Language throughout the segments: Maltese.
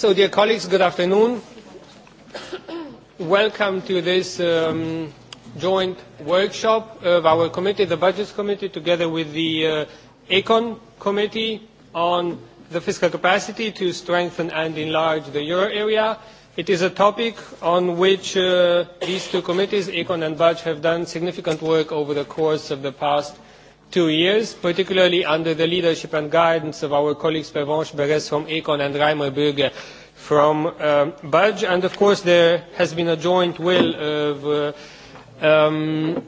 So, dear colleagues, good afternoon. Welcome to this um, joint workshop of our committee, the Budgets Committee, together with the uh, ECON Committee on the fiscal capacity to strengthen and enlarge the euro area. It is a topic on which uh, these two committees, ECON and Budge, have done significant work over the course of the past two years, particularly under the leadership and guidance of our colleagues Pervenche Beres from Econ and Reimer Bürger from um, Budge. And of course there has been a joint will of uh, um,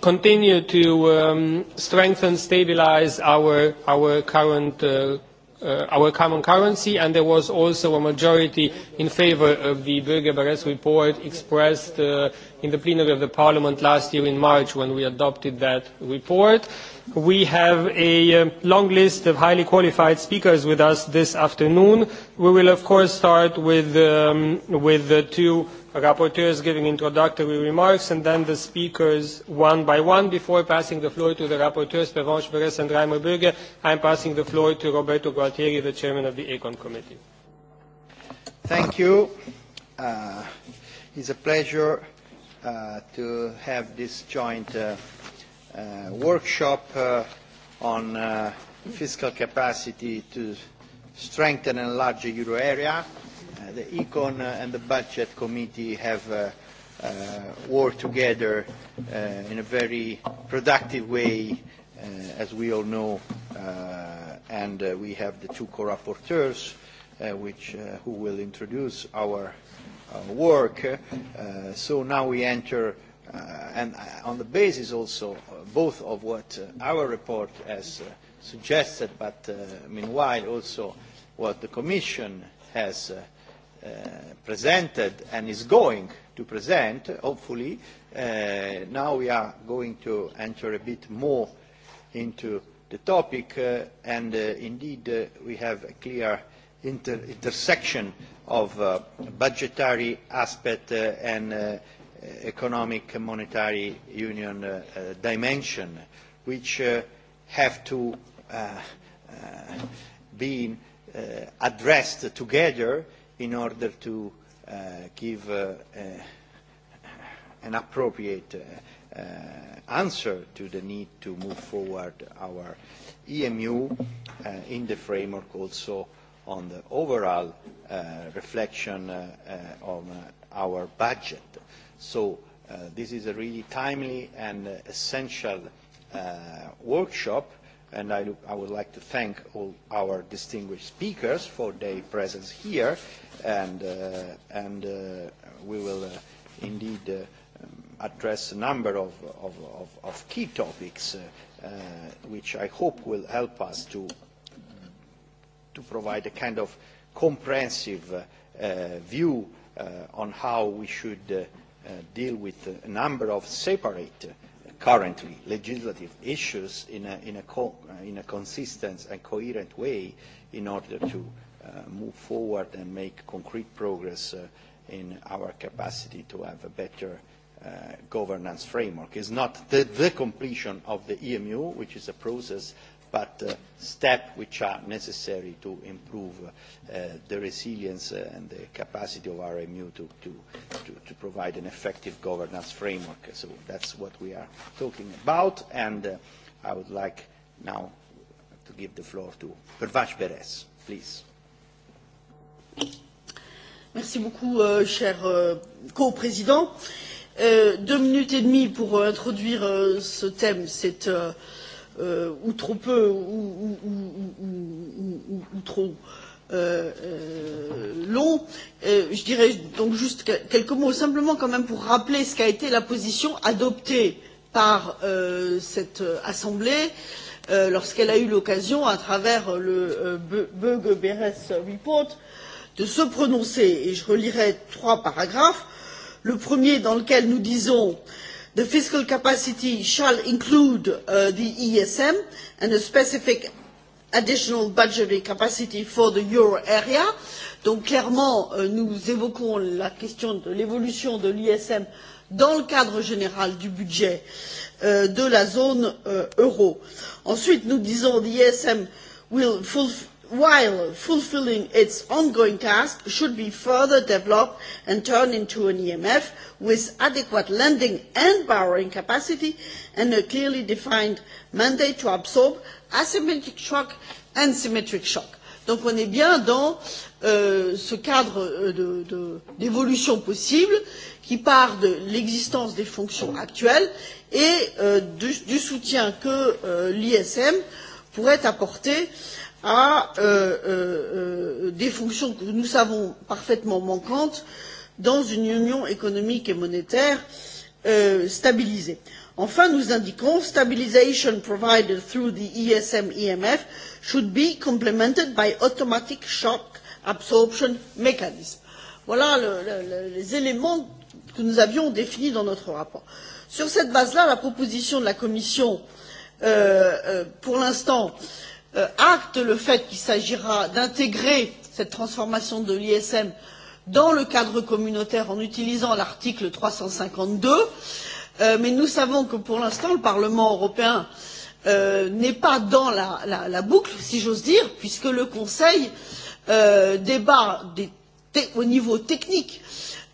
continue to um, strengthen, stabilize our, our current uh, uh, our common currency and there was also a majority in favor of the Berger Beres report expressed uh, in the plenary of the parliament last year in March when we adopted that report. We have a um, long list of highly qualified speakers with us this afternoon. We will, of course, start with, um, with the two rapporteurs giving introductory remarks and then the speakers one by one. Before passing the floor to the rapporteurs, Pervanche Beres and Reimer Böge, I am passing the floor to Roberto Gualtieri, the chairman of the Econ Committee. Thank you. Uh, it's a pleasure uh, to have this joint uh, uh, workshop uh, on uh, fiscal capacity to strengthen and enlarge the euro area. Uh, the Econ uh, and the Budget Committee have uh, uh, worked together uh, in a very productive way, uh, as we all know, uh, and uh, we have the two co-rapporteurs uh, which, uh, who will introduce our uh, work. Uh, so now we enter, uh, and uh, on the basis also both of what uh, our report has uh, suggested, but uh, meanwhile also what the Commission has uh, uh, presented and is going to present, hopefully. Uh, now we are going to enter a bit more into the topic, uh, and uh, indeed uh, we have a clear inter intersection of uh, budgetary aspect uh, and uh, economic and monetary union uh, uh, dimension, which uh, have to uh, uh, be uh, addressed together in order to uh, give uh, uh, an appropriate uh, uh, answer to the need to move forward our EMU uh, in the framework also on the overall uh, reflection uh, uh, on uh, our budget. So uh, this is a really timely and uh, essential uh, workshop, and I, I would like to thank all our distinguished speakers for their presence here, and, uh, and uh, we will uh, indeed uh, um, address a number of, of, of, of key topics uh, uh, which I hope will help us to, to provide a kind of comprehensive uh, uh, view uh, on how we should uh, Uh, deal with a number of separate uh, currently legislative issues in a, in a, co uh in a consistent and coherent way in order to uh, move forward and make concrete progress uh, in our capacity to have a better uh, governance framework. It's not the, the completion of the EMU, which is a process but uh, steps which are necessary to improve uh, the resilience uh, and the capacity of RMU to, to, to, to provide an effective governance framework. So that's what we are talking about, and uh, I would like now to give the floor to Pervash Beres, please. Merci beaucoup, euh, cher euh, co-président. Euh, deux minutes et demie pour euh, introduire euh, ce thème. C'est euh, euh, ou trop peu, ou, ou, ou, ou, ou, ou, ou trop euh, euh, long. Euh, je dirais donc juste quelques mots, simplement quand même pour rappeler ce qu'a été la position adoptée par euh, cette Assemblée euh, lorsqu'elle a eu l'occasion, à travers le euh, Böge-Beres Report, de se prononcer. Et je relirai trois paragraphes. Le premier dans lequel nous disons euh, The fiscal capacity shall include uh, the ESM and a specific additional budgetary capacity for the euro area. Donc clairement, euh, nous évoquons la question de l'évolution de l'ISM dans le cadre général du budget euh, de la zone euh, euro. Ensuite, nous disons l'ISM e will fulfill while fulfilling its ongoing task, should be further developed and turned into an EMF with adequate lending and borrowing capacity and a clearly defined mandate to absorb asymmetric shock and symmetric shock. Donc on est bien dans euh, ce cadre d'évolution euh, de, de, possible qui part de l'existence des fonctions actuelles et euh, du, du soutien que euh, l'ISM pourrait apporter euh, à euh, euh, euh, des fonctions que nous savons parfaitement manquantes dans une union économique et monétaire euh, stabilisée. Enfin, nous indiquons stabilisation provided through the ESM EMF should be complemented by automatic shock absorption mechanism. Voilà le, le, les éléments que nous avions définis dans notre rapport. Sur cette base-là, la proposition de la Commission, euh, euh, pour l'instant, euh, euh, acte le fait qu'il s'agira d'intégrer cette transformation de l'ISM dans le cadre communautaire en utilisant l'article 352, euh, mais nous savons que pour l'instant le Parlement européen euh, n'est pas dans la, la, la boucle, si j'ose dire, puisque le Conseil euh, débat des au niveau technique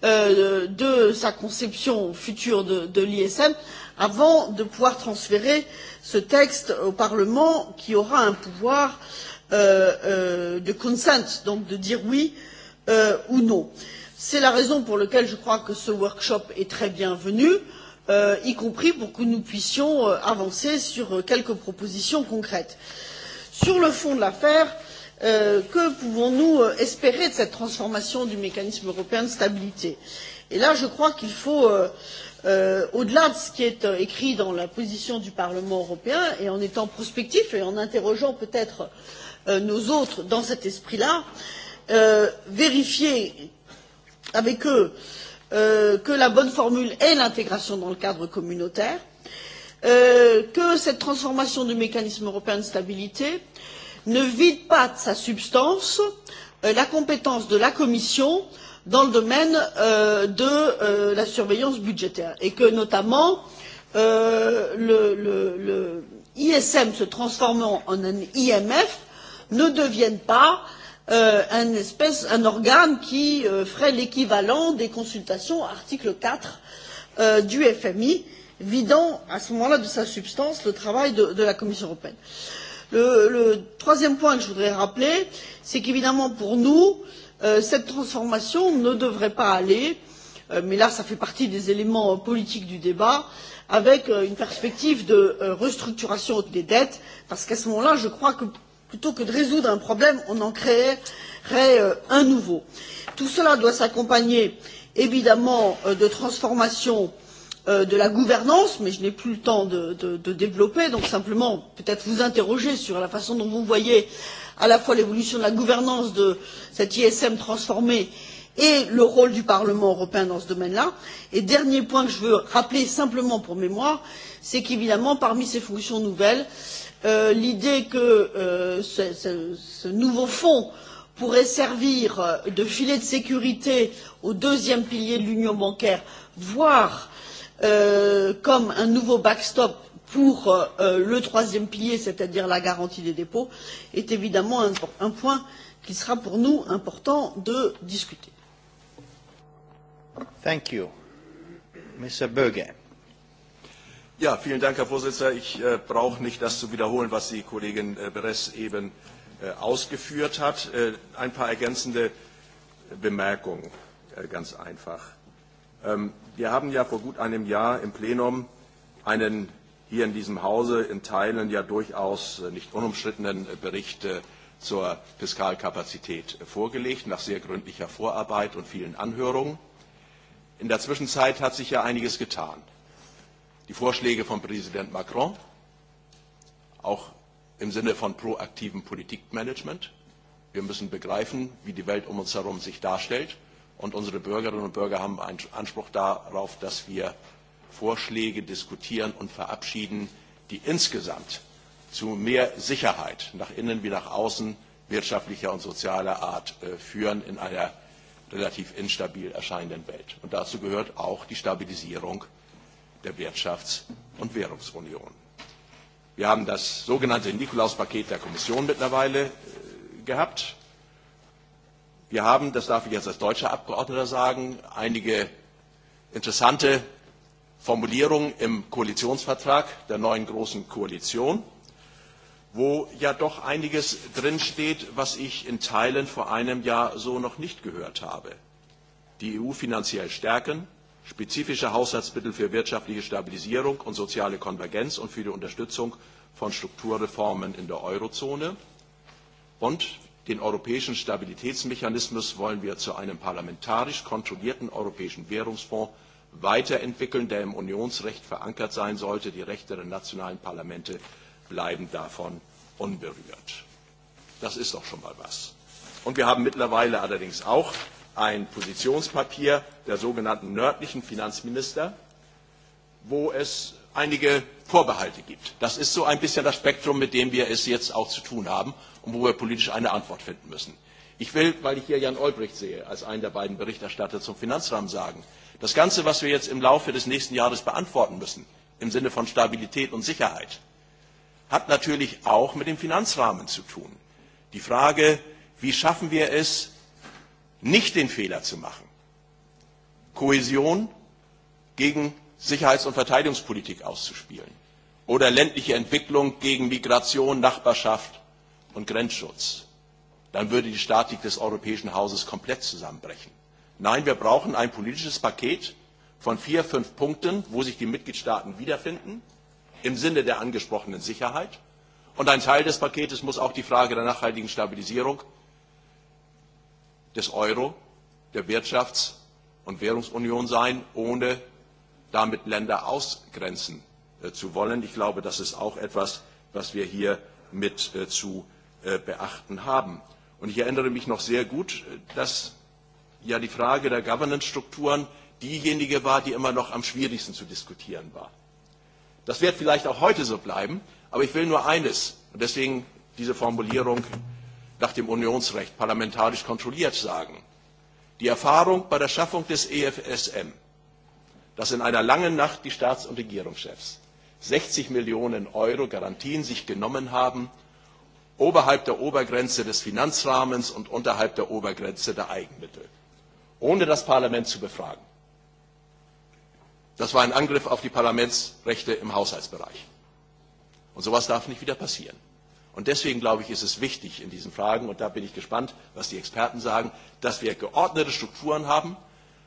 euh, de sa conception future de, de l'ISM avant de pouvoir transférer ce texte au Parlement qui aura un pouvoir euh, euh, de consent, donc de dire oui euh, ou non. C'est la raison pour laquelle je crois que ce workshop est très bienvenu, euh, y compris pour que nous puissions euh, avancer sur euh, quelques propositions concrètes. Sur le fond de l'affaire, euh, que pouvons-nous euh, espérer de cette transformation du mécanisme européen de stabilité Et là, je crois qu'il faut euh, euh, au-delà de ce qui est euh, écrit dans la position du Parlement européen et en étant prospectif et en interrogeant peut-être euh, nos autres dans cet esprit-là, euh, vérifier avec eux euh, que la bonne formule est l'intégration dans le cadre communautaire, euh, que cette transformation du mécanisme européen de stabilité ne vide pas de sa substance euh, la compétence de la Commission euh, dans le domaine euh, de euh, la surveillance budgétaire et que notamment euh, le, le, le ISM se transformant en un IMF ne devienne pas euh, un, espèce, un organe qui euh, ferait l'équivalent des consultations article 4 euh, du FMI, vidant à ce moment-là de sa substance le travail de, de la Commission européenne. Le, le troisième point que je voudrais rappeler, c'est qu'évidemment pour nous, euh, Euh, cette transformation ne devrait pas aller, euh, mais là ça fait partie des éléments euh, politiques du débat, avec une perspective de restructuration des dettes, parce qu'à ce moment-là, je crois que plutôt que de résoudre un problème, on en créerait un nouveau. Tout cela doit s'accompagner évidemment de transformations de la gouvernance, mais je n'ai plus le temps de, de, de développer, donc simplement peut-être vous interroger sur la façon dont vous voyez à la fois l'évolution de la gouvernance de cet ISM transformé et le rôle du Parlement européen dans ce domaine-là. Et dernier point que je veux rappeler simplement pour mémoire, c'est qu'évidemment, parmi ces fonctions nouvelles, euh, l'idée que euh, ce, ce, ce nouveau fonds pourrait servir de filet de sécurité au deuxième pilier de l'union bancaire, voire euh, comme un nouveau backstop pour euh, euh, le troisième pilier, c'est-à-dire la garantie des dépôts, est évidemment un, un point qui sera pour nous important de discuter. Thank you. Mr. Böge. Ja, vielen Dank, Herr Vorsitzender. Ich äh, brauche nicht das zu wiederholen, was die Kollegin äh, Beres eben äh, ausgeführt hat. Äh, ein paar ergänzende Bemerkungen, äh, ganz einfach. Ähm, wir haben ja vor gut einem Jahr im Plenum einen hier in diesem Hause in Teilen ja durchaus äh, nicht unumstrittenen äh, Bericht zur Fiskalkapazität äh, vorgelegt, nach sehr gründlicher Vorarbeit und vielen Anhörungen. In der Zwischenzeit hat sich ja einiges getan. Die Vorschläge von Präsident Macron, auch im Sinne von proaktivem Politikmanagement. Wir müssen begreifen, wie die Welt um uns herum sich darstellt. Und unsere Bürgerinnen und Bürger haben einen Anspruch darauf, dass wir Vorschläge diskutieren und verabschieden, die insgesamt zu mehr Sicherheit nach innen wie nach außen wirtschaftlicher und sozialer Art äh, führen in einer relativ instabil erscheinenden Welt. Und dazu gehört auch die Stabilisierung der Wirtschafts- und Währungsunion. Wir haben das sogenannte Nikolaus-Paket der Kommission mittlerweile äh, gehabt. Wir haben, das darf ich jetzt als deutscher Abgeordneter sagen, einige interessante Formulierung im Koalitionsvertrag der neuen großen Koalition, wo ja doch einiges drinsteht, was ich in Teilen vor einem Jahr so noch nicht gehört habe. Die EU finanziell stärken, spezifische Haushaltsmittel für wirtschaftliche Stabilisierung und soziale Konvergenz und für die Unterstützung von Strukturreformen in der Eurozone. Und den europäischen Stabilitätsmechanismus wollen wir zu einem parlamentarisch kontrollierten europäischen Währungsfonds weiterentwickeln, der im Unionsrecht verankert sein sollte. Die Rechte der nationalen Parlamente bleiben davon unberührt. Das ist doch schon mal was. Und wir haben mittlerweile allerdings auch ein Positionspapier der sogenannten nördlichen Finanzminister, wo es einige Vorbehalte gibt. Das ist so ein bisschen das Spektrum, mit dem wir es jetzt auch zu tun haben und wo wir politisch eine Antwort finden müssen. Ich will, weil ich hier Jan Olbricht sehe, als einen der beiden Berichterstatter zum Finanzrahmen sagen, Das Ganze, was wir jetzt im Laufe des nächsten Jahres beantworten müssen, im Sinne von Stabilität und Sicherheit, hat natürlich auch mit dem Finanzrahmen zu tun. Die Frage, wie schaffen wir es, nicht den Fehler zu machen, Kohäsion gegen Sicherheits- und Verteidigungspolitik auszuspielen oder ländliche Entwicklung gegen Migration, Nachbarschaft und Grenzschutz, dann würde die Statik des Europäischen Hauses komplett zusammenbrechen. Nein, wir brauchen ein politisches Paket von vier, fünf Punkten, wo sich die Mitgliedstaaten wiederfinden, im Sinne der angesprochenen Sicherheit. Und ein Teil des Paketes muss auch die Frage der nachhaltigen Stabilisierung des Euro, der Wirtschafts- und Währungsunion sein, ohne damit Länder ausgrenzen äh, zu wollen. Ich glaube, das ist auch etwas, was wir hier mit äh, zu äh, beachten haben. Und ich erinnere mich noch sehr gut, dass ja die Frage der Governance-Strukturen diejenige war, die immer noch am schwierigsten zu diskutieren war. Das wird vielleicht auch heute so bleiben, aber ich will nur eines, und deswegen diese Formulierung nach dem Unionsrecht parlamentarisch kontrolliert sagen. Die Erfahrung bei der Schaffung des EFSM, dass in einer langen Nacht die Staats- und Regierungschefs 60 Millionen Euro Garantien sich genommen haben, oberhalb der Obergrenze des Finanzrahmens und unterhalb der Obergrenze der Eigenmittel ohne das Parlament zu befragen. Das war ein Angriff auf die Parlamentsrechte im Haushaltsbereich. Und sowas darf nicht wieder passieren. Und deswegen glaube ich, ist es wichtig in diesen Fragen, und da bin ich gespannt, was die Experten sagen, dass wir geordnete Strukturen haben,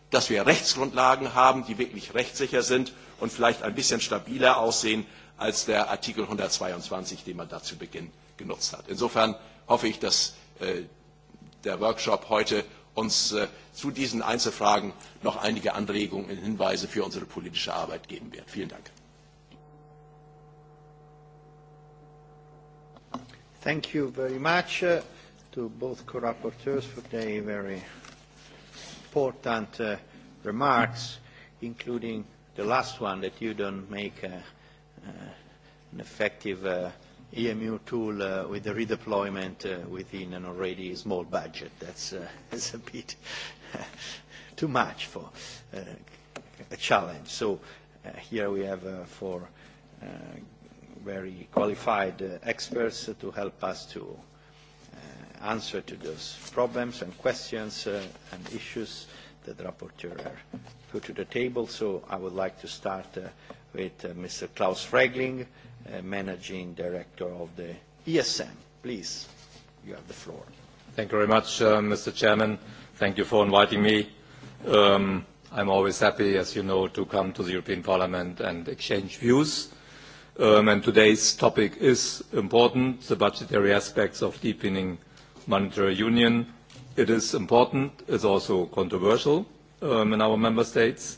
dass wir Rechtsgrundlagen haben, die wirklich rechtssicher sind und vielleicht ein bisschen stabiler aussehen als der Artikel 122, den man da zu Beginn genutzt hat. Insofern hoffe ich, dass äh, der Workshop heute uns äh, zu diesen Einzelfragen noch einige Anregungen und Hinweise für unsere politische Arbeit geben wird. Vielen Dank. Thank you very much uh, to both co-rapporteurs for their very important uh, remarks, including the last one that you don't make uh, uh, an effective uh, EMU tool uh, with the redeployment uh, within an already small budget. That's, uh, that's a bit too much for uh, a challenge. So uh, here we have uh, four uh, very qualified uh, experts to help us to uh, answer to those problems and questions uh, and issues that the rapporteur put to the table. So I would like to start uh, with uh, Mr. Klaus Regling, Uh, managing Director of the ESM. Please, you have the floor. Thank you very much, uh, Mr. Chairman. Thank you for inviting me. Um, I'm always happy, as you know, to come to the European Parliament and exchange views. Um, and today's topic is important, the budgetary aspects of deepening monetary union. It is important. It's also controversial um, in our member states.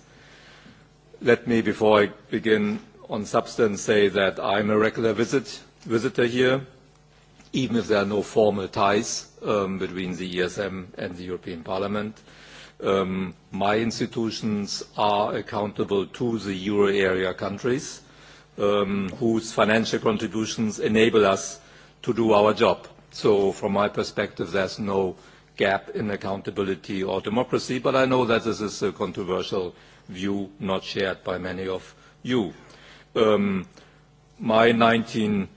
Let me, before I begin, on substance say that I'm a regular visit, visitor here, even if there are no formal ties um, between the ESM and the European Parliament. Um, my institutions are accountable to the euro area countries um, whose financial contributions enable us to do our job. So from my perspective, there's no gap in accountability or democracy, but I know that this is a controversial view not shared by many of you um, my 19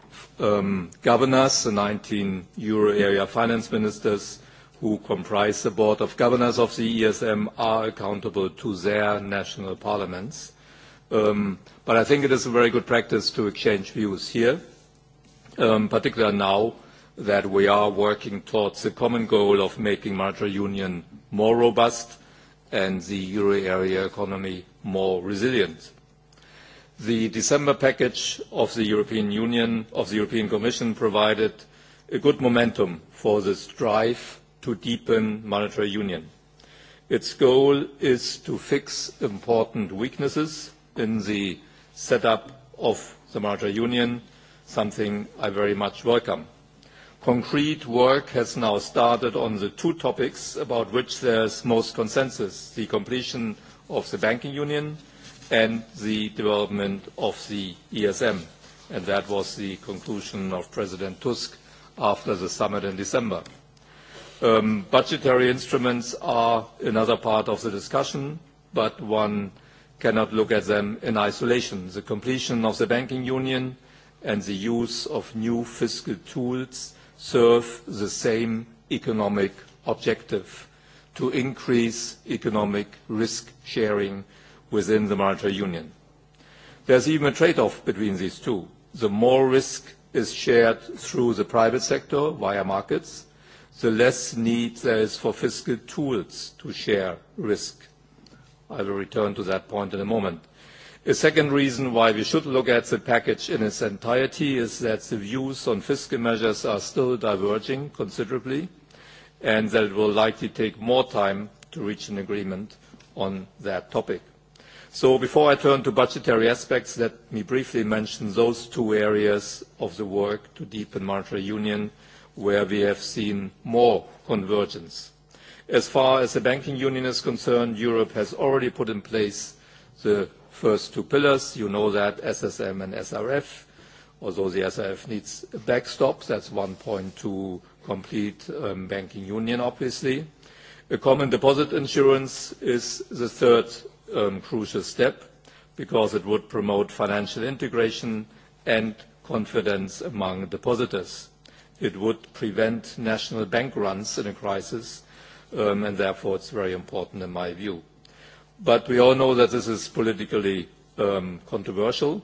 um, governors, the 19 euro area finance ministers who comprise the board of governors of the ESM are accountable to their national parliaments. Um, but I think it is a very good practice to exchange views here, um, particularly now that we are working towards the common goal of making monetary union more robust and the euro area economy more resilient. The December package of the European Union, of the European Commission, provided a good momentum for this drive to deepen monetary union. Its goal is to fix important weaknesses in the setup of the monetary union, something I very much welcome. Concrete work has now started on the two topics about which there is most consensus, the completion of the banking union and the development of the ESM. And that was the conclusion of President Tusk after the summit in December. Um, budgetary instruments are another part of the discussion, but one cannot look at them in isolation. The completion of the banking union and the use of new fiscal tools serve the same economic objective to increase economic risk sharing within the monetary union. There is even a trade-off between these two. The more risk is shared through the private sector via markets, the less need there is for fiscal tools to share risk. I will return to that point in a moment. A second reason why we should look at the package in its entirety is that the views on fiscal measures are still diverging considerably and that it will likely take more time to reach an agreement on that topic. So before I turn to budgetary aspects, let me briefly mention those two areas of the work to deepen monetary union where we have seen more convergence. As far as the banking union is concerned, Europe has already put in place the first two pillars. You know that, SSM and SRF, although the SRF needs a backstop. That's one point to complete um, banking union, obviously. A common deposit insurance is the third um, crucial step because it would promote financial integration and confidence among depositors. It would prevent national bank runs in a crisis, um, and therefore it's very important in my view. But we all know that this is politically um, controversial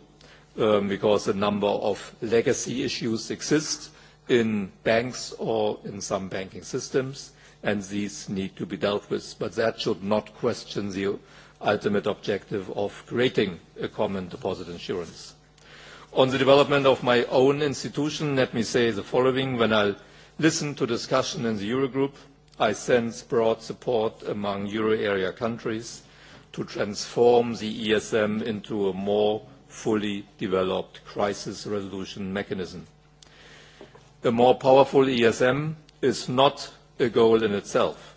um, because a number of legacy issues exist in banks or in some banking systems, and these need to be dealt with. But that should not question the ultimate objective of creating a common deposit insurance. On the development of my own institution, let me say the following. When I listen to discussion in the Eurogroup, I sense broad support among Euro area countries to transform the ESM into a more fully developed crisis resolution mechanism. A more powerful ESM is not a goal in itself,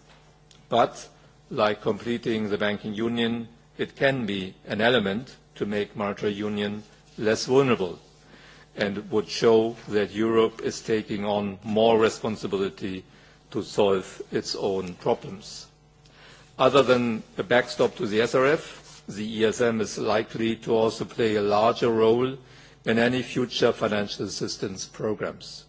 but like completing the banking union, it can be an element to make monetary union less vulnerable and would show that Europe is taking on more responsibility to solve its own problems. Other than a backstop to the SRF, the ESM is likely to also play a larger role in any future financial assistance programs.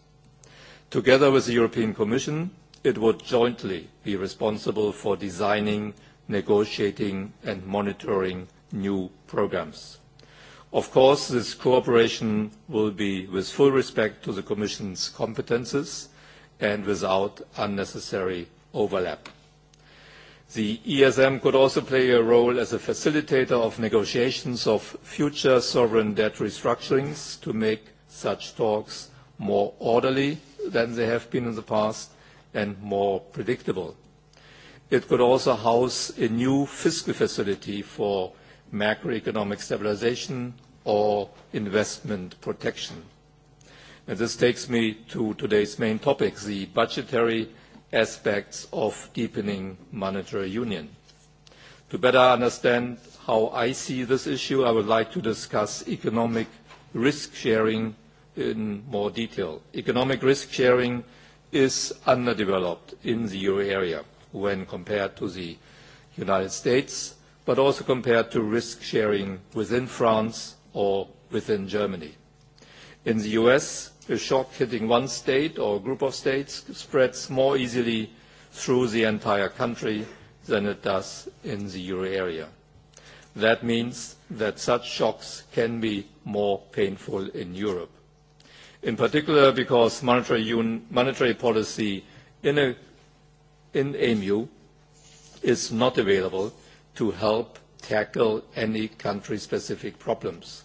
Together with the European Commission, it would jointly be responsible for designing, negotiating and monitoring new programmes. Of course, this cooperation will be with full respect to the Commission's competences and without unnecessary overlap. The ESM could also play a role as a facilitator of negotiations of future sovereign debt restructurings to make such talks more orderly than they have been in the past and more predictable. It could also house a new fiscal facility for macroeconomic stabilization or investment protection. And this takes me to today's main topic, the budgetary aspects of deepening monetary union. To better understand how I see this issue, I would like to discuss economic risk sharing in more detail. Economic risk sharing is underdeveloped in the euro area when compared to the United States, but also compared to risk sharing within France or within Germany. In the US, a shock hitting one state or group of states spreads more easily through the entire country than it does in the euro area. That means that such shocks can be more painful in Europe in particular because monetary, un, monetary policy in, a, in EMU is not available to help tackle any country-specific problems.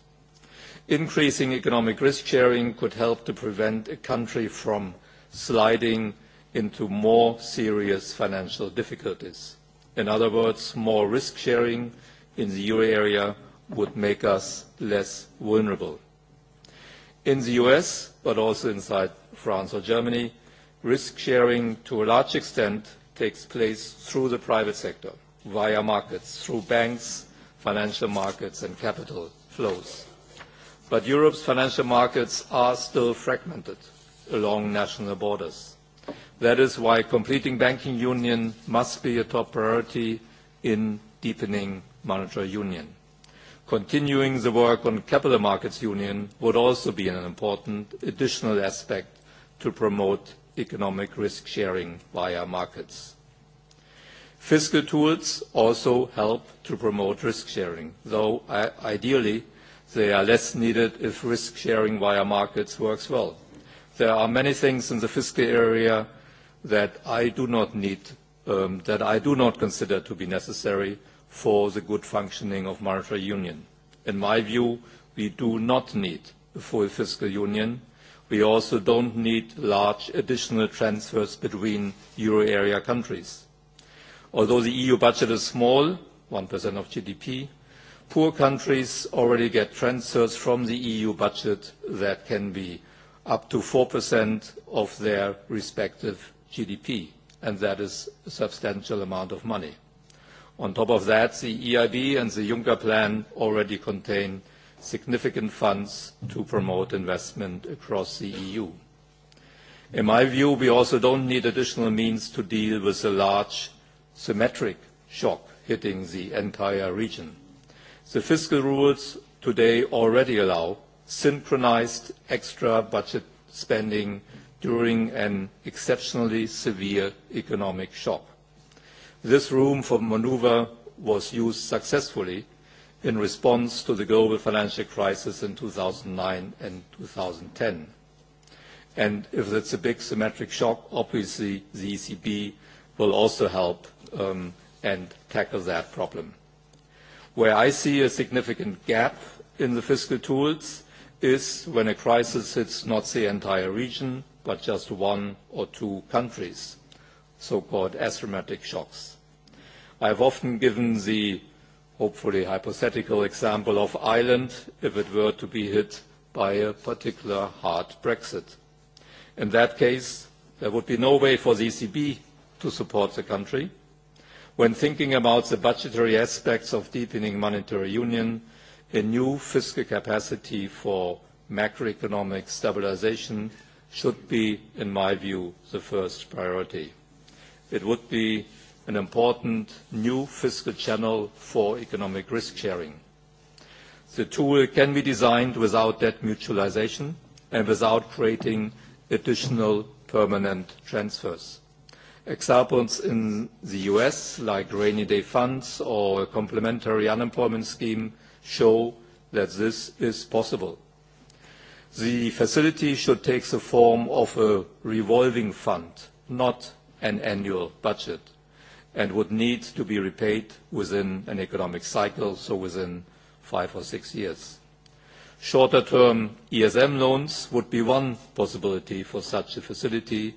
Increasing economic risk-sharing could help to prevent a country from sliding into more serious financial difficulties. In other words, more risk-sharing in the euro area would make us less vulnerable. In the US, but also inside France or Germany, risk sharing to a large extent takes place through the private sector, via markets, through banks, financial markets and capital flows. But Europe's financial markets are still fragmented along national borders. That is why completing banking union must be a top priority in deepening monetary union continuing the work on capital markets union would also be an important additional aspect to promote economic risk sharing via markets. Fiscal tools also help to promote risk sharing, though ideally they are less needed if risk sharing via markets works well. There are many things in the fiscal area that I do not need, um, that I do not consider to be necessary for the good functioning of monetary union. In my view, we do not need a full fiscal union. We also don't need large additional transfers between euro area countries. Although the EU budget is small, 1% of GDP, poor countries already get transfers from the EU budget that can be up to 4% of their respective GDP, and that is a substantial amount of money. On top of that, the EIB and the Juncker Plan already contain significant funds to promote investment across the EU. In my view, we also don't need additional means to deal with the large symmetric shock hitting the entire region. The fiscal rules today already allow synchronized extra budget spending during an exceptionally severe economic shock. This room for manoeuvre was used successfully in response to the global financial crisis in 2009 and 2010. And if it's a big symmetric shock, obviously the ECB will also help um, and tackle that problem. Where I see a significant gap in the fiscal tools is when a crisis hits not the entire region, but just one or two countries so-called asthmatic shocks. I have often given the hopefully hypothetical example of Ireland if it were to be hit by a particular hard Brexit. In that case, there would be no way for the ECB to support the country. When thinking about the budgetary aspects of deepening monetary union, a new fiscal capacity for macroeconomic stabilization should be, in my view, the first priority it would be an important new fiscal channel for economic risk sharing. The tool can be designed without debt mutualization and without creating additional permanent transfers. Examples in the US, like rainy day funds or a complementary unemployment scheme, show that this is possible. The facility should take the form of a revolving fund, not an annual budget and would need to be repaid within an economic cycle, so within five or six years. Shorter-term ESM loans would be one possibility for such a facility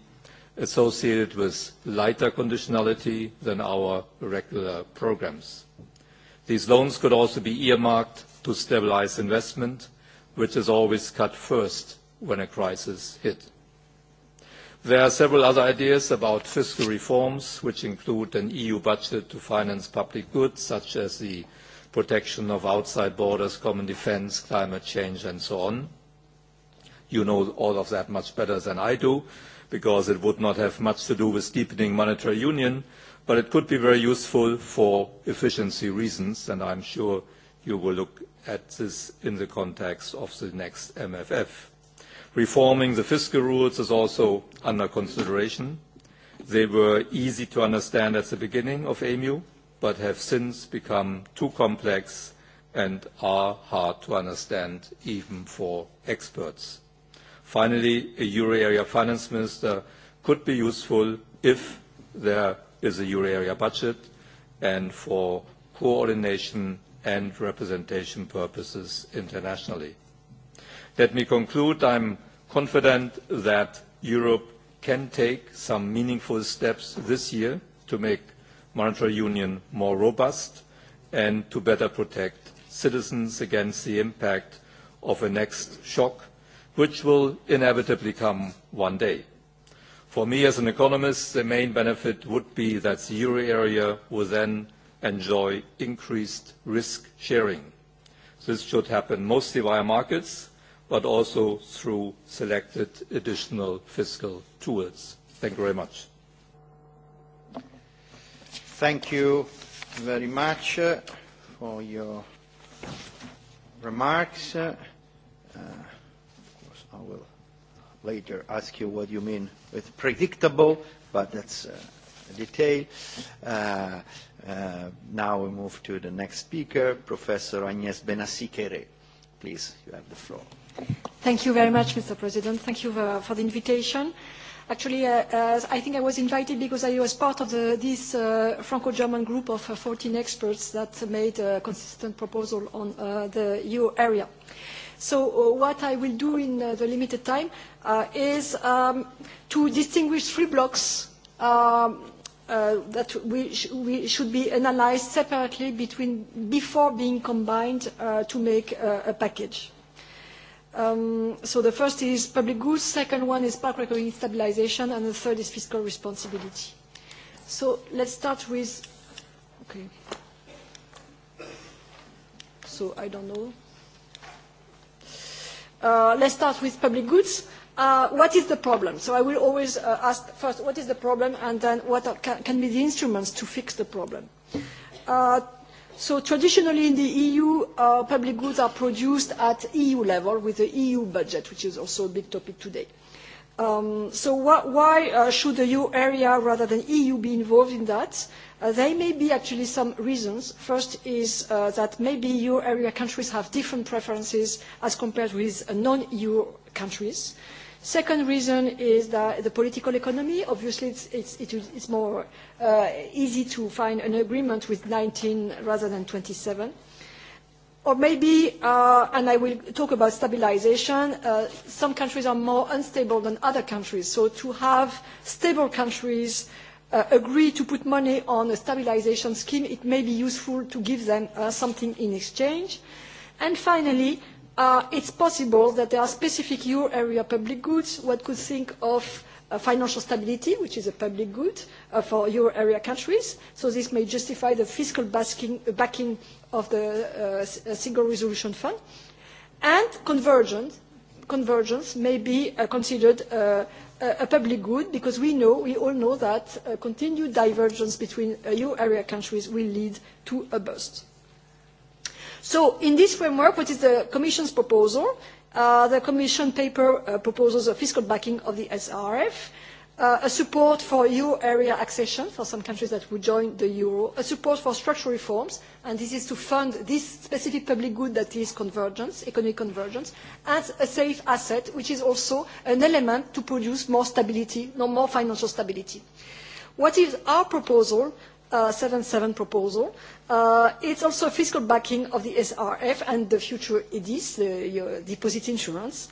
associated with lighter conditionality than our regular programs. These loans could also be earmarked to stabilize investment, which is always cut first when a crisis hit. There are several other ideas about fiscal reforms, which include an EU budget to finance public goods, such as the protection of outside borders, common defence, climate change, and so on. You know all of that much better than I do, because it would not have much to do with deepening monetary union, but it could be very useful for efficiency reasons, and I'm sure you will look at this in the context of the next MFF. Reforming the fiscal rules is also under consideration. They were easy to understand at the beginning of EMU, but have since become too complex and are hard to understand even for experts. Finally, a euro area finance minister could be useful if there is a euro area budget and for coordination and representation purposes internationally. Let me conclude. I am confident that Europe can take some meaningful steps this year to make monetary union more robust and to better protect citizens against the impact of a next shock, which will inevitably come one day. For me as an economist, the main benefit would be that the euro area will then enjoy increased risk sharing. This should happen mostly via markets, but also through selected additional fiscal tools. Thank you very much. Thank you very much uh, for your remarks. Uh, of course, I will later ask you what you mean with predictable, but that's uh, a detail. Uh, uh, now we move to the next speaker, Professor Agnes Benassikere. Please, you have the floor. Thank you very much, Mr. President. Thank you for, uh, for the invitation. Actually, uh, uh, I think I was invited because I was part of the, this uh, Franco-German group of uh, 14 experts that made a consistent proposal on uh, the EU area. So uh, what I will do in uh, the limited time uh, is um, to distinguish three blocks um, uh, that we, sh we should be analyzed separately between, before being combined uh, to make uh, a package. Um, so the first is public goods, second one is macroeconomic stabilization, and the third is fiscal responsibility. So let's start with, okay. So I don't know. Uh, let's start with public goods. Uh, what is the problem? So I will always uh, ask first, what is the problem, and then what are, can, can be the instruments to fix the problem? Uh, So traditionally in the EU, uh, public goods are produced at EU level with the EU budget, which is also a big topic today. Um, so wh why uh, should the EU area rather than EU be involved in that? Uh, there may be actually some reasons. First is uh, that maybe EU area countries have different preferences as compared with uh, non-EU countries. Uh, Second reason is that the political economy. Obviously, it's, it's, it, it's more uh, easy to find an agreement with 19 rather than 27. Or maybe, uh, and I will talk about stabilization, uh, some countries are more unstable than other countries. So to have stable countries uh, agree to put money on a stabilization scheme, it may be useful to give them uh, something in exchange. And finally, uh, it's possible that there are specific euro area public goods. One could think of uh, financial stability, which is a public good uh, for euro area countries. So this may justify the fiscal basking, uh, backing of the uh, uh, single resolution fund. And convergence, convergence may be uh, considered uh, uh, a public good because we know, we all know that uh, continued divergence between uh, euro area countries will lead to a bust. So in this framework, what is the Commission's proposal? Uh, the Commission paper uh, proposes a fiscal backing of the SRF, uh, a support for euro area accession for some countries that would join the euro, a support for structural reforms, and this is to fund this specific public good that is convergence, economic convergence, and a safe asset, which is also an element to produce more stability, no more financial stability. What is our proposal? 77 proposal. Uh, it's also a fiscal backing of the SRF and the future EDIS, the uh, deposit insurance,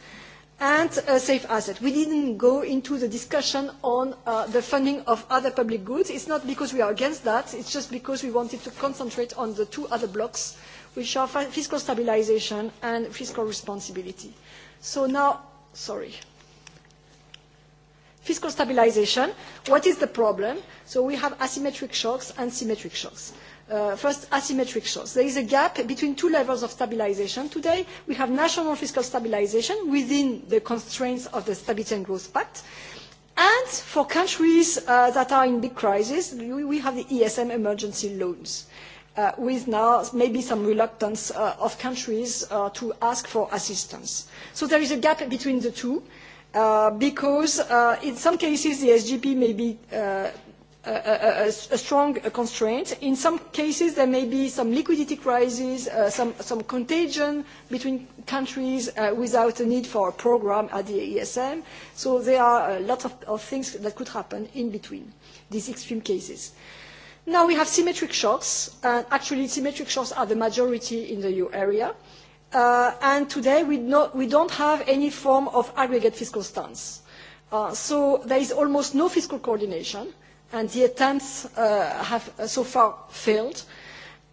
and a safe asset. We didn't go into the discussion on uh, the funding of other public goods. It's not because we are against that, it's just because we wanted to concentrate on the two other blocks, which are fiscal stabilization and fiscal responsibility. So now, sorry. Fiscal stabilization, what is the problem? So we have asymmetric shocks and symmetric shocks. Uh, first, asymmetric shocks. There is a gap between two levels of stabilization today. We have national fiscal stabilization within the constraints of the Stability and Growth Pact. And for countries uh, that are in big crisis, we have the ESM emergency loans. Uh, with now maybe some reluctance uh, of countries uh, to ask for assistance. So there is a gap between the two. Uh, Uh, because uh, in some cases the SGP may be uh, a, a, a strong constraint. In some cases there may be some liquidity crisis, uh, some, some contagion between countries uh, without a need for a program at the ESM. So there are a lot of, of things that could happen in between these extreme cases. Now we have symmetric shocks. and actually, symmetric shocks are the majority in the EU area. Uh, and today we, not, we don't have any form of aggregate fiscal stance. Uh, so there is almost no fiscal coordination, and the attempts uh, have uh, so far failed,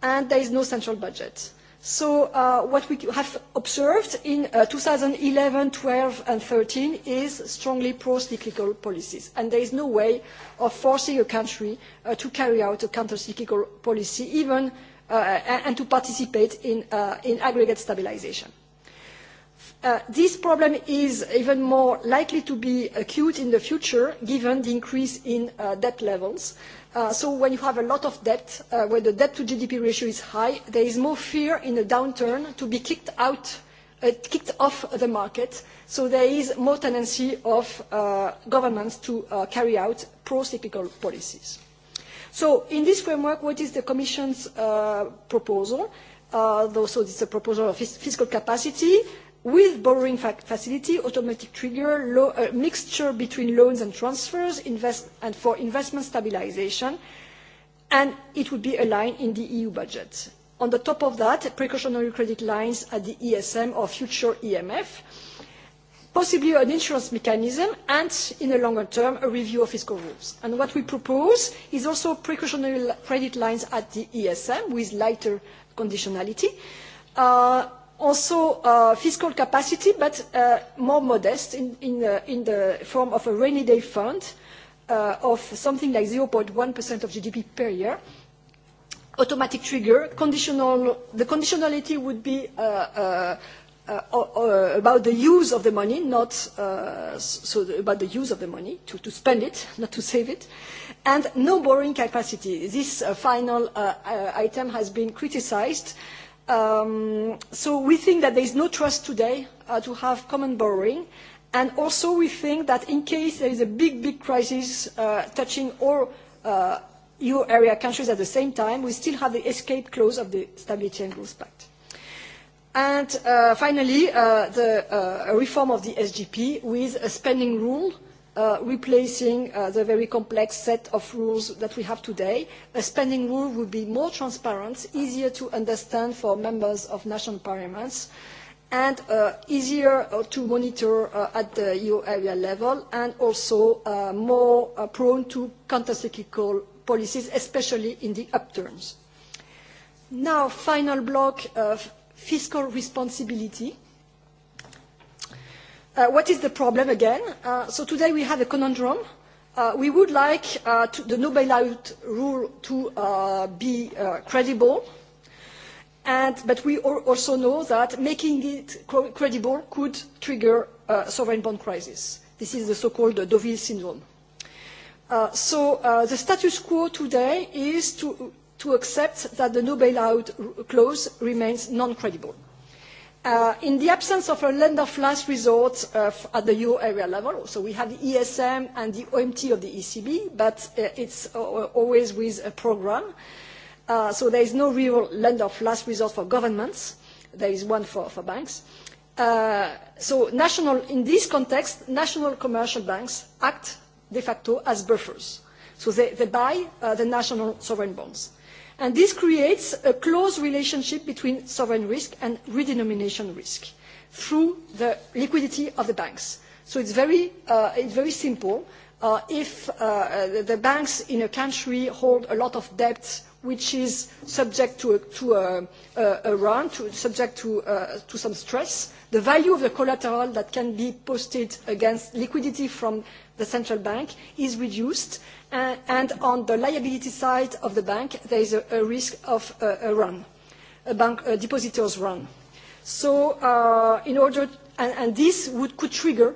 and there is no central budget. So uh, what we have observed in uh, 2011, 12, and 13 is strongly pro-cyclical policies, and there is no way of forcing a country uh, to carry out a counter-cyclical policy, even uh, and to participate in, uh, in aggregate stabilization. Uh, this problem is even more likely to be acute in the future given the increase in uh, debt levels. Uh, so when you have a lot of debt, uh, when the debt to GDP ratio is high, there is more fear in a downturn to be kicked out, uh, kicked off the market. So there is more tendency of uh, governments to uh, carry out pro-cyclical policies. So in this framework, what is the Commission's uh, proposal? Uh, so it's a proposal of fiscal capacity with borrowing fa facility, automatic trigger, a uh, mixture between loans and transfers invest and for investment stabilization, and it would be aligned in the EU budget. On the top of that, precautionary credit lines at the ESM or future EMF, possibly an insurance mechanism and, in the longer term, a review of fiscal rules. And what we propose is also precautionary credit lines at the ESM with lighter conditionality. Uh, also uh, fiscal capacity, but uh, more modest in, in, uh, in the form of a rainy day fund uh, of something like 0.1% of GDP per year. Automatic trigger, conditional, the conditionality would be uh, uh, uh, about the use of the money, not uh, so the, about the use of the money, to, to spend it, not to save it, and no borrowing capacity. This uh, final uh, uh, item has been criticized. Um, so we think that there is no trust today uh, to have common borrowing, and also we think that in case there is a big, big crisis uh, touching all uh, EU area countries at the same time, we still have the escape clause of the Stability and Growth Pact. And uh, finally, uh, the uh, reform of the SGP with a spending rule uh, replacing uh, the very complex set of rules that we have today. A spending rule would be more transparent, easier to understand for members of national parliaments, and uh, easier uh, to monitor uh, at the EU area level, and also uh, more uh, prone to countercyclical policies, especially in the upturns. Now, final block of uh, fiscal responsibility. Uh, what is the problem again? Uh, so today we have a conundrum. Uh, we would like uh, to, the no bailout rule to uh, be uh, credible, and, but we also know that making it credible could trigger a uh, sovereign bond crisis. This is the so-called Deauville syndrome. Uh, so uh, the status quo today is to to accept that the no bailout clause remains non-credible. Uh, in the absence of a lender of last resort uh, at the euro area level, so we have the ESM and the OMT of the ECB, but uh, it's uh, always with a program. Uh, so there is no real lender of last resort for governments. There is one for, for banks. Uh, so national, in this context, national commercial banks act de facto as buffers. So they, they buy uh, the national sovereign bonds. And this creates a close relationship between sovereign risk and redenomination risk through the liquidity of the banks. So it's very, uh, it's very simple. Uh, if uh, the banks in a country hold a lot of debt which is subject to a, to a, a, run, to, subject to, uh, to some stress, the value of the collateral that can be posted against liquidity from the central bank is reduced uh, and on the liability side of the bank there is a, a risk of uh, a run, a bank a depositor's run. So uh, in order, and, and this would, could trigger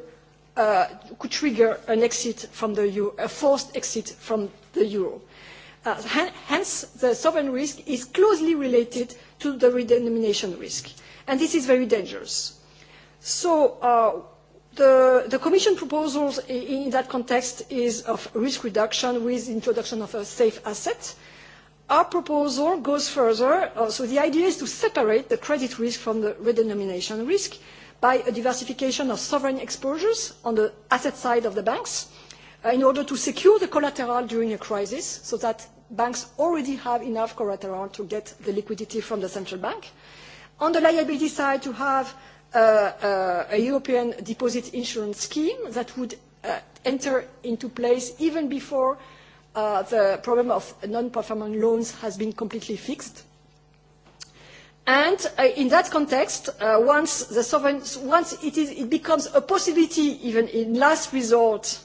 uh, could trigger an exit from the euro, a forced exit from the euro. Uh, hence, the sovereign risk is closely related to the redenomination risk. And this is very dangerous. So uh, The, the Commission proposals in that context is of risk reduction with introduction of a safe asset. Our proposal goes further, uh, so the idea is to separate the credit risk from the redenomination risk by a diversification of sovereign exposures on the asset side of the banks uh, in order to secure the collateral during a crisis so that banks already have enough collateral to get the liquidity from the central bank. On the liability side, to have uh, uh, a European deposit insurance scheme that would uh, enter into place even before uh, the problem of non-performing loans has been completely fixed. And uh, in that context, uh, once, the sovereign, once it, is, it becomes a possibility, even in last resort,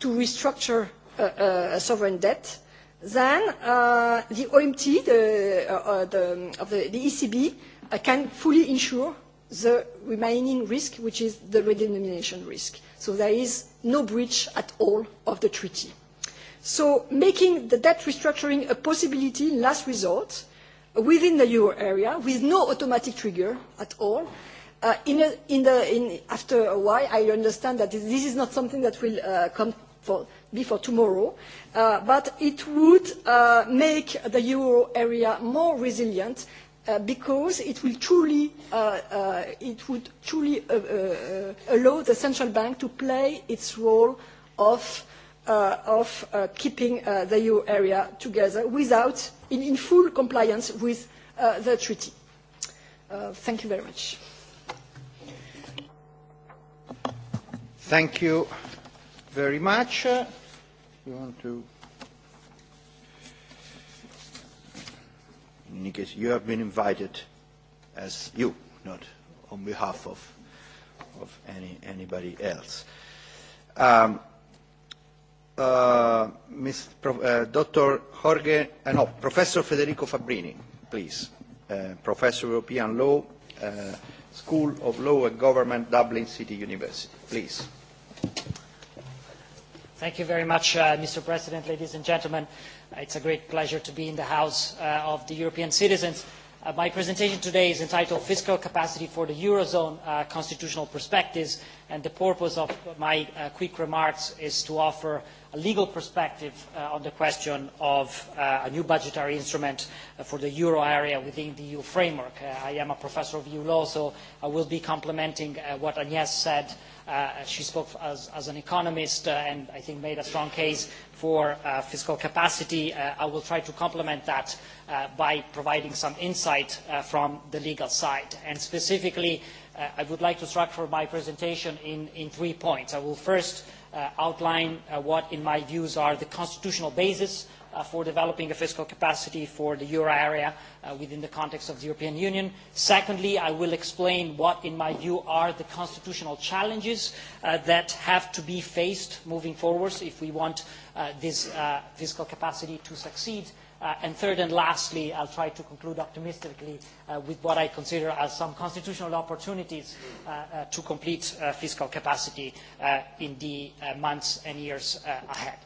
to restructure uh, uh, sovereign debt, then uh, the OMT the, uh, uh, the, of the, the ECB uh, can fully insure the remaining risk, which is the redenomination risk. So there is no breach at all of the treaty. So making the debt restructuring a possibility last resort within the euro area with no automatic trigger at all, uh, in a, in the, in, after a while I understand that this is not something that will uh, come for, be for tomorrow, uh, but it would uh, make the euro area more resilient Uh, because it will truly, uh, uh, it would truly uh, uh, uh, allow the central bank to play its role of, uh, of uh, keeping uh, the euro area together without, in, in full compliance with uh, the treaty. Uh, thank you very much. Thank you very much. uh, You want to Nikis, you have been invited as you, not on behalf of, of any, anybody else. Um, uh, Ms. Pro, uh, Dr. Jorge, uh, no, Professor Federico Fabrini, please. Uh, Professor of European Law, uh, School of Law and Government, Dublin City University. Please. Thank you very much, uh, Mr. President, ladies and gentlemen. It's a great pleasure to be in the House uh, of the European citizens. Uh, my presentation today is entitled Fiscal Capacity for the Eurozone uh, Constitutional Perspectives, and the purpose of my uh, quick remarks is to offer a legal perspective uh, on the question of uh, a new budgetary instrument uh, for the euro area within the EU framework. Uh, I am a professor of EU law, so I will be complementing uh, what Agnes said Uh, she spoke as, as an economist uh, and I think made a strong case for uh, fiscal capacity. Uh, I will try to complement that uh, by providing some insight uh, from the legal side. And specifically, uh, I would like to structure my presentation in, in three points. I will first uh, outline uh, what, in my views, are the constitutional basis uh, for developing a fiscal capacity for the euro area uh, within the context of the European Union. Secondly, I will explain what, in my view, are the constitutional challenges uh, that have to be faced moving forward if we want uh, this uh, fiscal capacity to succeed. Uh, and third and lastly, I'll try to conclude optimistically uh, with what I consider as some constitutional opportunities uh, uh, to complete uh, fiscal capacity uh, in the uh, months and years uh, ahead.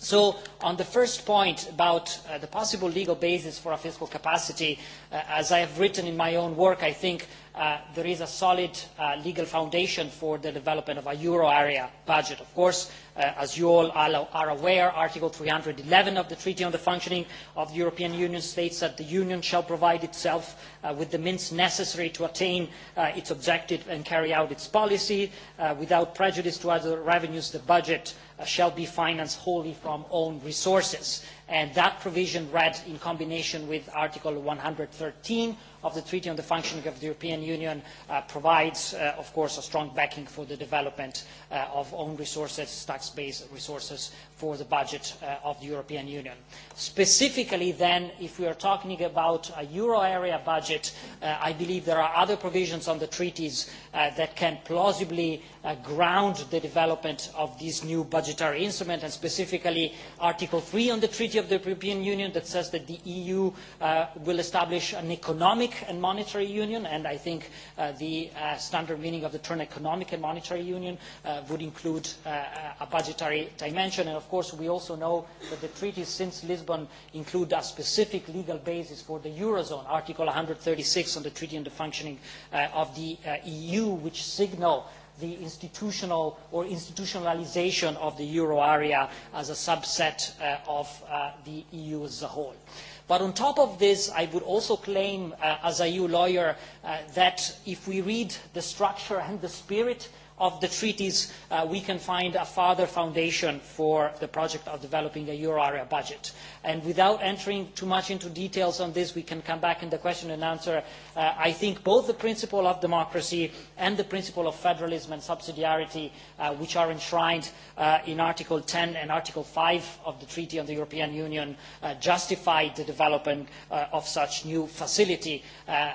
So on the first point about uh, the possible legal basis for a fiscal capacity, uh, as I have written in my own work, I think uh, there is a solid uh, legal foundation for the development of a euro area budget. Of course, uh, as you all are aware, Article 311 of the Treaty on the Functioning of the European Union states that the Union shall provide itself uh, with the means necessary to attain uh, its objective and carry out its policy uh, without prejudice to other revenues the budget uh, Uh, shall be financed wholly from own resources. And that provision read in combination with Article 113 of the Treaty on the Functioning of the European Union uh, provides, uh, of course, a strong backing for the development uh, of own resources, tax-based resources for the budget uh, of the European Union. Specifically then, if we are talking about a euro area budget, uh, I believe there are other provisions on the treaties uh, that can plausibly uh, ground the development of this new budgetary instrument, and specifically Article 3 on the Treaty of the European Union that says that the EU uh, will establish an economic economic and monetary union, and I think uh, the uh, standard meaning of the term economic and monetary union uh, would include uh, uh, a budgetary dimension. And of course, we also know that the treaties since Lisbon include a specific legal basis for the Eurozone, Article 136 on the Treaty on the Functioning uh, of the uh, EU, which signal the institutional or institutionalization of the euro area as a subset uh, of uh, the EU as a whole. But on top of this, I would also claim, uh, as a EU lawyer, uh, that if we read the structure and the spirit of the treaties, uh, we can find a further foundation for the project of developing a euro area budget. And without entering too much into details on this, we can come back in the question and answer. Uh, I think both the principle of democracy and the principle of federalism and subsidiarity, uh, which are enshrined uh, in Article 10 and Article 5 of the Treaty on the European Union, uh, justify the development uh, of such new facility. Uh, uh,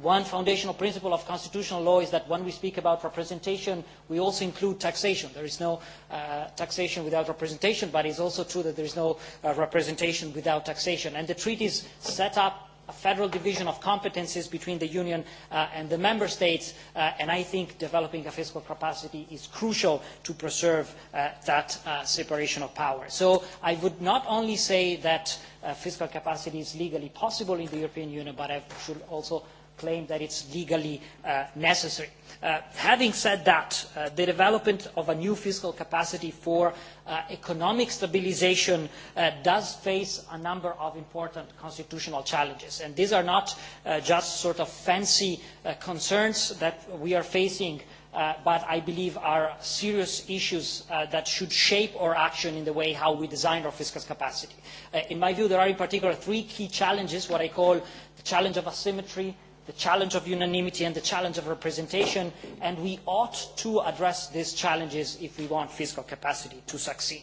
one foundational principle of constitutional law is that when we speak about representation, representation, we also include taxation. There is no uh, taxation without representation, but it's also true that there is no uh, representation without taxation. And the treaties set up a federal division of competences between the Union uh, and the Member States, uh, and I think developing a fiscal capacity is crucial to preserve uh, that uh, separation of power. So I would not only say that uh, fiscal capacity is legally possible in the European Union, but I should also claim that it's legally uh, necessary. Uh, having said that, uh, the development of a new fiscal capacity for uh, economic stabilization uh, does face a number of important constitutional challenges. And these are not uh, just sort of fancy uh, concerns that we are facing Uh, but I believe are serious issues uh, that should shape our action in the way how we design our fiscal capacity. Uh, in my view, there are in particular three key challenges, what I call the challenge of asymmetry, the challenge of unanimity and the challenge of representation, and we ought to address these challenges if we want fiscal capacity to succeed.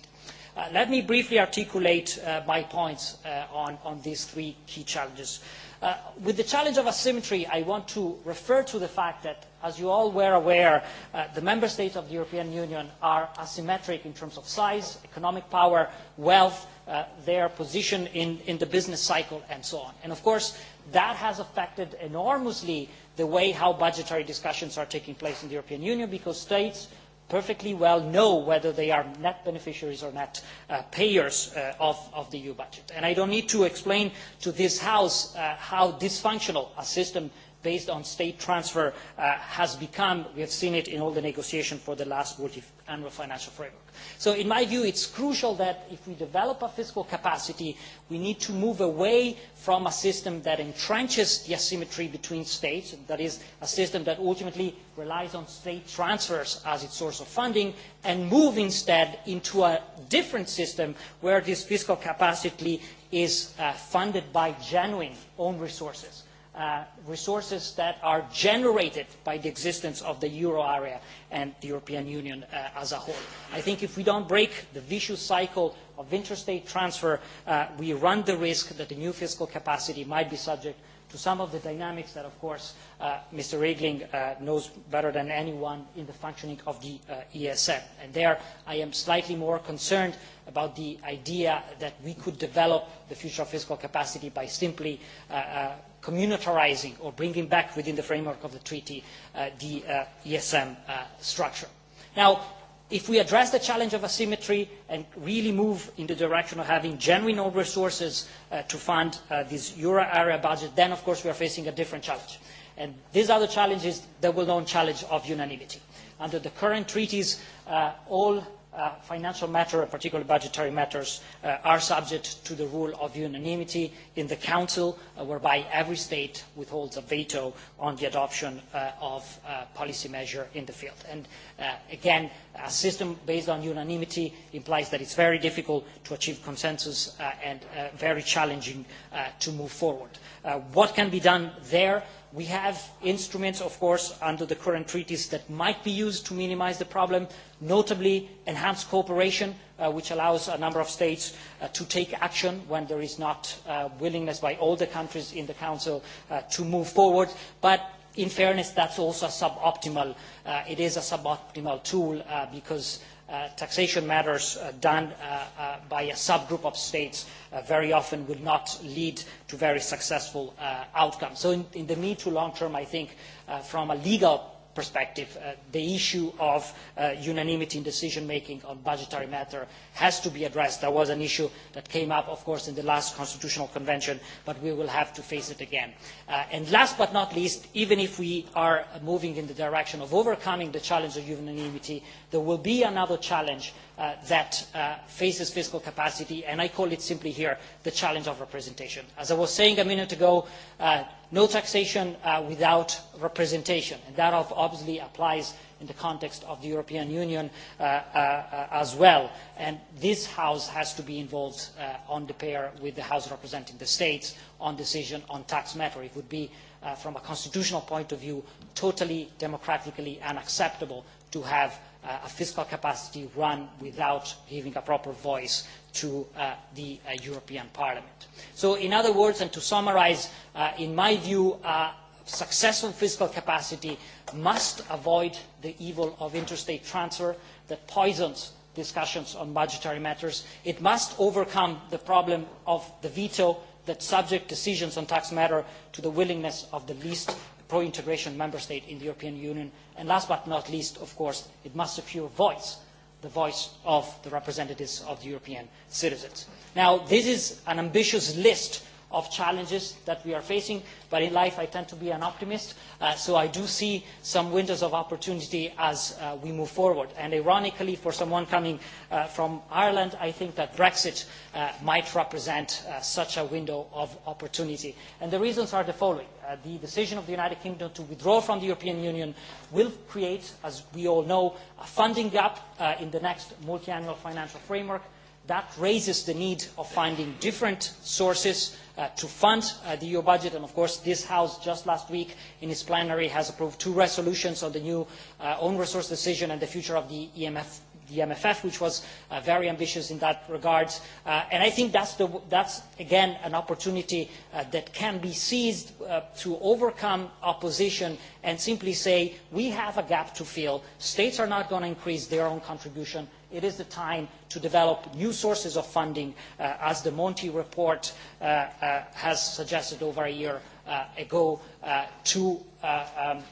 Uh, let me briefly articulate uh, my points uh, on, on these three key challenges. Uh, with the challenge of asymmetry, I want to refer to the fact that, as you all were aware, uh, the member states of the European Union are asymmetric in terms of size, economic power, wealth, uh, their position in, in the business cycle, and so on. And of course, that has affected enormously the way how budgetary discussions are taking place in the European Union because states perfectly well know whether they are net beneficiaries or net uh, payers uh, of, of the EU budget. And I don't need to explain to this House uh, how dysfunctional a system based on state transfer uh, has become, we have seen it in all the negotiations for the last multi-annual financial framework. So in my view, it's crucial that if we develop a fiscal capacity, we need to move away from a system that entrenches the asymmetry between states, that is a system that ultimately relies on state transfers as its source of funding, and move instead into a different system where this fiscal capacity is uh, funded by genuine own resources uh, resources that are generated by the existence of the euro area and the European Union uh, as a whole. I think if we don't break the vicious cycle of interstate transfer, uh, we run the risk that the new fiscal capacity might be subject to some of the dynamics that, of course, uh, Mr. Regling uh, knows better than anyone in the functioning of the uh, ESM. And there I am slightly more concerned about the idea that we could develop the future fiscal capacity by simply uh, uh, communitarizing or bringing back within the framework of the treaty uh, the uh, ESM uh, structure. Now, if we address the challenge of asymmetry and really move in the direction of having genuine own resources uh, to fund uh, this euro area budget, then of course we are facing a different challenge. And these are the challenges, the well-known challenge of unanimity. Under the current treaties, uh, all Uh, financial matters, uh, particularly budgetary matters, uh, are subject to the rule of unanimity in the Council, uh, whereby every state withholds a veto on the adoption uh, of a uh, policy measure in the field. And uh, again, a system based on unanimity implies that it's very difficult to achieve consensus uh, and uh, very challenging uh, to move forward. Uh, what can be done there? we have instruments, of course, under the current treaties that might be used to minimize the problem, notably enhanced cooperation, uh, which allows a number of states uh, to take action when there is not uh, willingness by all the countries in the Council uh, to move forward. But in fairness, that's also suboptimal. Uh, it is a suboptimal tool uh, because uh, taxation matters uh, done uh, uh, by a subgroup of states uh, very often will not lead to very successful uh, outcomes. So in, in the mid to long term, I think uh, from a legal perspective, uh, the issue of uh, unanimity in decision-making on budgetary matter has to be addressed. That was an issue that came up, of course, in the last Constitutional Convention, but we will have to face it again. Uh, and last but not least, even if we are moving in the direction of overcoming the challenge of unanimity, there will be another challenge uh, that uh, faces fiscal capacity, and I call it simply here the challenge of representation. As I was saying a minute ago, uh, no taxation uh, without representation, and that obviously applies in the context of the European Union uh, uh, as well. And this House has to be involved uh, on the pair with the House representing the states on decision on tax matter. It would be, uh, from a constitutional point of view, totally democratically unacceptable to have uh, a fiscal capacity run without giving a proper voice to uh, the uh, European Parliament. So in other words, and to summarize, uh, in my view, uh, successful fiscal capacity must avoid the evil of interstate transfer that poisons discussions on budgetary matters. It must overcome the problem of the veto that subject decisions on tax matter to the willingness of the least pro-integration member state in the European Union. And last but not least, of course, it must secure voice, the voice of the representatives of the European citizens. Now, this is an ambitious list of challenges that we are facing, but in life I tend to be an optimist, uh, so I do see some windows of opportunity as uh, we move forward. And ironically, for someone coming uh, from Ireland, I think that Brexit uh, might represent uh, such a window of opportunity. And the reasons are the following. Uh, the decision of the United Kingdom to withdraw from the European Union will create, as we all know, a funding gap uh, in the next multiannual financial framework That raises the need of finding different sources uh, to fund uh, the EU budget, and of course this House just last week in its plenary has approved two resolutions on the new uh, own resource decision and the future of the EMF the MFF, which was uh, very ambitious in that regard. Uh, and I think that's, the, that's again, an opportunity uh, that can be seized uh, to overcome opposition and simply say, we have a gap to fill. States are not going to increase their own contribution It is the time to develop new sources of funding, uh, as the Monti report uh, uh, has suggested over a year uh, ago, uh, to, uh, um,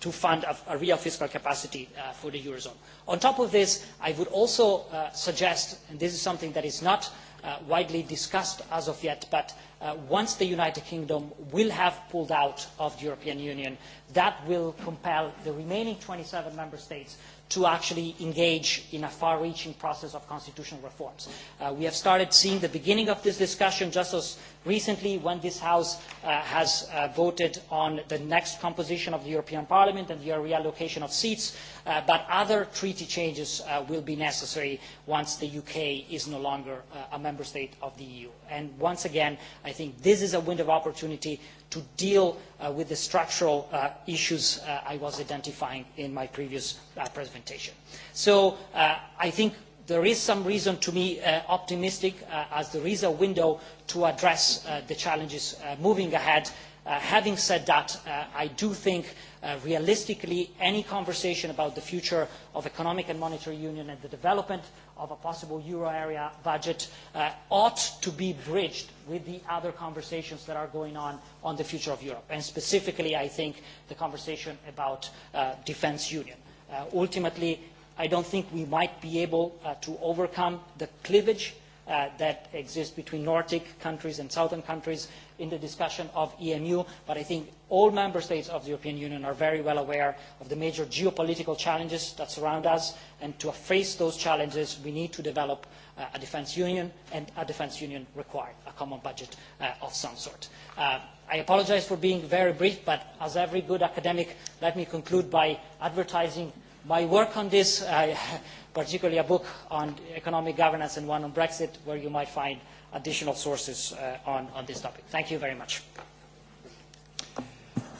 to fund a, a real fiscal capacity uh, for the Eurozone. On top of this, I would also uh, suggest, and this is something that is not uh, widely discussed as of yet, but uh, once the United Kingdom will have pulled out of the European Union, that will compel the remaining 27 member states to actually engage in a far-reaching process of constitutional reforms. Uh, we have started seeing the beginning of this discussion just as recently when this House uh, has uh, voted on the next composition of the European Parliament and the reallocation of seats, uh, but other treaty changes uh, will be necessary once the UK is no longer uh, a member state of the EU. And once again, I think this is a window of opportunity to deal uh, with the structural uh, issues uh, I was identifying in my previous uh, presentation. So uh, I think there is some reason to be uh, optimistic uh, as there is a window to address uh, the challenges uh, moving ahead. Uh, having said that, uh, I do think uh, realistically any conversation about the future of economic and monetary union and the development of a possible euro area budget uh, ought to be bridged with the other conversations that are going on on the future of Europe, and specifically, I think, the conversation about uh, defense union. Uh, ultimately, I don't think we might be able uh, to overcome the cleavage uh, that exists between Nordic countries and southern countries in the discussion of EMU, but I think All member states of the European Union are very well aware of the major geopolitical challenges that surround us, and to face those challenges, we need to develop uh, a defence union, and a defence union requires a common budget uh, of some sort. Uh, I apologise for being very brief, but as every good academic, let me conclude by advertising my work on this, uh, particularly a book on economic governance and one on Brexit, where you might find additional sources uh, on, on this topic. Thank you very much.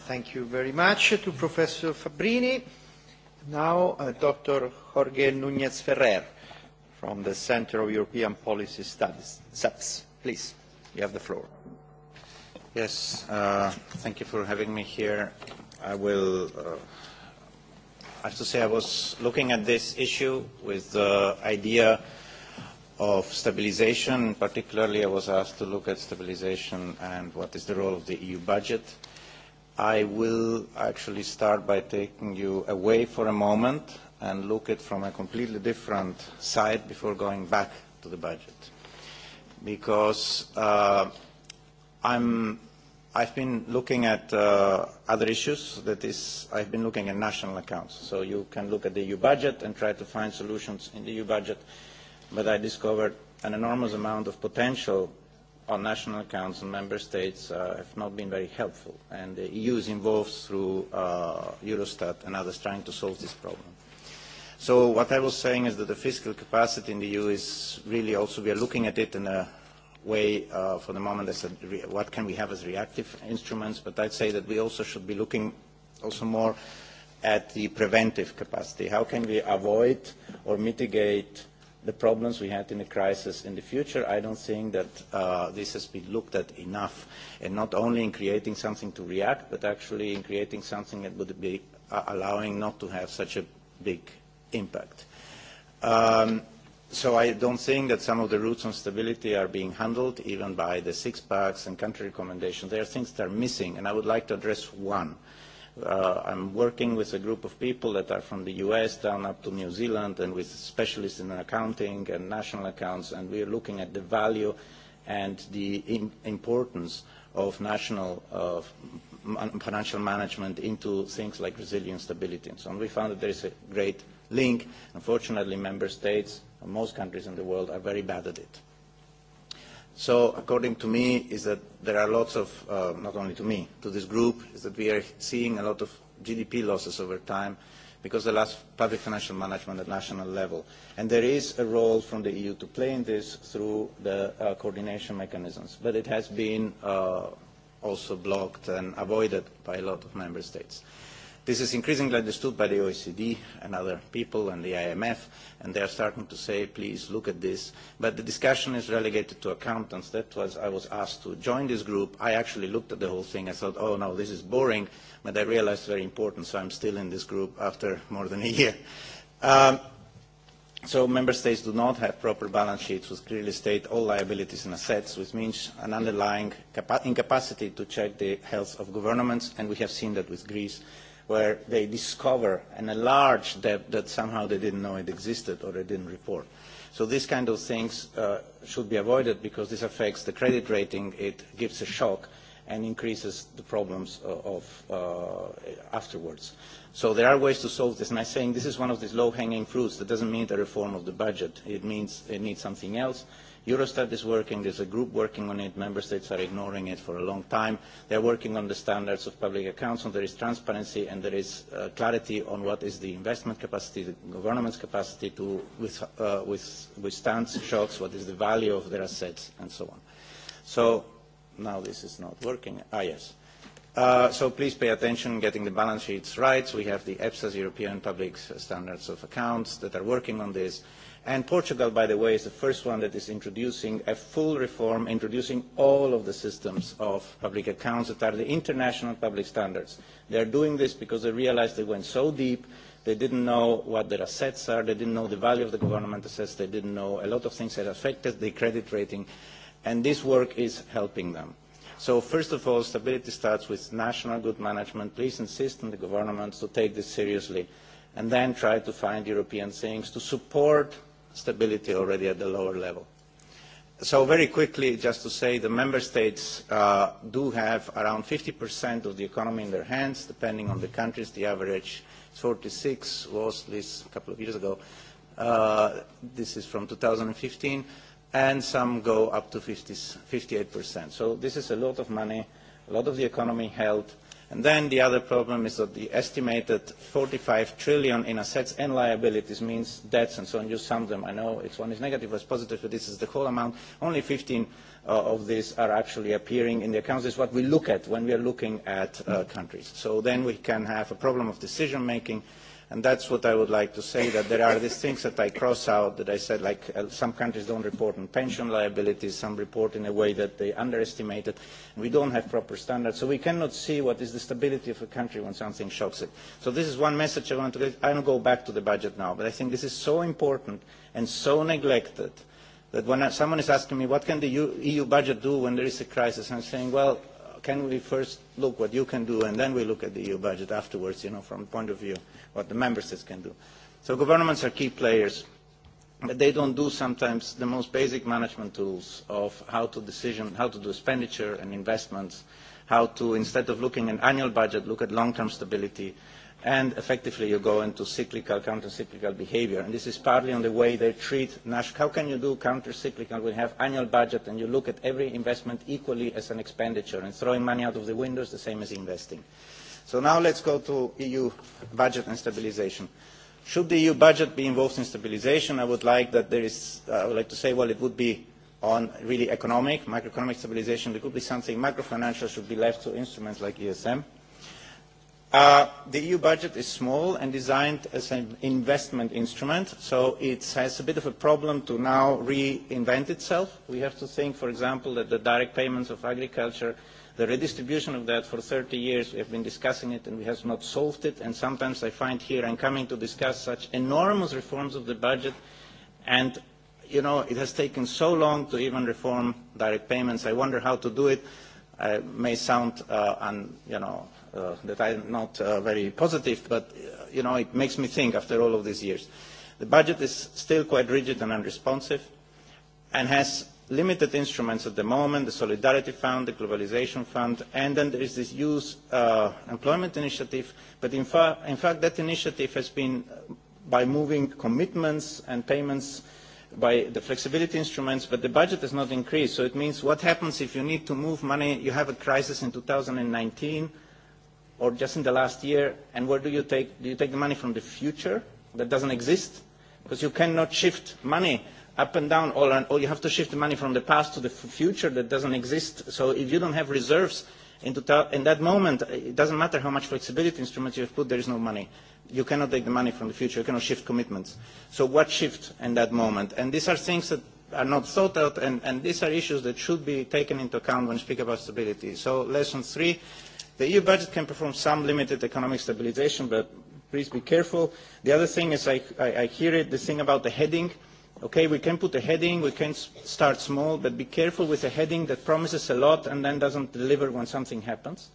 Thank you very much to Professor Fabrini. Now, uh, Dr. Jorge Nunez Ferrer from the Center of European Policy Studies, SEPS. Please, you have the floor. Yes, uh, thank you for having me here. I will, uh, I have to say I was looking at this issue with the idea of stabilization. Particularly, I was asked to look at stabilization and what is the role of the EU budget. Uh, I will actually start by taking you away for a moment and look at from a completely different side before going back to the budget. Because uh, I'm, I've been looking at uh, other issues, that is, I've been looking at national accounts. So you can look at the EU budget and try to find solutions in the EU budget, but I discovered an enormous amount of potential on national accounts and member states uh, have not been very helpful. And the EU is involved through uh, Eurostat and others trying to solve this problem. So what I was saying is that the fiscal capacity in the EU is really also, we are looking at it in a way uh, for the moment as a, re what can we have as reactive instruments, but I'd say that we also should be looking also more at the preventive capacity. How can we avoid or mitigate the problems we had in the crisis in the future. I don't think that uh, this has been looked at enough, and not only in creating something to react, but actually in creating something that would be uh, allowing not to have such a big impact. Um, so I don't think that some of the roots on stability are being handled, even by the six packs and country recommendations. There are things that are missing, and I would like to address one. Uh, I'm working with a group of people that are from the US down up to New Zealand and with specialists in accounting and national accounts, and we are looking at the value and the im importance of national uh, man financial management into things like resilience, stability, and so on. We found that there is a great link. Unfortunately, member states most countries in the world are very bad at it. So according to me is that there are lots of, uh, not only to me, to this group, is that we are seeing a lot of GDP losses over time because the last public financial management at national level. And there is a role from the EU to play in this through the uh, coordination mechanisms, but it has been uh, also blocked and avoided by a lot of member states. This is increasingly understood by the OECD and other people and the IMF, and they are starting to say, please look at this. But the discussion is relegated to accountants. That was, I was asked to join this group. I actually looked at the whole thing. I thought, oh no, this is boring, but I realized it's very important, so I'm still in this group after more than a year. Um, So member states do not have proper balance sheets which clearly state all liabilities and assets, which means an underlying incapacity to check the health of governments, and we have seen that with Greece where they discover and enlarge debt that somehow they didn't know it existed or they didn't report. So these kind of things uh, should be avoided because this affects the credit rating, it gives a shock and increases the problems of, of uh, afterwards. So there are ways to solve this, and I'm saying this is one of these low-hanging fruits. That doesn't mean the reform of the budget. It means it needs something else, Eurostat is working, there's a group working on it, member states are ignoring it for a long time. They're working on the standards of public accounts, and there is transparency and there is uh, clarity on what is the investment capacity, the government's capacity to with, uh, with, withstand shocks, what is the value of their assets, and so on. So now this is not working. Ah, yes. Uh, so please pay attention getting the balance sheets right. We have the EPSA's European Public Standards of Accounts that are working on this. And Portugal, by the way, is the first one that is introducing a full reform, introducing all of the systems of public accounts that are the international public standards. They are doing this because they realized they went so deep, they didn't know what their assets are, they didn't know the value of the government assets, they didn't know a lot of things that affected the credit rating, and this work is helping them. So first of all, stability starts with national good management. Please insist on the governments to take this seriously and then try to find European things to support stability already at the lower level. So very quickly, just to say, the member states uh, do have around 50% of the economy in their hands, depending on the countries. The average is 46, was this a couple of years ago. Uh, this is from 2015, and some go up to 50, 58%. So this is a lot of money, a lot of the economy held And then the other problem is that the estimated 45 trillion in assets and liabilities means debts and so on. You sum them. I know it's one is negative, one is positive, but this is the whole amount. Only 15 uh, of these are actually appearing in the accounts. This is what we look at when we are looking at uh, countries. So then we can have a problem of decision making And that's what I would like to say, that there are these things that I cross out that I said, like uh, some countries don't report on pension liabilities, some report in a way that they underestimate it. We don't have proper standards, so we cannot see what is the stability of a country when something shocks it. So this is one message I want to get. I don't go back to the budget now, but I think this is so important and so neglected that when someone is asking me what can the EU e budget do when there is a crisis, I'm saying, well, can we first look what you can do and then we look at the EU budget afterwards, you know, from the point of view what the member states can do. So governments are key players, but they don't do sometimes the most basic management tools of how to decision, how to do expenditure and investments, how to, instead of looking at annual budget, look at long-term stability, and effectively you go into cyclical, counter-cyclical behavior. And this is partly on the way they treat Nash. How can you do counter-cyclical when you have annual budget and you look at every investment equally as an expenditure and throwing money out of the window is the same as investing? So now let's go to EU budget and stabilization. Should the EU budget be involved in stabilization, I would like that there is, uh, I would like to say, well, it would be on really economic, macroeconomic stabilization. There could be something macrofinancial should be left to instruments like ESM. Uh, the EU budget is small and designed as an investment instrument, so it has a bit of a problem to now reinvent itself. We have to think, for example, that the direct payments of agriculture The redistribution of that for 30 years, we have been discussing it and we have not solved it. And sometimes I find here I'm coming to discuss such enormous reforms of the budget and you know, it has taken so long to even reform direct payments. I wonder how to do it. I may sound, uh, un, you know, uh, that I'm not uh, very positive, but, uh, you know, it makes me think after all of these years. The budget is still quite rigid and unresponsive and has limited instruments at the moment, the Solidarity Fund, the Globalization Fund, and then there is this Youth uh, Employment Initiative. But in, fa in fact, that initiative has been, uh, by moving commitments and payments by the flexibility instruments, but the budget has not increased. So it means what happens if you need to move money, you have a crisis in 2019 or just in the last year, and where do you take, do you take the money from the future that doesn't exist? Because you cannot shift money up and down, or, or you have to shift the money from the past to the future that doesn't exist. So if you don't have reserves in, in that moment, it doesn't matter how much flexibility instruments you have put, there is no money. You cannot take the money from the future, you cannot shift commitments. So what shift in that moment? And these are things that are not thought out, and, and these are issues that should be taken into account when you speak about stability. So lesson three, the EU budget can perform some limited economic stabilization, but please be careful. The other thing is, I, I, I hear it, the thing about the heading, uh, Okay, we can put a heading, we can start small, but be careful with a heading that promises a lot and then doesn't deliver when something happens.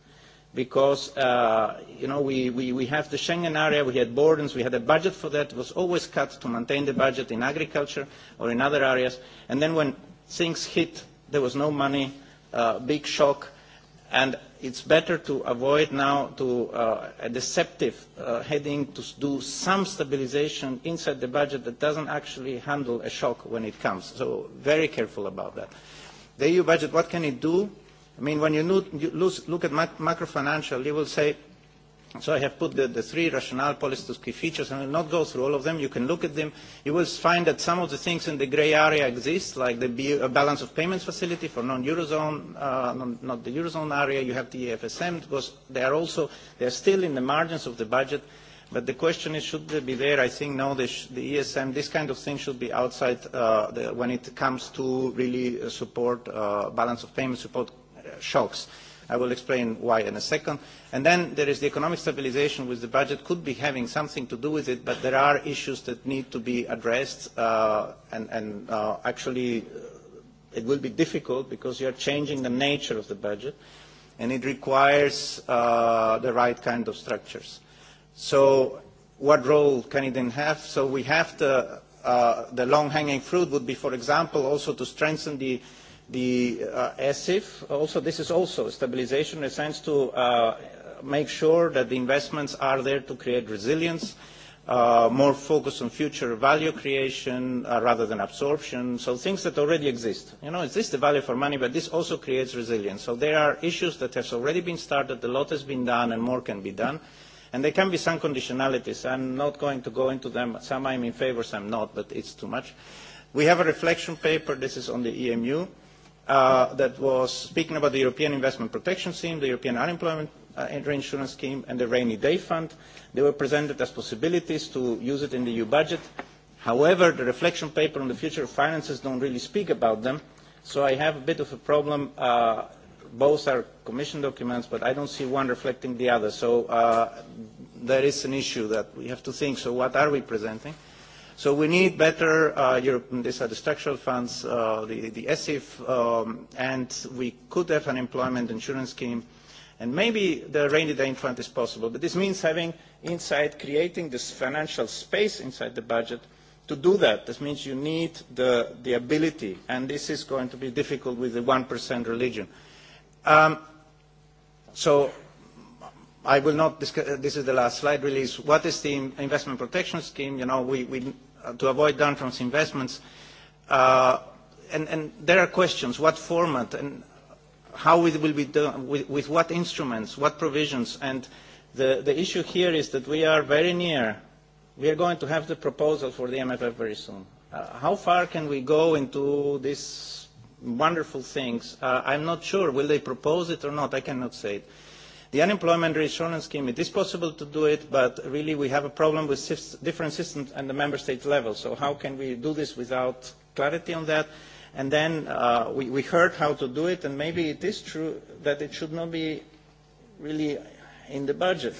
Because, uh, you know, we, we, we have the Schengen area, we had borders, we had a budget for that, it was always cut to maintain the budget in agriculture or in other areas. And then when things hit, there was no money, uh, big shock, and it's better to avoid now to uh, a deceptive uh, heading to do some stabilization inside the budget that doesn't actually handle a shock when it comes. So very careful about that. The EU budget, what can it do? I mean, when you, you lose, look at ma macro financial, you will say So I have put the, the three rationale policies to key features, and I will not go through all of them. You can look at them. You will find that some of the things in the gray area exist, like the balance of payments facility for non-Eurozone, uh, non, not the Eurozone area. You have the EFSM, because they are also, they are still in the margins of the budget. But the question is, should they be there? I think no, the sh the ESM, this kind of thing should be outside uh, the, when it comes to really uh, support, uh, balance of payment support uh, shocks. I will explain why in a second. And then there is the economic stabilization which the budget could be having something to do with it, but there are issues that need to be addressed uh, and, and uh, actually uh, it will be difficult because you are changing the nature of the budget and it requires uh, the right kind of structures. So what role can it then have? So we have to uh, the long-hanging fruit would be, for example, also to strengthen the uh, The uh, ESIF, also this is also stabilization in a sense to uh, make sure that the investments are there to create resilience, uh, more focus on future value creation uh, rather than absorption, so things that already exist. You know, exists the value for money, but this also creates resilience. So there are issues that have already been started, a lot has been done, and more can be done. And there can be some conditionalities. I'm not going to go into them. Some I'm in favor, some not, but it's too much. We have a reflection paper. This is on the EMU uh, that was speaking about the European Investment Protection Scheme, the European Unemployment uh, Reinsurance Scheme, and the Rainy Day Fund. They were presented as possibilities to use it in the EU budget. However, the reflection paper on the future of finances don't really speak about them, so I have a bit of a problem. Uh, both are commission documents, but I don't see one reflecting the other. So uh, there is an issue that we have to think. So what are we presenting? So we need better uh, European, these are the structural funds, uh, the, the ESIF, um, and we could have an employment insurance scheme. And maybe the rainy day fund is possible, but this means having inside, creating this financial space inside the budget to do that. This means you need the, the ability, and this is going to be difficult with the 1% religion. Um, so I will not discuss, this is the last slide release. What is the investment protection scheme? You know, we, we uh, to avoid downfront investments. Uh, and, and there are questions, what format and how it will be done, with, with what instruments, what provisions. And the, the issue here is that we are very near. We are going to have the proposal for the MFF very soon. Uh, how far can we go into these wonderful things? Uh, I'm not sure. Will they propose it or not? I cannot say it. The unemployment reinsurance scheme, it is possible to do it, but really we have a problem with different systems at the member state level. So how can we do this without clarity on that? And then uh, we, we heard how to do it, and maybe it is true that it should not be really in the budget.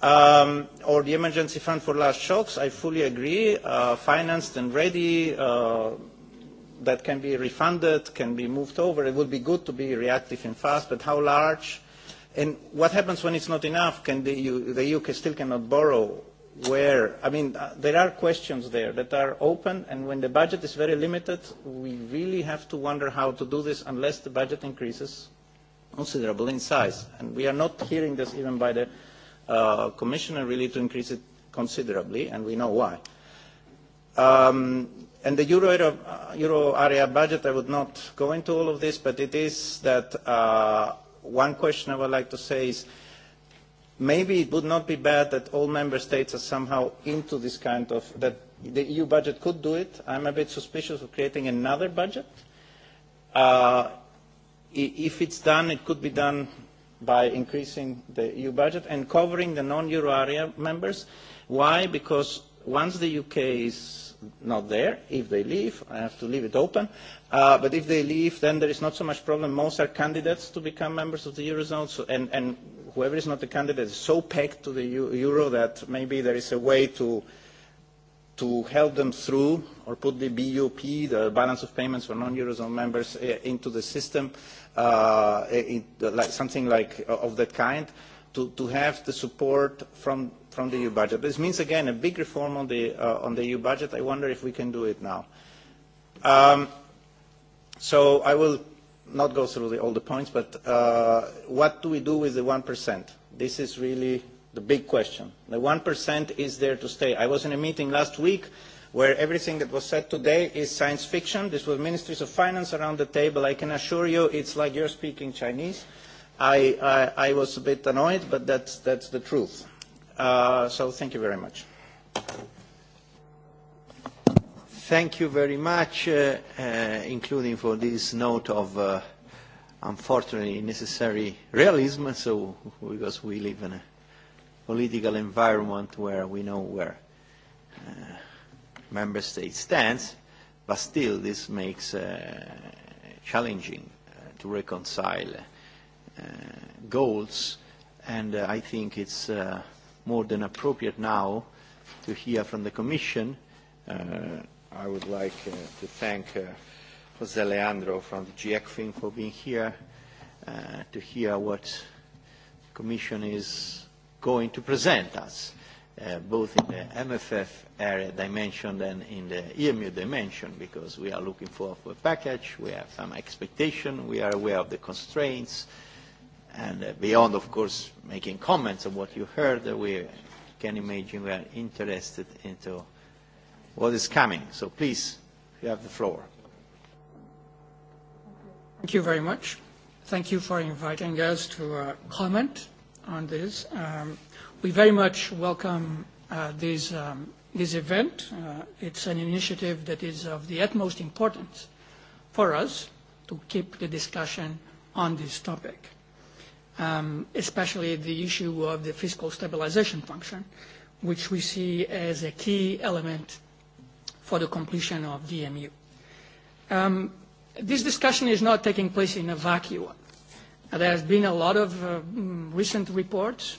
Um, or the emergency fund for large shocks, I fully agree, uh, financed and ready, uh, that can be refunded, can be moved over. It would be good to be reactive and fast, but how large And what happens when it's not enough? Can the EU, the EU still cannot borrow? Where? I mean, uh, there are questions there that are open, and when the budget is very limited, we really have to wonder how to do this unless the budget increases considerable in size. And we are not hearing this even by the uh, commissioner really to increase it considerably, and we know why. Um, and the euro area, uh, euro area budget, I would not go into all of this, but it is that uh, one question I would like to say is maybe it would not be bad that all member states are somehow into this kind of, that the EU budget could do it. I'm a bit suspicious of creating another budget. Uh, if it's done, it could be done by increasing the EU budget and covering the non-euro area members. Why? Because once the UK is not there, if they leave, I have to leave it open, Uh, but if they leave, then there is not so much problem. Most are candidates to become members of the Eurozone, so, and, and whoever is not a candidate is so pegged to the Euro that maybe there is a way to, to help them through or put the BUP, the balance of payments for non-Eurozone members, uh, into the system, uh, in, uh, like, something like uh, of that kind, to, to have the support from, from the EU budget. This means, again, a big reform on the, uh, on the EU budget. I wonder if we can do it now. Um, So I will not go through the, all the points, but uh, what do we do with the 1%? This is really the big question. The 1% is there to stay. I was in a meeting last week where everything that was said today is science fiction. This was ministries of finance around the table. I can assure you it's like you're speaking Chinese. I, I, I was a bit annoyed, but that's, that's the truth. Uh, so thank you very much. Thank you very much, uh, uh, including for this note of uh, unfortunately necessary realism, so because we live in a political environment where we know where uh, member state stands, but still this makes uh, challenging uh, to reconcile uh, goals, and uh, I think it's uh, more than appropriate now to hear from the Commission uh, I would like uh, to thank uh, Jose Leandro from the GECFIN for being here uh, to hear what the Commission is going to present us, uh, both in the MFF area dimension and in the EMU dimension, because we are looking for, a package, we have some expectation, we are aware of the constraints, and uh, beyond, of course, making comments on what you heard, uh, we can imagine we are interested into what is coming. So please, you have the floor. Thank you very much. Thank you for inviting us to uh, comment on this. Um, we very much welcome uh, this, um, this event. Uh, it's an initiative that is of the utmost importance for us to keep the discussion on this topic, um, especially the issue of the fiscal stabilization function, which we see as a key element for the completion of DMU. Um, this discussion is not taking place in a vacuum. There has been a lot of uh, mm, recent reports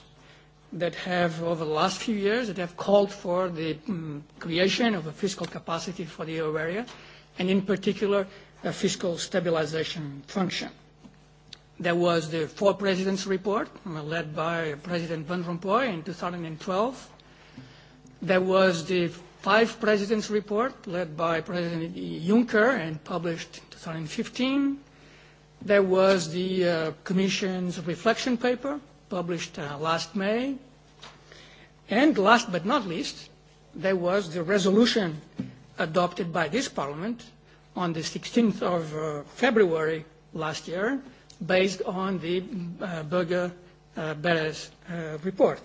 that have, over the last few years, that have called for the um, creation of a fiscal capacity for the euro area, and in particular, a fiscal stabilization function. There was the Four Presidents Report, uh, led by President Van Rompuy in 2012. There was the five presidents' report led by President Juncker and published in 2015. There was the uh, Commission's reflection paper published uh, last May. And last but not least, there was the resolution adopted by this Parliament on the 16th of uh, February last year based on the uh, Berger-Beres uh, uh, report.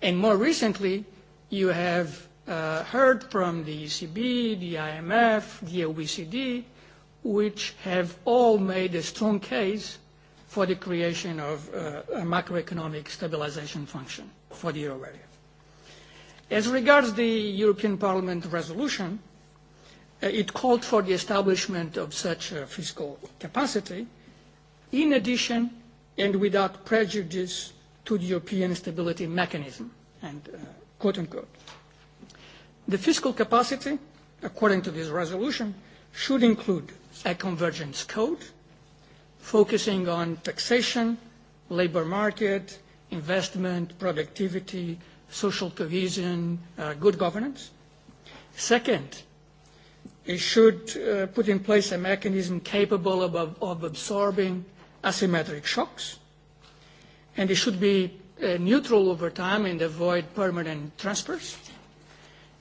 And more recently, You have uh, heard from the ECB, the IMF, the OECD, which have all made a strong case for the creation of uh, a macroeconomic stabilization function for the euro area. As regards the European Parliament resolution, uh, it called for the establishment of such a fiscal capacity, in addition and without prejudice to the European stability mechanism. And uh, quote unquote. The fiscal capacity, according to this resolution, should include a convergence code focusing on taxation, labor market, investment, productivity, social cohesion, uh, good governance. Second, it should uh, put in place a mechanism capable of, of absorbing asymmetric shocks, and it should be Uh, neutral over time and avoid permanent transfers.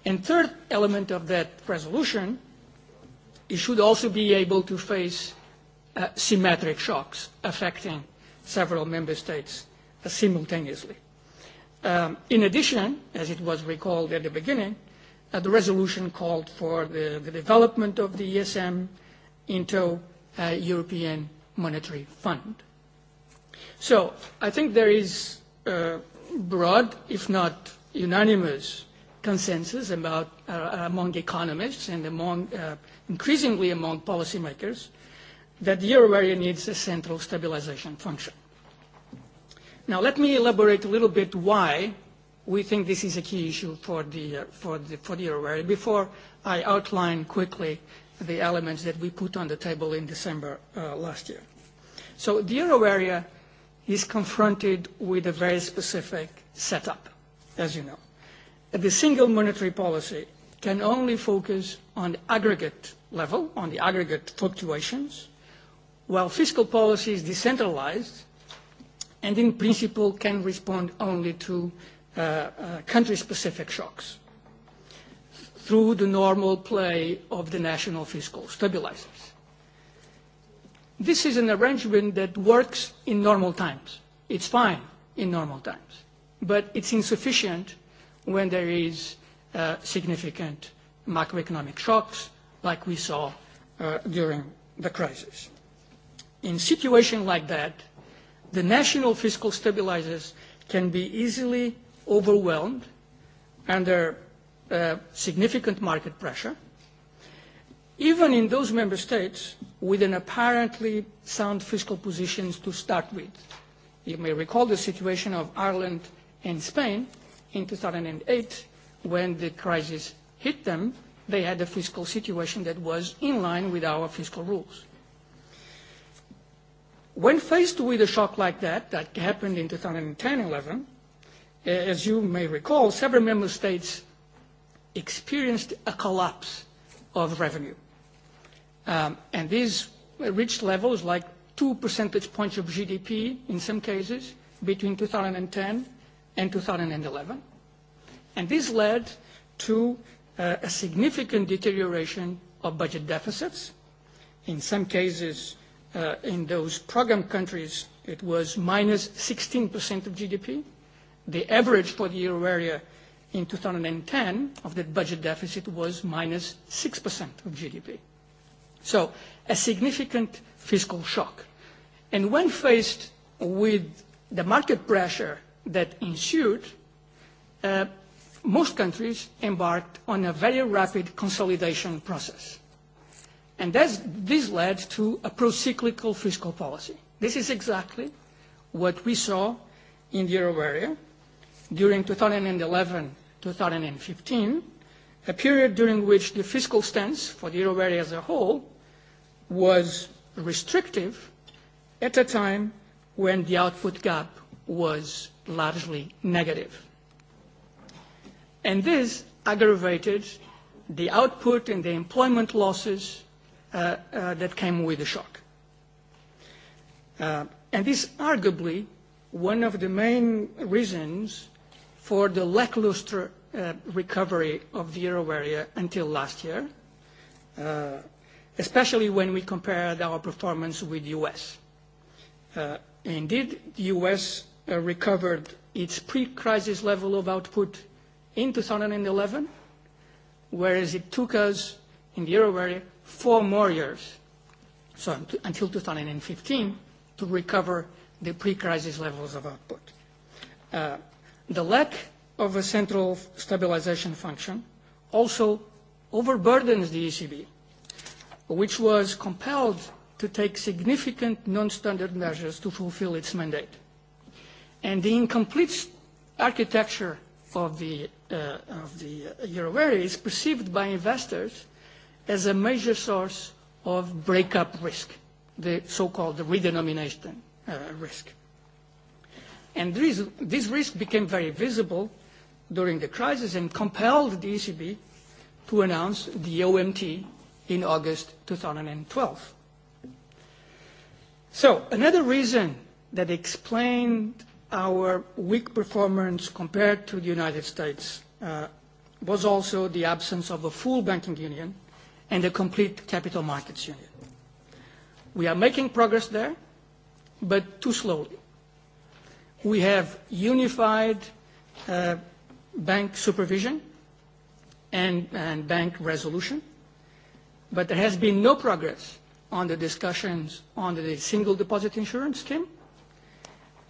And third element of that resolution, it should also be able to face uh, symmetric shocks affecting several member states uh, simultaneously. Um, in addition, as it was recalled at the beginning, uh, the resolution called for the, the development of the ESM into a European Monetary Fund. So I think there is uh, broad, if not unanimous, consensus about, uh, among economists and among, uh, increasingly among policymakers that the euro area needs a central stabilization function. Now, let me elaborate a little bit why we think this is a key issue for the, uh, for the, for the euro area before I outline quickly the elements that we put on the table in December uh, last year. So the euro area is confronted with a very specific setup, as you know. The single monetary policy can only focus on the aggregate level, on the aggregate fluctuations, while fiscal policy is decentralized and in principle can respond only to uh, uh, country-specific shocks through the normal play of the national fiscal stabilizers. This is an arrangement that works in normal times. It's fine in normal times, but it's insufficient when there is uh, significant macroeconomic shocks like we saw uh, during the crisis. In situations like that, the national fiscal stabilizers can be easily overwhelmed under uh, significant market pressure even in those member states with an apparently sound fiscal position to start with. You may recall the situation of Ireland and Spain in 2008 when the crisis hit them, they had a fiscal situation that was in line with our fiscal rules. When faced with a shock like that, that happened in 2010-11, eh, as you may recall, several member states experienced a collapse of revenue. Um, and these reached levels like two percentage points of GDP in some cases between 2010 and 2011. And this led to uh, a significant deterioration of budget deficits. In some cases, uh, in those program countries, it was minus 16% of GDP. The average for the euro area uh, in 2010 of that budget deficit was minus 6% of GDP. So a significant fiscal shock. And when faced with the market pressure that ensued, uh, most countries embarked on a very rapid consolidation process. And that's, this led to a pro-cyclical fiscal policy. This is exactly what we saw in the euro area during 2011-2015, a period during which the fiscal stance for the euro area as a whole was restrictive at a time when the output gap was largely negative. And this aggravated the output and the employment losses uh, uh, that came with the shock. Uh, and this arguably one of the main reasons for the lackluster uh, recovery of the euro area until last year, uh, especially when we compared our performance with the U.S. Uh, indeed, the U.S. Uh, recovered its pre-crisis level of output in 2011, whereas it took us in the euro area four more years, so until 2015, to recover the pre-crisis levels of output. Uh, the lack of a central stabilization function also overburdens the ECB which was compelled to take significant non-standard measures to fulfill its mandate. And the incomplete architecture of the, uh, of the euro area is perceived by investors as a major source of breakup risk, the so-called redenomination uh, risk. And this, this risk became very visible during the crisis and compelled the ECB to announce the OMT in August 2012. So another reason that explained our weak performance compared to the United States uh, was also the absence of a full banking union and a complete capital markets union. We are making progress there, but too slowly. We have unified uh, bank supervision and, and bank resolution – But there has been no progress on the discussions on the single deposit insurance scheme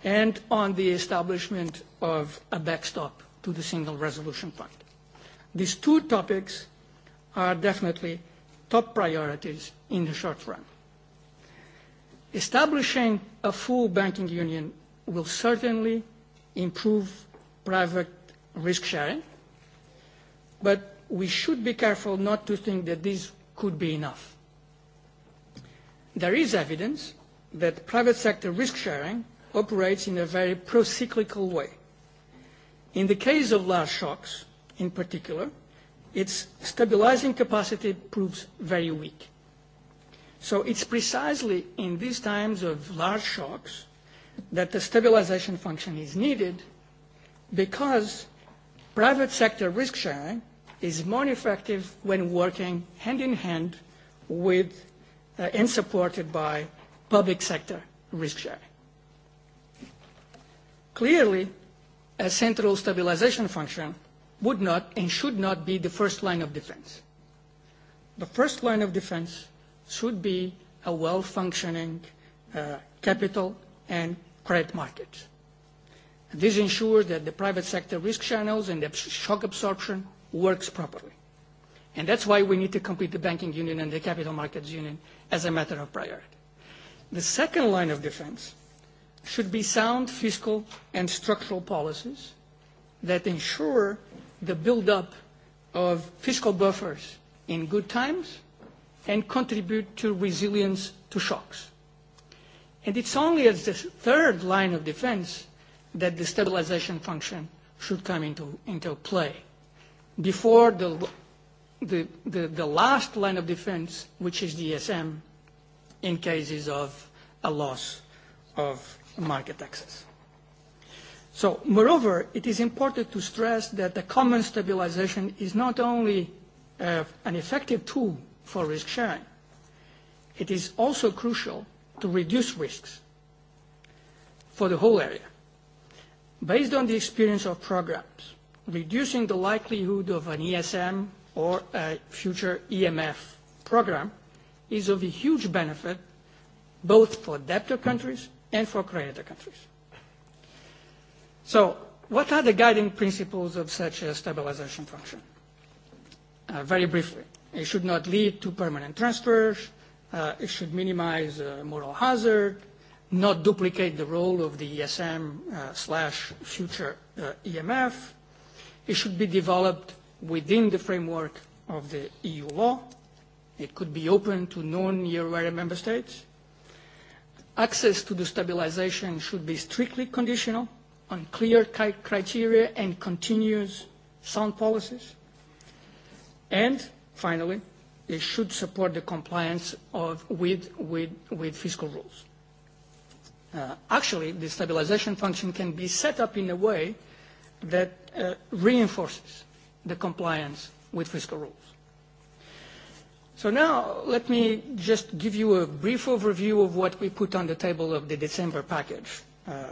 and on the establishment of a backstop to the single resolution fund. These two topics are definitely top priorities in the short run. Establishing a full banking union will certainly improve private risk sharing, but we should be careful not to think that this could be enough. There is evidence that private sector risk sharing operates in a very pro-cyclical way. In the case of large shocks, in particular, its stabilizing capacity proves very weak. So it's precisely in these times of large shocks that the stabilization function is needed because private sector risk sharing is more effective when working hand in hand with uh, and supported by public sector risk sharing. Clearly, a central stabilization function would not and should not be the first line of defense. The first line of defense should be a well-functioning uh, capital and credit market. This ensures that the private sector risk channels and the shock absorption works properly. And that's why we need to complete the banking union and the capital markets union as a matter of priority. The second line of defense should be sound fiscal and structural policies that ensure the build-up of fiscal buffers in good times and contribute to resilience to shocks. And it's only as the third line of defense that the stabilization function should come into, into play before the, the, the, the last line of defense, which is DSM, in cases of a loss of market access. So, moreover, it is important to stress that the common stabilization is not only uh, an effective tool for risk sharing, it is also crucial to reduce risks for the whole area. Based on the experience of programs, reducing the likelihood of an ESM or a future EMF program is of a huge benefit both for debtor countries and for creditor countries. So what are the guiding principles of such a stabilization function? Uh, very briefly, it should not lead to permanent transfers, uh, it should minimize uh, moral hazard, not duplicate the role of the ESM uh, slash future uh, EMF, It should be developed within the framework of the EU law. It could be open to non-euro area member states. Access to the stabilization should be strictly conditional on clear criteria and continuous sound policies. And finally, it should support the compliance of, with, with, with fiscal rules. Uh, actually, the stabilization function can be set up in a way that uh, reinforces the compliance with fiscal rules. So now let me just give you a brief overview of what we put on the table of the December package. Uh, uh,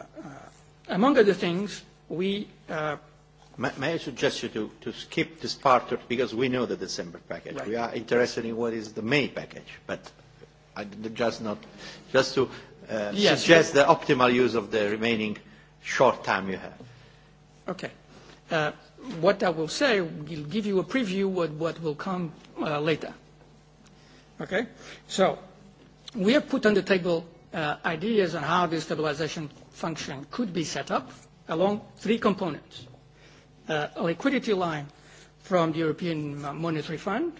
among other things, we... Uh, may, may I suggest you to, to skip this part because we know the December package. Right. We are interested in what is the May package, but I just not... Just to uh, yes, suggest the optimal use of the remaining short time you have. Okay. Uh, what I will say will give you a preview of what will come uh, later. Okay? So, we have put on the table uh, ideas on how this stabilization function could be set up along three components. Uh, a liquidity line from the European Monetary Fund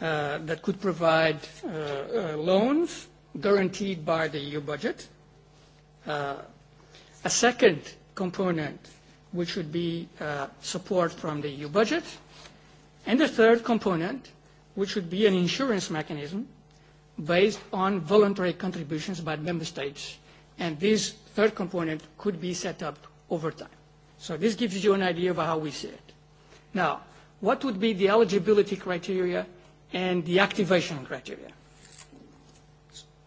uh, that could provide uh, uh, loans guaranteed by the EU budget. Uh, a second component which would be uh, support from the EU budget. And the third component, which would be an insurance mechanism based on voluntary contributions by member states. And this third component could be set up over time. So this gives you an idea of how we see it. Now, what would be the eligibility criteria and the activation criteria?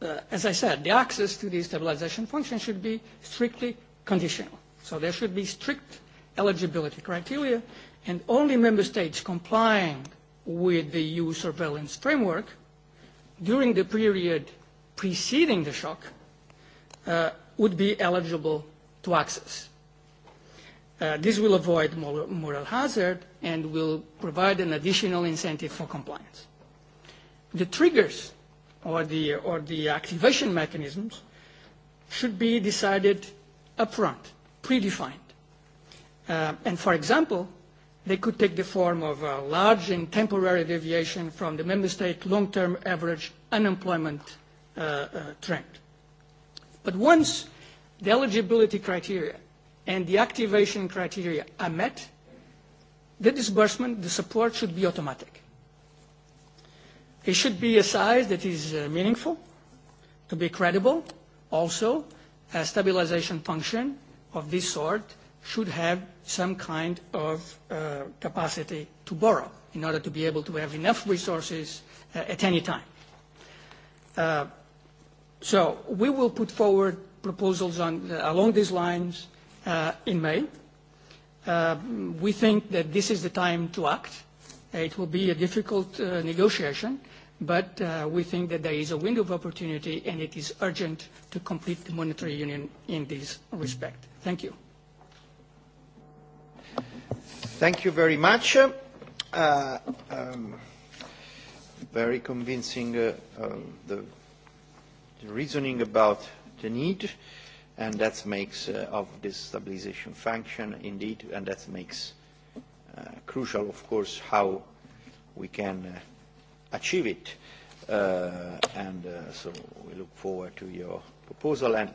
Uh, as I said, the access to the stabilization function should be strictly conditional. So there should be strict eligibility criteria, and only member states complying with the EU surveillance framework during the period preceding the shock uh, would be eligible to access. Uh, this will avoid moral hazard and will provide an additional incentive for compliance. The triggers or the, or the activation mechanisms should be decided upfront predefined. Uh, and for example, they could take the form of a large and temporary deviation from the member state long-term average unemployment uh, uh, trend. But once the eligibility criteria and the activation criteria are met, the disbursement, the support should be automatic. It should be a size that is uh, meaningful, to be credible, also a stabilization function, of this sort should have some kind of uh, capacity to borrow in order to be able to have enough resources uh, at any time. Uh, so we will put forward proposals on, uh, along these lines uh, in May. Uh, we think that this is the time to act. It will be a difficult uh, negotiation. Uh, but uh, we think that there is a window of opportunity and it is urgent to complete the monetary union in this respect. Thank you. Thank you very much. Uh, um, very convincing uh, um, the, the reasoning about the need and that makes uh, of this stabilization function indeed and that makes uh, crucial of course how we can uh, achieve it. Uh, and uh, so we look forward to your proposal. And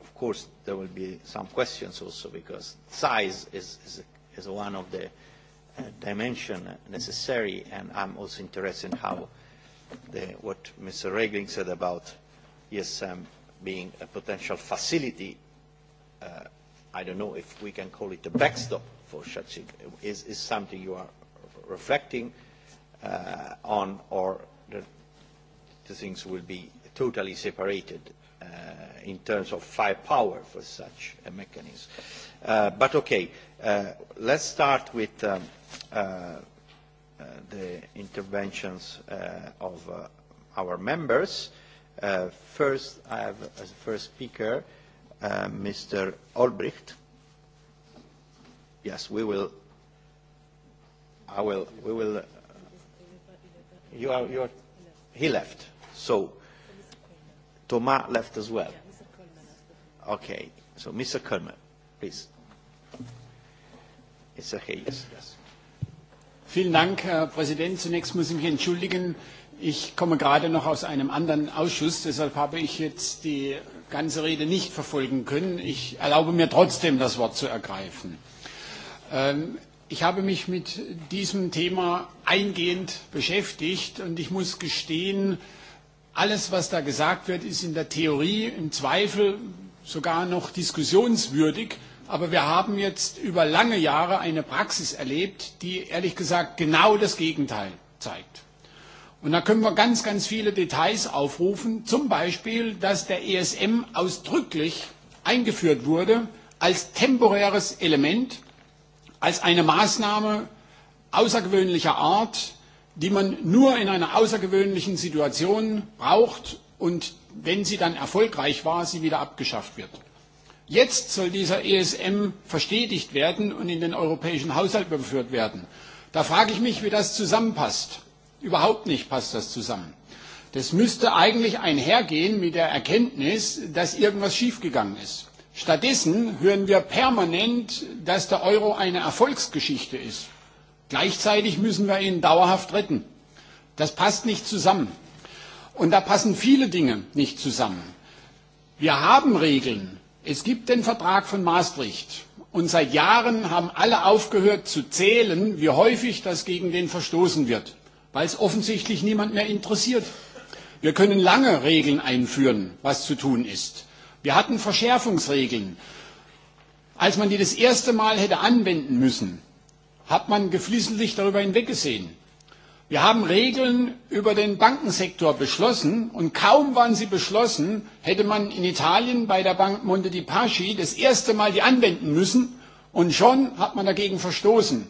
of course, there will be some questions also because size is, is, a, is one of the uh, dimension necessary. And I'm also interested in how the, what Mr. Regling said about ESM being a potential facility. Uh, I don't know if we can call it a backstop for Shachik is, is something you are reflecting uh, on or the, the things will be totally separated uh, in terms of firepower for such a mechanism. Uh, but okay, uh, let's start with um, uh, uh, the interventions uh, of uh, our members. Uh, first, I have as first speaker uh, Mr. Olbricht. Yes, we will. I will. We will You are, you are, he left. So, Toma left as well. Okay. So, Mr. Kerman, please. Mr. Hayes, yes. Vielen Dank, Herr Präsident. Zunächst muss ich mich entschuldigen. Ich komme gerade noch aus einem anderen Ausschuss, deshalb habe ich jetzt die ganze Rede nicht verfolgen können. Ich erlaube mir trotzdem, das Wort zu ergreifen. Ähm, Ich habe mich mit diesem Thema eingehend beschäftigt und ich muss gestehen, alles, was da gesagt wird, ist in der Theorie im Zweifel sogar noch diskussionswürdig. Aber wir haben jetzt über lange Jahre eine Praxis erlebt, die ehrlich gesagt genau das Gegenteil zeigt. Und da können wir ganz, ganz viele Details aufrufen, zum Beispiel, dass der ESM ausdrücklich eingeführt wurde als temporäres Element als eine Maßnahme außergewöhnlicher Art, die man nur in einer außergewöhnlichen Situation braucht und wenn sie dann erfolgreich war, sie wieder abgeschafft wird. Jetzt soll dieser ESM verstetigt werden und in den europäischen Haushalt überführt werden. Da frage ich mich, wie das zusammenpasst. Überhaupt nicht passt das zusammen. Das müsste eigentlich einhergehen mit der Erkenntnis, dass irgendwas schiefgegangen ist. Stattdessen hören wir permanent, dass der Euro eine Erfolgsgeschichte ist. Gleichzeitig müssen wir ihn dauerhaft retten. Das passt nicht zusammen. Und da passen viele Dinge nicht zusammen. Wir haben Regeln. Es gibt den Vertrag von Maastricht. Und seit Jahren haben alle aufgehört zu zählen, wie häufig das gegen den verstoßen wird, weil es offensichtlich niemand mehr interessiert. Wir können lange Regeln einführen, was zu tun ist. Wir hatten Verschärfungsregeln. Als man die das erste Mal hätte anwenden müssen, hat man geflissentlich darüber hinweggesehen. Wir haben Regeln über den Bankensektor beschlossen und kaum waren sie beschlossen, hätte man in Italien bei der Bank Monte di Paschi das erste Mal die anwenden müssen und schon hat man dagegen verstoßen.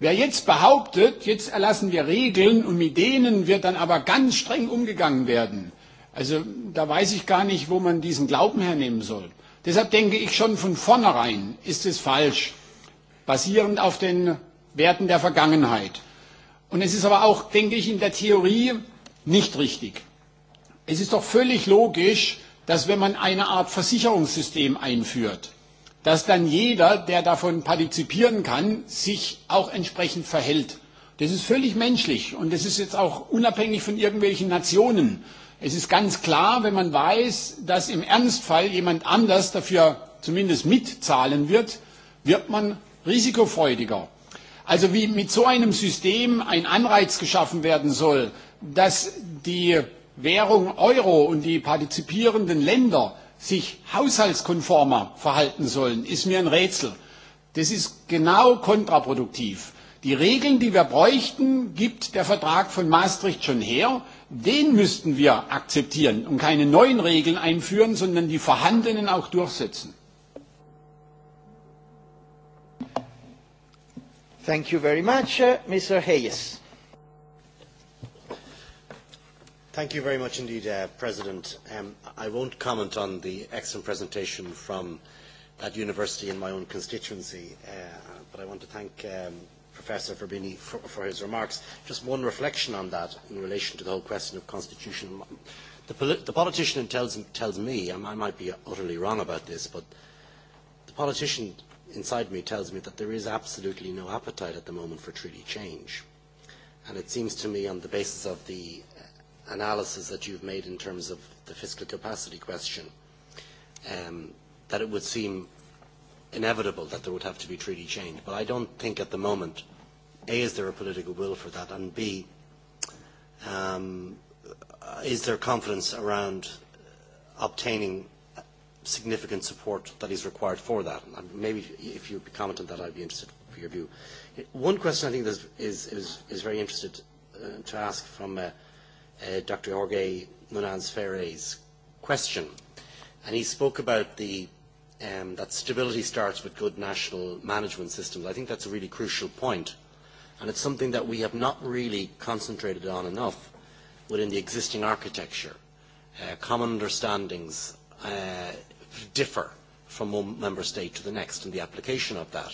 Wer jetzt behauptet, jetzt erlassen wir Regeln und mit denen wird dann aber ganz streng umgegangen werden, Also da weiß ich gar nicht, wo man diesen Glauben hernehmen soll. Deshalb denke ich schon von vornherein ist es falsch, basierend auf den Werten der Vergangenheit. Und es ist aber auch, denke ich, in der Theorie nicht richtig. Es ist doch völlig logisch, dass wenn man eine Art Versicherungssystem einführt, dass dann jeder, der davon partizipieren kann, sich auch entsprechend verhält. Das ist völlig menschlich und das ist jetzt auch unabhängig von irgendwelchen Nationen. Es ist ganz klar, wenn man weiß, dass im Ernstfall jemand anders dafür zumindest mitzahlen wird, wird man risikofreudiger. Also wie mit so einem System ein Anreiz geschaffen werden soll, dass die Währung Euro und die partizipierenden Länder sich haushaltskonformer verhalten sollen, ist mir ein Rätsel. Das ist genau kontraproduktiv. Die Regeln, die wir bräuchten, gibt der Vertrag von Maastricht schon her den müssten wir akzeptieren und keine neuen Regeln einführen, sondern die vorhandenen auch durchsetzen. Thank you very much, uh, Mr. Hayes. Thank you very much indeed, uh, President. Um, I won't comment on the excellent presentation from that university in my own constituency, uh, but I want to thank um, Professor being, for, for his remarks. Just one reflection on that in relation to the whole question of constitutional. The, polit the politician tells, tells me, and I might be utterly wrong about this, but the politician inside me tells me that there is absolutely no appetite at the moment for treaty change. And it seems to me on the basis of the uh, analysis that you've made in terms of the fiscal capacity question, um, that it would seem inevitable that there would have to be treaty change. But I don't think at the moment A, is there a political will for that? And B, um, is there confidence around obtaining significant support that is required for that? And maybe if you comment on that, I'd be interested for your view. One question I think is, is, is, is very interested uh, to ask from uh, uh, Dr. Jorge Munanz Ferre's question, and he spoke about the um, that stability starts with good national management systems. I think that's a really crucial point And it's something that we have not really concentrated on enough within the existing architecture. Uh, common understandings uh, differ from one member state to the next in the application of that.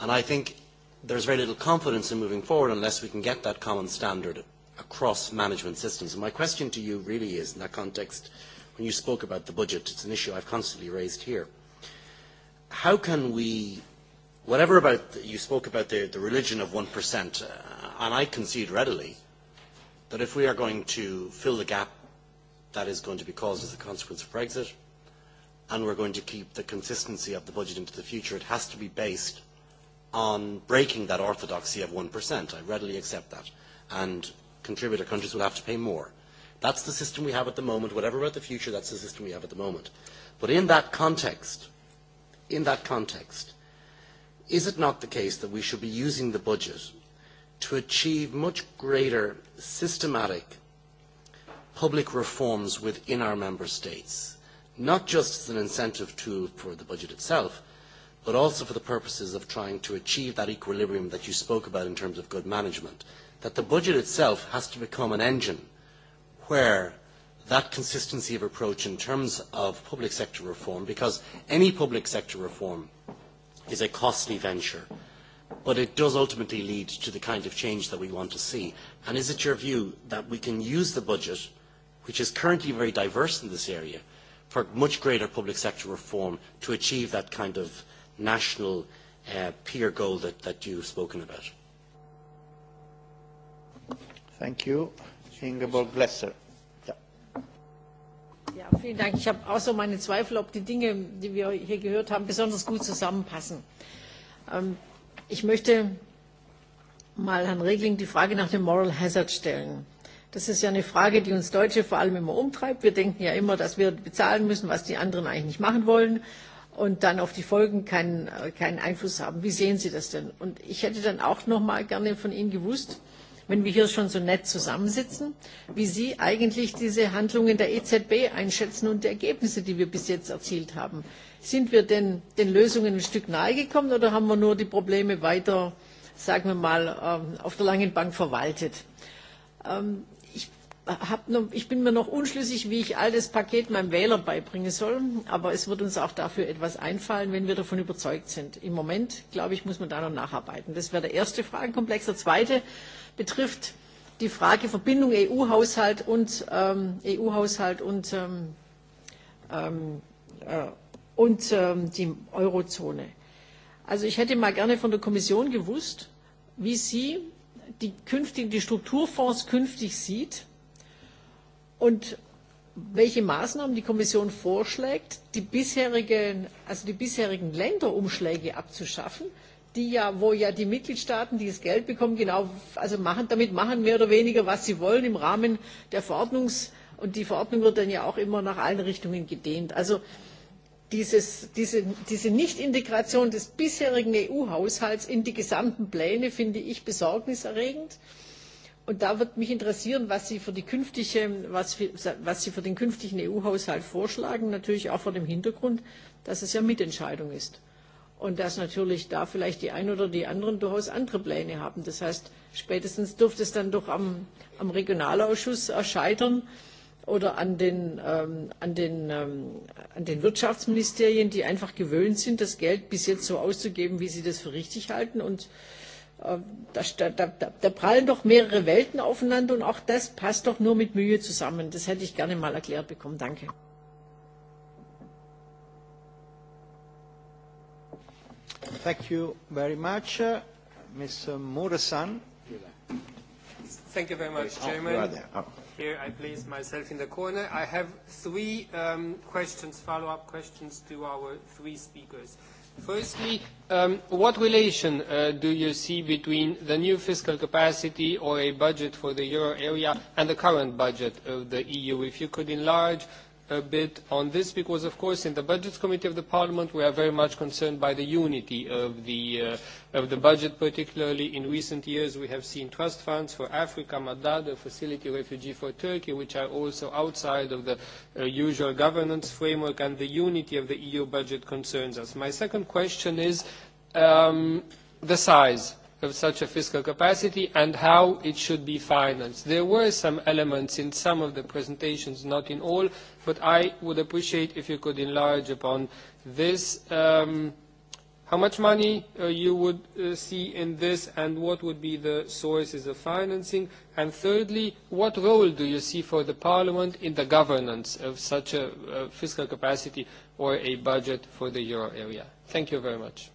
And I think there's very little confidence in moving forward unless we can get that common standard across management systems. And my question to you really is, in that context, when you spoke about the budget, it's an issue I've constantly raised here. How can we whatever about, you spoke about the, the religion of 1%, uh, and I concede readily that if we are going to fill the gap that is going to be caused as a consequence of Brexit, and we're going to keep the consistency of the budget into the future, it has to be based on breaking that orthodoxy of 1%. I readily accept that. And contributor countries will have to pay more. That's the system we have at the moment. Whatever about the future, that's the system we have at the moment. But in that context, in that context, is it not the case that we should be using the budget to achieve much greater systematic public reforms within our member states, not just as an incentive tool for the budget itself, but also for the purposes of trying to achieve that equilibrium that you spoke about in terms of good management, that the budget itself has to become an engine where that consistency of approach in terms of public sector reform, because any public sector reform is a costly venture, but it does ultimately lead to the kind of change that we want to see. And is it your view that we can use the budget, which is currently very diverse in this area, for much greater public sector reform to achieve that kind of national uh, peer goal that, that you've spoken about? Thank you. Ingeborg Glesser. Ja, vielen Dank. Ich habe auch so meine Zweifel, ob die Dinge, die wir hier gehört haben, besonders gut zusammenpassen. Ähm, ich möchte mal Herrn Regling die Frage nach dem Moral Hazard stellen. Das ist ja eine Frage, die uns Deutsche vor allem immer umtreibt. Wir denken ja immer, dass wir bezahlen müssen, was die anderen eigentlich nicht machen wollen und dann auf die Folgen keinen, äh, keinen Einfluss haben. Wie sehen Sie das denn? Und ich hätte dann auch noch mal gerne von Ihnen gewusst, wenn wir hier schon so nett zusammensitzen, wie Sie eigentlich diese Handlungen der EZB einschätzen und die Ergebnisse, die wir bis jetzt erzielt haben. Sind wir denn den Lösungen ein Stück nahe gekommen oder haben wir nur die Probleme weiter, sagen wir mal, ähm, auf der langen Bank verwaltet? Ähm, hab noch, ich bin mir noch unschlüssig, wie ich all das Paket meinem Wähler beibringen soll, aber es wird uns auch dafür etwas einfallen, wenn wir davon überzeugt sind. Im Moment, glaube ich, muss man da noch nacharbeiten. Das wäre der erste Fragenkomplex. Der zweite betrifft die Frage Verbindung EU-Haushalt und, ähm, EU-Haushalt und, ähm, ähm, äh, und ähm, die Eurozone. Also ich hätte mal gerne von der Kommission gewusst, wie sie die, künftigen, die Strukturfonds künftig sieht und welche Maßnahmen die Kommission vorschlägt, die bisherigen, also die bisherigen Länderumschläge abzuschaffen, die ja, wo ja die Mitgliedstaaten, die das Geld bekommen, genau, also machen, damit machen mehr oder weniger, was sie wollen im Rahmen der Verordnungs- und die Verordnung wird dann ja auch immer nach allen Richtungen gedehnt. Also dieses, diese, diese Nichtintegration des bisherigen EU-Haushalts in die gesamten Pläne finde ich besorgniserregend. Äh, Und da wird mich interessieren, was Sie für, die künftige, was, was Sie für den künftigen EU-Haushalt vorschlagen, natürlich auch vor dem Hintergrund, dass es ja Mitentscheidung ist. Und dass natürlich da vielleicht die einen oder die anderen durchaus andere Pläne haben. Das heißt, spätestens dürfte es dann doch am, am Regionalausschuss erscheitern oder an den, ähm, an, den, ähm, an den Wirtschaftsministerien, die einfach gewöhnt sind, das Geld bis jetzt so auszugeben, wie sie das für richtig halten. Und äh, Äh, da, da, da, da prallen doch mehrere Welten aufeinander und auch das passt doch nur mit Mühe zusammen. Das hätte ich gerne mal erklärt bekommen. Danke. Thank you very much, uh, Ms. Muresan. Thank you very much, oh, Chairman. Oh. Here I place myself in the corner. I have three um, questions, follow-up questions to our three speakers. Firstly, um, what relation uh, do you see between the new fiscal capacity or a budget for the euro area and the current budget of the EU? If you could enlarge a bit on this because, of course, in the Budgets Committee of the Parliament, we are very much concerned by the unity of the, uh, of the budget, particularly in recent years we have seen trust funds for Africa, Madad, a facility refugee for Turkey, which are also outside of the uh, usual governance framework, and the unity of the EU budget concerns us. My second question is um, the size of such a fiscal capacity and how it should be financed. There were some elements in some of the presentations, not in all, but I would appreciate if you could enlarge upon this. Um, how much money uh, you would uh, see in this and what would be the sources of financing? And thirdly, what role do you see for the Parliament in the governance of such a, a fiscal capacity or a budget for the euro area? Thank you very much.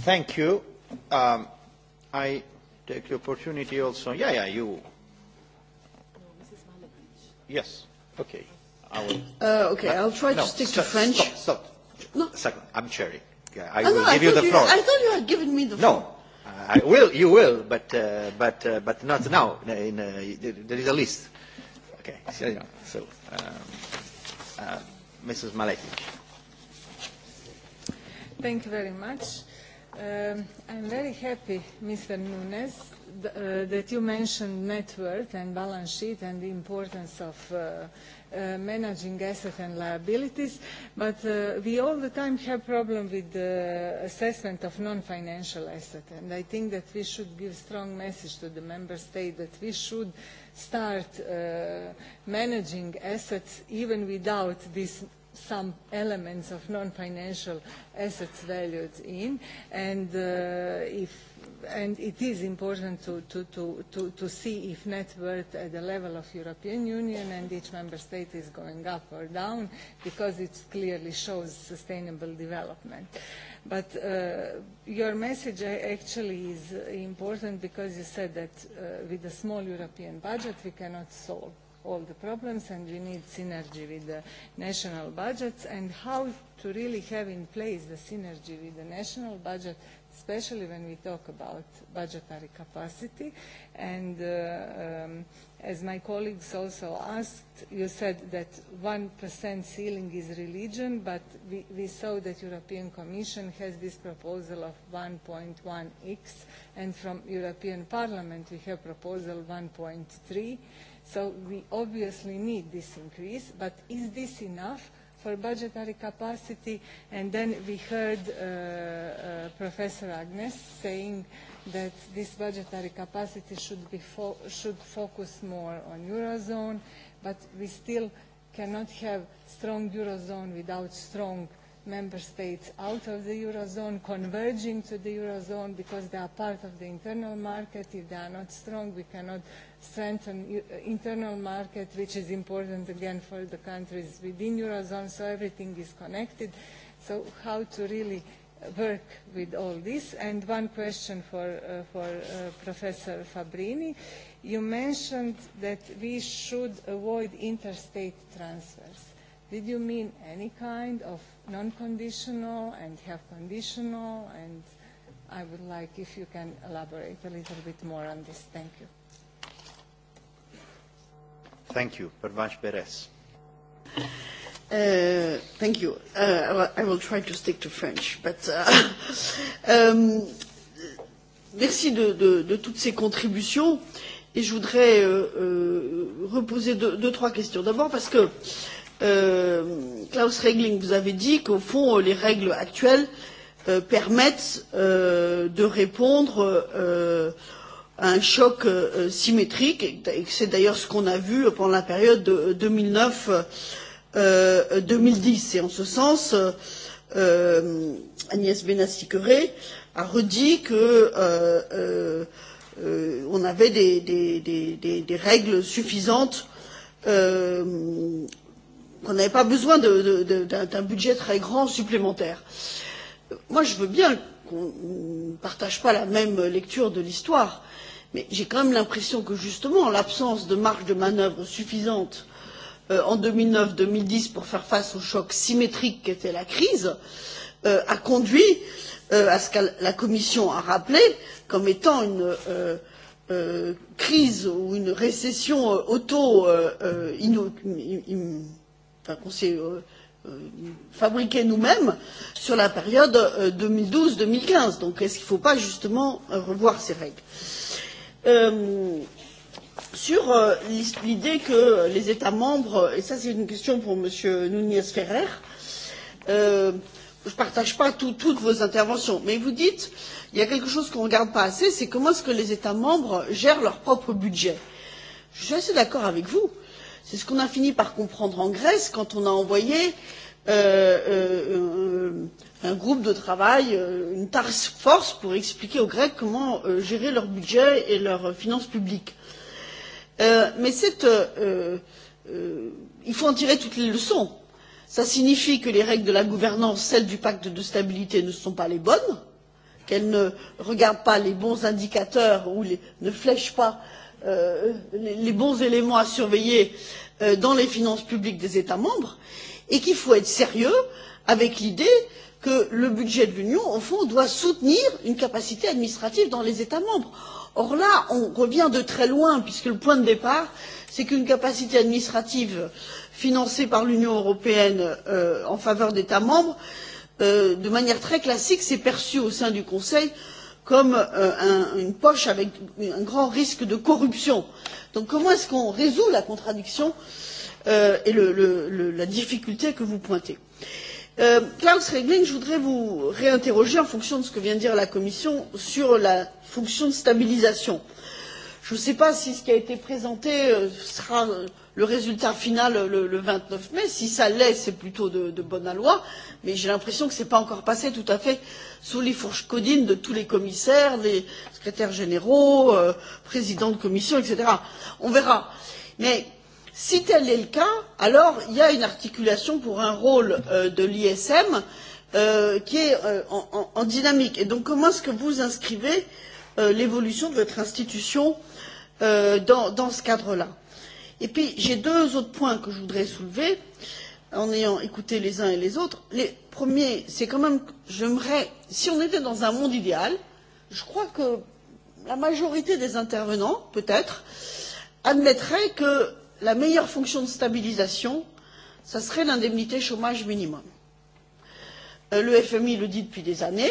Thank you. Um, I take the opportunity also. Yeah, yeah, you. Yes. Okay. I will. Uh, okay, uh, I'll try no, to stick to French. Stop, stop. No. Second, I'm Cherry. Yeah, I oh, will no, give I you the floor. I thought you had given me the floor. No. Uh, I will, you will, but, uh, but, uh, but not now. In, uh, there is a list. Okay, so, so um, uh, Mrs. Maletic. Thank you very much. Um, I'm very happy, Mr. Nunes, th uh, that you mentioned net worth and balance sheet and the importance of uh, uh, managing assets and liabilities, but uh, we all the time have problem with the assessment of non-financial assets, and I think that we should give strong message to the member state that we should start uh, managing assets even without this some elements of non-financial assets valued in, and uh, if and it is important to, to, to, to, to see if net worth at the level of European Union and each member state is going up or down because it clearly shows sustainable development. But uh, your message actually is important because you said that uh, with a small European budget we cannot solve all the problems and we need synergy with the national budgets and how to really have in place the synergy with the national budget especially when we talk about budgetary capacity. And uh, um, as my colleagues also asked, you said that 1% ceiling is religion, but we, we saw that European Commission has this proposal of 1.1x, and from European Parliament we have proposal 1.3 So we obviously need this increase, but is this enough for budgetary capacity? And then we heard uh, uh, Professor Agnes saying that this budgetary capacity should, be fo should focus more on Eurozone, but we still cannot have strong Eurozone without strong uh, member states out of the Eurozone, converging to the Eurozone because they are part of the internal market. If they are not strong, we cannot strengthen uh, internal market, which is important again for the countries within Eurozone, so everything is connected. So how to really work with all this. And one question for, uh, for uh, Professor Fabrini. You mentioned that we should avoid interstate transfers. Did you mean any kind of non-conditional and have conditional and I would like if you can elaborate a little bit more on this. Thank you. Thank you. Pervash Beres. Uh, thank you. Uh, I will try to stick to French, but uh, um, merci de, de, de toutes ces contributions et je voudrais euh, euh, reposer deux, deux, trois questions. D'abord parce que euh, Euh, Klaus Regling, vous avez dit qu'au fond, les règles actuelles euh, permettent euh, de répondre euh, à un choc euh, symétrique, et c'est d'ailleurs ce qu'on a vu pendant la période de 2009. Euh, Et en ce sens, euh, Agnès benassi a redit que euh, euh, euh, on avait des, des, des, des, des règles suffisantes euh, qu'on n'avait pas besoin d'un budget très grand supplémentaire. Moi, je veux bien qu'on ne partage pas la même lecture de l'histoire, mais j'ai quand même l'impression que justement l'absence de marge de manœuvre suffisante euh, en 2009-2010 pour faire face au choc symétrique qu'était la crise euh, a conduit euh, à ce que la Commission a rappelé comme étant une euh, euh, crise ou une récession euh, auto Euh, euh, enfin, qu'on s'est euh, euh, fabriqué nous-mêmes sur la période euh, 2012-2015. Donc est-ce qu'il ne faut pas justement euh, revoir ces règles euh, sur euh, l'idée que les États membres, et ça c'est une question pour M. Nunez Ferrer, euh, je ne partage pas tout, toutes vos interventions, mais vous dites, il y a quelque chose qu'on ne regarde pas assez, c'est comment est-ce que les États membres gèrent leur propre budget. Je suis assez d'accord avec vous. C'est ce qu'on a fini par comprendre en Grèce quand on a envoyé euh, euh, un groupe de travail, euh, une task force pour expliquer aux Grecs comment euh, gérer leur budget et leurs finances publiques. Euh, mais cette, euh, euh, il faut en tirer toutes les leçons. Ça signifie que les règles de la gouvernance, celles du pacte de stabilité, ne sont pas les bonnes, qu'elles ne regardent pas les bons indicateurs ou les, ne flèchent pas euh, Euh, les bons éléments à surveiller euh, dans les finances publiques des États membres et qu'il faut être sérieux avec l'idée que le budget de l'Union, au fond, doit soutenir une capacité administrative dans les États membres. Or là, on revient de très loin, puisque le point de départ, c'est qu'une capacité administrative financée par l'Union européenne euh, en faveur d'États membres, euh, de manière très classique, c'est perçu au sein du Conseil euh, comme euh, un, une poche avec un grand risque de corruption. Donc comment est-ce qu'on résout la contradiction euh, et le, le, le, la difficulté que vous pointez euh, Klaus Regling, je voudrais vous réinterroger en fonction de ce que vient de dire la Commission sur la fonction de stabilisation. Je ne sais pas si ce qui a été présenté euh, sera euh, le résultat final le, le 29 mai. Si ça l'est, c'est plutôt de, de bonne loi, mais j'ai l'impression que ce n'est pas encore passé tout à fait sous les fourches codines de tous les commissaires, les secrétaires généraux, euh, présidents de commission, etc. On verra. Mais si tel est le cas, alors il y a une articulation pour un rôle euh, de l'ISM euh, qui est euh, en, en, en dynamique. Et donc comment est-ce que vous inscrivez euh, l'évolution de votre institution euh, dans, dans ce cadre-là Et puis, j'ai deux autres points que je voudrais soulever en ayant écouté les uns et les autres. Le premier, c'est quand même, j'aimerais, si on était dans un monde idéal, je crois que la majorité des intervenants, peut-être, admettraient que la meilleure fonction de stabilisation, ça serait l'indemnité chômage minimum. Euh, le FMI le dit depuis des années.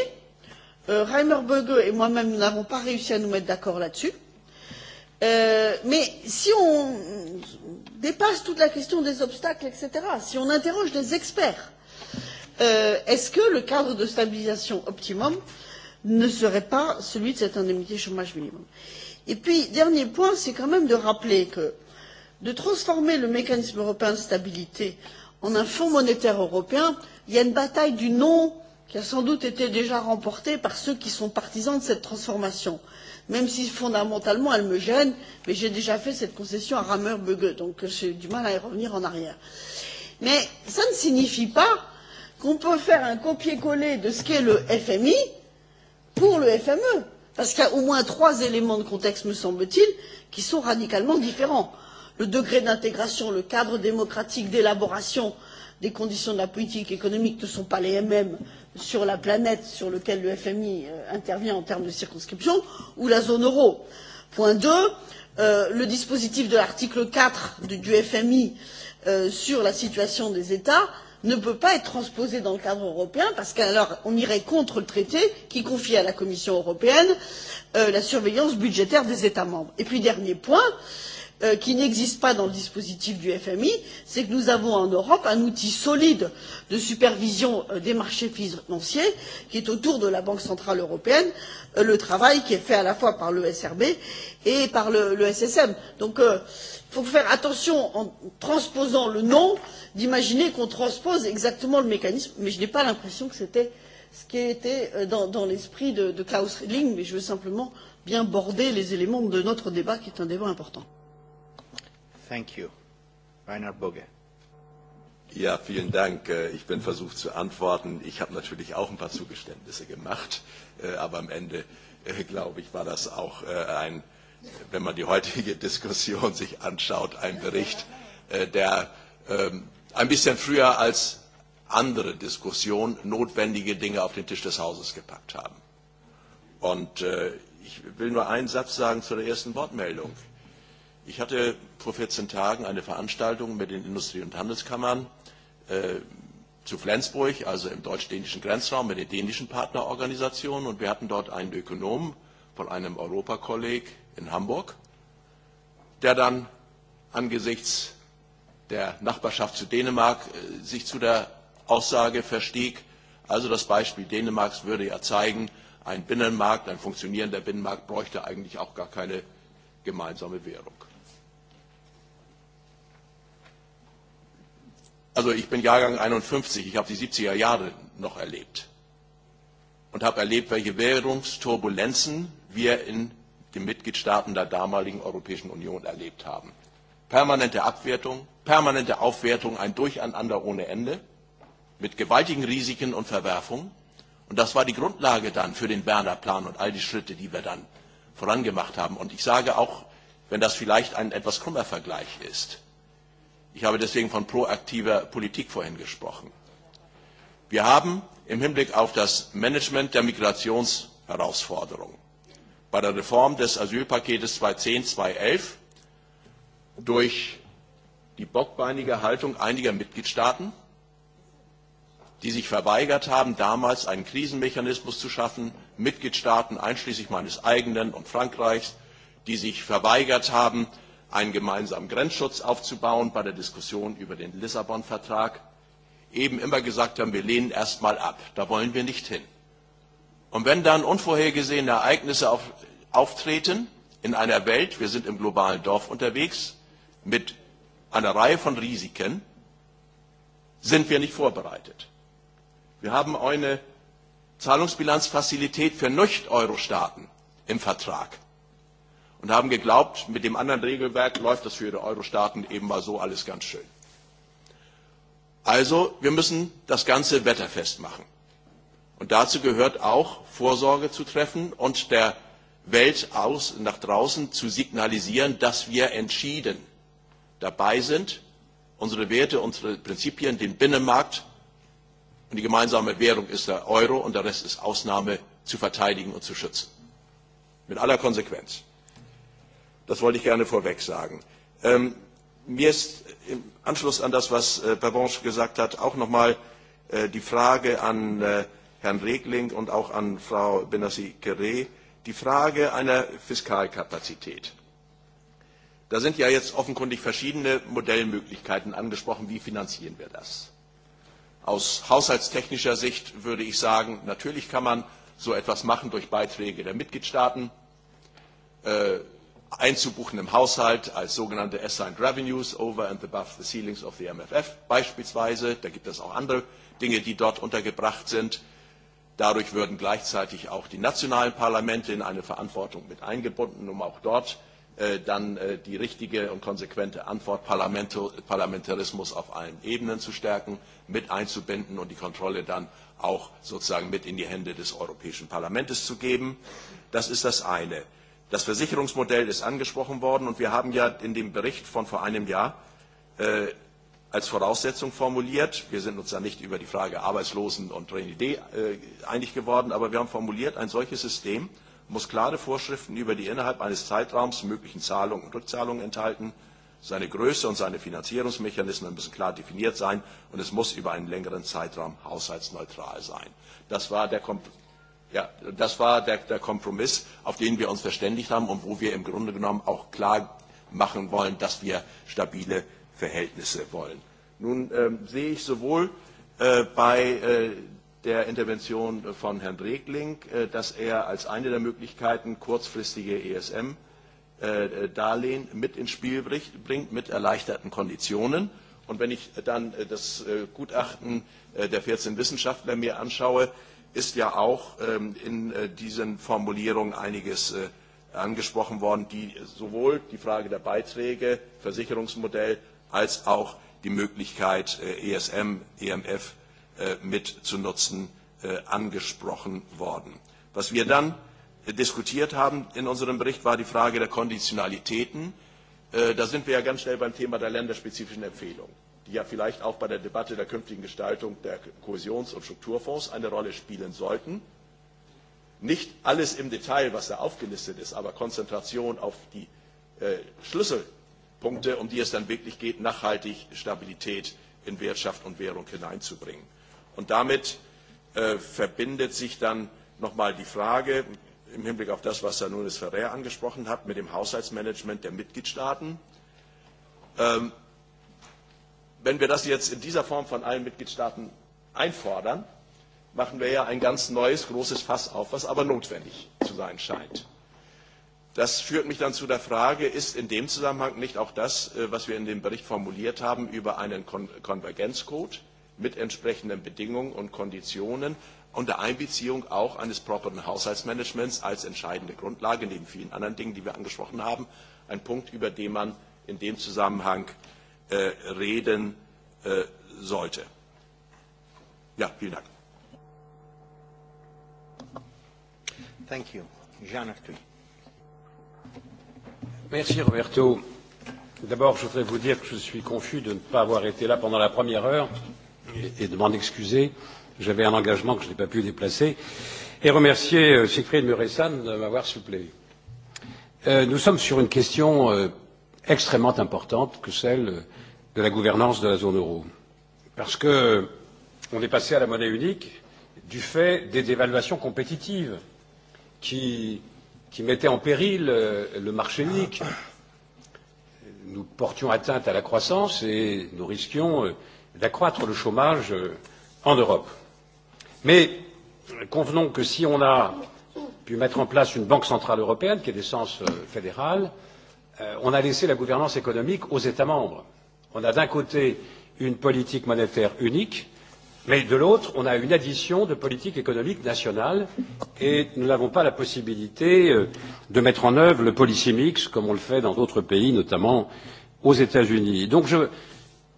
Euh, Reimer Böge et moi-même, nous n'avons pas réussi à nous mettre d'accord là-dessus. Euh, mais si on dépasse toute la question des obstacles, etc., si on interroge des experts, euh, est-ce que le cadre de stabilisation optimum ne serait pas celui de cette indemnité chômage minimum Et puis, dernier point, c'est quand même de rappeler que de transformer le mécanisme européen de stabilité en un fonds monétaire européen, il y a une bataille du non qui a sans doute été déjà remportée par ceux qui sont partisans de cette transformation. Euh, même si fondamentalement elle me gêne, mais j'ai déjà fait cette concession à rameur bugueux, donc euh, j'ai du mal à y revenir en arrière. Mais ça ne signifie pas qu'on peut faire un copier-coller de ce qu'est le FMI pour le FME, parce qu'il y a au moins trois éléments de contexte, me semble-t-il, qui sont radicalement différents. Le degré d'intégration, le cadre démocratique d'élaboration euh, les conditions de la politique économique ne sont pas les mêmes sur la planète sur laquelle le FMI euh, intervient en termes de circonscription ou la zone euro. Point 2, euh, le dispositif de l'article 4 du, du FMI euh, sur la situation des États ne peut pas être transposé dans le cadre européen parce qu'alors on irait contre le traité qui confie à la Commission européenne euh, la surveillance budgétaire des États membres. Et puis dernier point, euh, euh, qui n'existe pas dans le dispositif du FMI, c'est que nous avons en Europe un outil solide de supervision euh, des marchés financiers qui est autour de la Banque centrale européenne, euh, le travail qui est fait à la fois par le SRB et par le, le SSM. Donc il euh, faut faire attention en transposant le nom d'imaginer qu'on transpose exactement le mécanisme, mais je n'ai pas l'impression que c'était ce qui était euh, dans, dans l'esprit de, de Klaus Redling, mais je veux simplement bien border les éléments de notre débat qui est un débat important. Thank you. Reinhard Bugge. Ja, vielen Dank. Äh, ich bin versucht zu antworten. Ich habe natürlich auch ein paar Zugeständnisse gemacht, äh, aber am Ende, äh, glaube ich, war das auch ein, wenn man die heutige Diskussion sich anschaut, ein Bericht, der ähm, ein bisschen früher als andere Diskussionen notwendige Dinge auf den Tisch des Hauses gepackt haben. Und ich will nur einen Satz sagen zu der ersten Wortmeldung. Ich hatte vor 14 Tagen eine Veranstaltung mit den Industrie- und Handelskammern äh, zu Flensburg, also im deutsch-dänischen Grenzraum, mit den dänischen Partnerorganisationen. Und wir hatten dort einen Ökonom von einem Europakolleg in Hamburg, der dann angesichts der Nachbarschaft zu Dänemark äh, sich zu der Aussage verstieg, also das Beispiel Dänemarks würde ja zeigen, ein Binnenmarkt, ein funktionierender Binnenmarkt bräuchte eigentlich auch gar keine gemeinsame Währung. Also ich bin Jahrgang 51, ich habe die 70er Jahre noch erlebt und habe erlebt, welche Währungsturbulenzen wir in den Mitgliedstaaten der damaligen Europäischen Union erlebt haben. Permanente Abwertung, permanente Aufwertung, ein Durcheinander ohne Ende, mit gewaltigen Risiken und Verwerfungen. Und das war die Grundlage dann für den Berner Plan und all die Schritte, die wir dann vorangemacht haben. Und ich sage auch, wenn das vielleicht ein etwas krummer Vergleich ist, Ich habe deswegen von proaktiver Politik vorhin gesprochen. Wir haben im Hinblick auf das Management der Migrationsherausforderung bei der Reform des Asylpakets 2010-2011 durch die bockbeinige Haltung einiger Mitgliedstaaten, die sich verweigert haben, damals einen Krisenmechanismus zu schaffen, Mitgliedstaaten einschließlich meines eigenen und Frankreichs, die sich verweigert haben, einen gemeinsamen Grenzschutz aufzubauen bei der Diskussion über den Lissabon-Vertrag, eben immer gesagt haben, wir lehnen erstmal ab, da wollen wir nicht hin. Und wenn dann unvorhergesehene Ereignisse auf, auftreten in einer Welt, wir sind im globalen Dorf unterwegs, mit einer Reihe von Risiken, sind wir nicht vorbereitet. Wir haben eine Zahlungsbilanzfazilität für Nicht-Euro-Staaten im Vertrag und haben geglaubt, mit dem anderen Regelwerk läuft das für die Euro-Staaten eben mal so alles ganz schön. Also, wir müssen das Ganze wetterfest machen. Und dazu gehört auch, Vorsorge zu treffen und der Welt aus, nach draußen zu signalisieren, dass wir entschieden dabei sind, unsere Werte, unsere Prinzipien, den Binnenmarkt und die gemeinsame Währung ist der Euro und der Rest ist Ausnahme zu verteidigen und zu schützen. Mit aller Konsequenz. Das wollte ich gerne vorweg sagen. Ähm, mir ist im Anschluss an das, was äh, Pavonsch gesagt hat, auch nochmal äh, die Frage an äh, Herrn Regling und auch an Frau Benassi Kere, die Frage einer Fiskalkapazität. Da sind ja jetzt offenkundig verschiedene Modellmöglichkeiten angesprochen. Wie finanzieren wir das? Aus haushaltstechnischer Sicht würde ich sagen, natürlich kann man so etwas machen durch Beiträge der Mitgliedstaaten. Äh, einzubuchen im Haushalt als sogenannte assigned revenues over and above the ceilings of the MFF beispielsweise. Da gibt es auch andere Dinge, die dort untergebracht sind. Dadurch würden gleichzeitig auch die nationalen Parlamente in eine Verantwortung mit eingebunden, um auch dort äh, dann äh, die richtige und konsequente Antwort Parlamentarismus auf allen Ebenen zu stärken, mit einzubinden und die Kontrolle dann auch sozusagen mit in die Hände des Europäischen Parlaments zu geben. Das ist das eine. Das Versicherungsmodell ist angesprochen worden und wir haben ja in dem Bericht von vor einem Jahr äh, als Voraussetzung formuliert, wir sind uns da nicht über die Frage Arbeitslosen und René D. äh, einig geworden, aber wir haben formuliert, ein solches System muss klare Vorschriften über die innerhalb eines Zeitraums möglichen Zahlungen und Rückzahlungen enthalten, seine Größe und seine Finanzierungsmechanismen müssen klar definiert sein und es muss über einen längeren Zeitraum haushaltsneutral sein. Das war der Ja, das war der, der Kompromiss, auf den wir uns verständigt haben und wo wir im Grunde genommen auch klar machen wollen, dass wir stabile Verhältnisse wollen. Nun ähm, sehe ich sowohl äh, bei äh, der Intervention von Herrn Dregling, äh, dass er als eine der Möglichkeiten kurzfristige ESM äh, äh, Darlehen mit ins Spiel bringt, mit erleichterten Konditionen. Und wenn ich dann äh, das äh, Gutachten der 14 Wissenschaftler mir anschaue, ist ja auch ähm, in äh, diesen Formulierungen einiges äh, angesprochen worden, die sowohl die Frage der Beiträge, Versicherungsmodell, als auch die Möglichkeit, äh, ESM, EMF äh, mit zu nutzen, äh, angesprochen worden. Was wir dann äh, diskutiert haben in unserem Bericht war die Frage der Konditionalitäten. Äh, da sind wir ja ganz schnell beim Thema der länderspezifischen Empfehlungen die ja vielleicht auch bei der Debatte der künftigen Gestaltung der Kohäsions- und Strukturfonds eine Rolle spielen sollten. Nicht alles im Detail, was da aufgelistet ist, aber Konzentration auf die äh, Schlüsselpunkte, um die es dann wirklich geht, nachhaltig Stabilität in Wirtschaft und Währung hineinzubringen. Und damit äh, verbindet sich dann nochmal die Frage im Hinblick auf das, was Herr Nunes Ferrer angesprochen hat, mit dem Haushaltsmanagement der Mitgliedstaaten. Ähm, wenn wir das jetzt in dieser Form von allen Mitgliedstaaten einfordern, machen wir ja ein ganz neues, großes Fass auf, was aber notwendig zu sein scheint. Das führt mich dann zu der Frage, ist in dem Zusammenhang nicht auch das, äh, was wir in dem Bericht formuliert haben, über einen Kon Konvergenzcode mit entsprechenden Bedingungen und Konditionen unter Einbeziehung auch eines properen Haushaltsmanagements als entscheidende Grundlage, neben vielen anderen Dingen, die wir angesprochen haben, ein Punkt, über den man in dem Zusammenhang äh, reden äh, sollte. Ja, vielen Dank. Thank you. Jean Arthuis. Merci Roberto. D'abord, je voudrais vous dire que je suis confus de ne pas avoir été là pendant la première heure et, et de m'en excuser. J'avais un engagement que je n'ai pas pu déplacer. Et remercier euh, Siegfried Muresan de m'avoir supplé. Euh, nous sommes sur une question euh, extrêmement importante que celle de la gouvernance de la zone euro. Parce que on est passé à la monnaie unique du fait des dévaluations compétitives qui, qui mettaient en péril euh, le marché unique. Nous portions atteinte à la croissance et nous risquions euh, d'accroître le chômage euh, en Europe. Mais convenons que si on a pu mettre en place une banque centrale européenne qui est d'essence fédérale, euh, euh, on a laissé la gouvernance économique aux États membres. On a d'un côté une politique monétaire unique, mais de l'autre, on a une addition de politique économique nationale, et nous n'avons pas la possibilité euh, de mettre en œuvre le policy mix comme on le fait dans d'autres pays, notamment aux États-Unis. Donc je,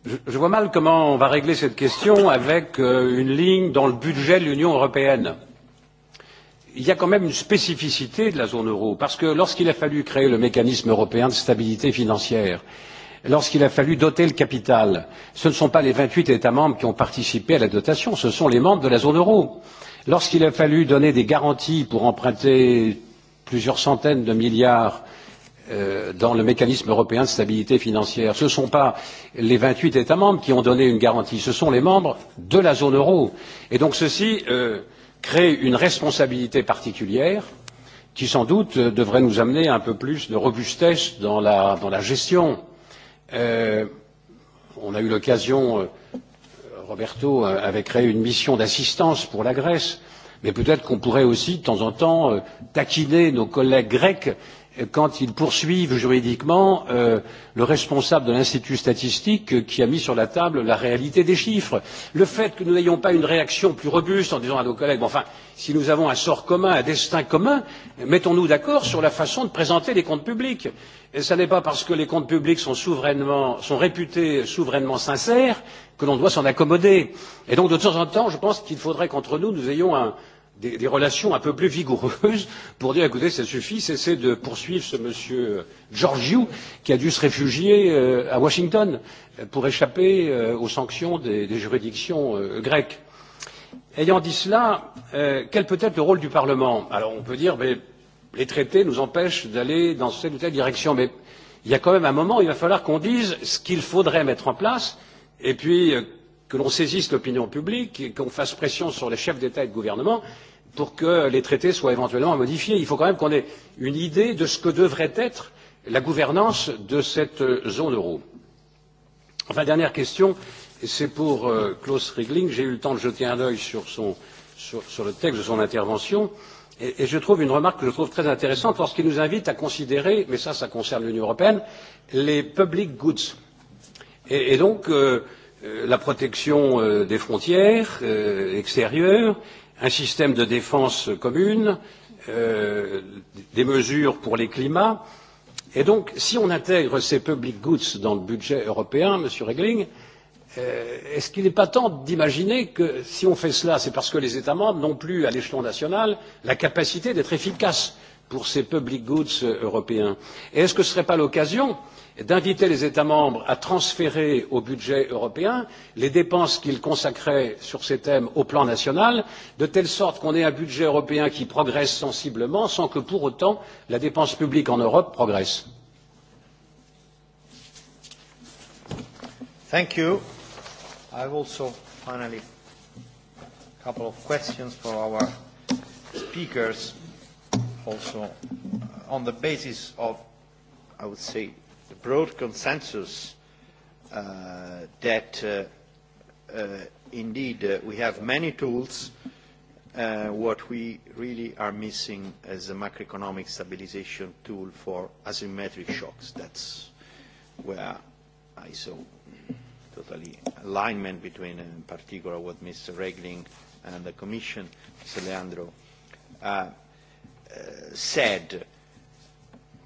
je, je vois mal comment on va régler cette question avec euh, une ligne dans le budget de l'Union européenne il y a quand même une spécificité de la zone euro, parce que lorsqu'il a fallu créer le mécanisme européen de stabilité financière, lorsqu'il a fallu doter le capital, ce ne sont pas les 28 États membres qui ont participé à la dotation, ce sont les membres de la zone euro. Lorsqu'il a fallu donner des garanties pour emprunter plusieurs centaines de milliards euh, dans le mécanisme européen de stabilité financière, ce ne sont pas les 28 États membres qui ont donné une garantie, ce sont les membres de la zone euro. Et donc ceci, euh, crée une responsabilité particulière qui sans doute devrait nous amener un peu plus de robustesse dans la, dans la gestion. Euh, on a eu l'occasion, euh, Roberto euh, avait créé une mission d'assistance pour la Grèce, mais peut-être qu'on pourrait aussi de temps en temps euh, taquiner nos collègues grecs quand ils poursuivent juridiquement euh, le responsable de l'Institut statistique euh, qui a mis sur la table la réalité des chiffres. Le fait que nous n'ayons pas une réaction plus robuste en disant à nos collègues, bon, enfin, si nous avons un sort commun, un destin commun, mettons-nous d'accord sur la façon de présenter les comptes publics. Et ce n'est pas parce que les comptes publics sont, souverainement, sont réputés souverainement sincères que l'on doit s'en accommoder. Et donc, de temps en temps, je pense qu'il faudrait qu'entre nous, nous ayons un, des, des relations un peu plus vigoureuses pour dire écoutez, ça suffit, cessez de poursuivre ce monsieur Georgiou qui a dû se réfugier euh, à Washington pour échapper euh, aux sanctions des, des juridictions euh, grecques. Ayant dit cela, euh, quel peut être le rôle du Parlement Alors on peut dire mais les traités nous empêchent d'aller dans telle ou telle direction, mais il y a quand même un moment où il va falloir qu'on dise ce qu'il faudrait mettre en place et puis euh, que l'on saisisse l'opinion publique, et qu'on fasse pression sur les chefs d'État et de gouvernement pour que les traités soient éventuellement modifiés. Il faut quand même qu'on ait une idée de ce que devrait être la gouvernance de cette zone euro. Enfin, dernière question, c'est pour euh, Klaus Riegling. J'ai eu le temps de jeter un œil sur, son, sur, sur le texte de son intervention. Et, et je trouve une remarque que je trouve très intéressante lorsqu'il nous invite à considérer, mais ça, ça concerne l'Union européenne, les public goods. Et, et donc, euh, Euh, la protection euh, des frontières euh, extérieures, un système de défense commune, euh, des mesures pour les climats. Et donc, si on intègre ces public goods dans le budget européen, Monsieur Regling, euh, est-ce qu'il n'est pas temps d'imaginer que si on fait cela, c'est parce que les États membres n'ont plus, à l'échelon national, la capacité d'être efficaces pour ces public goods euh, européens Et est-ce que ce ne serait pas l'occasion euh, d'inviter les États membres à transférer au budget européen les dépenses qu'ils consacraient sur ces thèmes au plan national, de telle sorte qu'on ait un budget européen qui progresse sensiblement sans que pour autant la dépense publique en Europe progresse. Thank you. I've also finally a couple of questions for our speakers also on the basis of, I would say, broad consensus uh, that uh, uh, indeed uh, we have many tools. Uh, what we really are missing is a macroeconomic stabilization tool for asymmetric shocks. That's where I saw totally alignment between, uh, in particular, what Mr. Regling and the Commission, Mr. Leandro, uh, uh, said.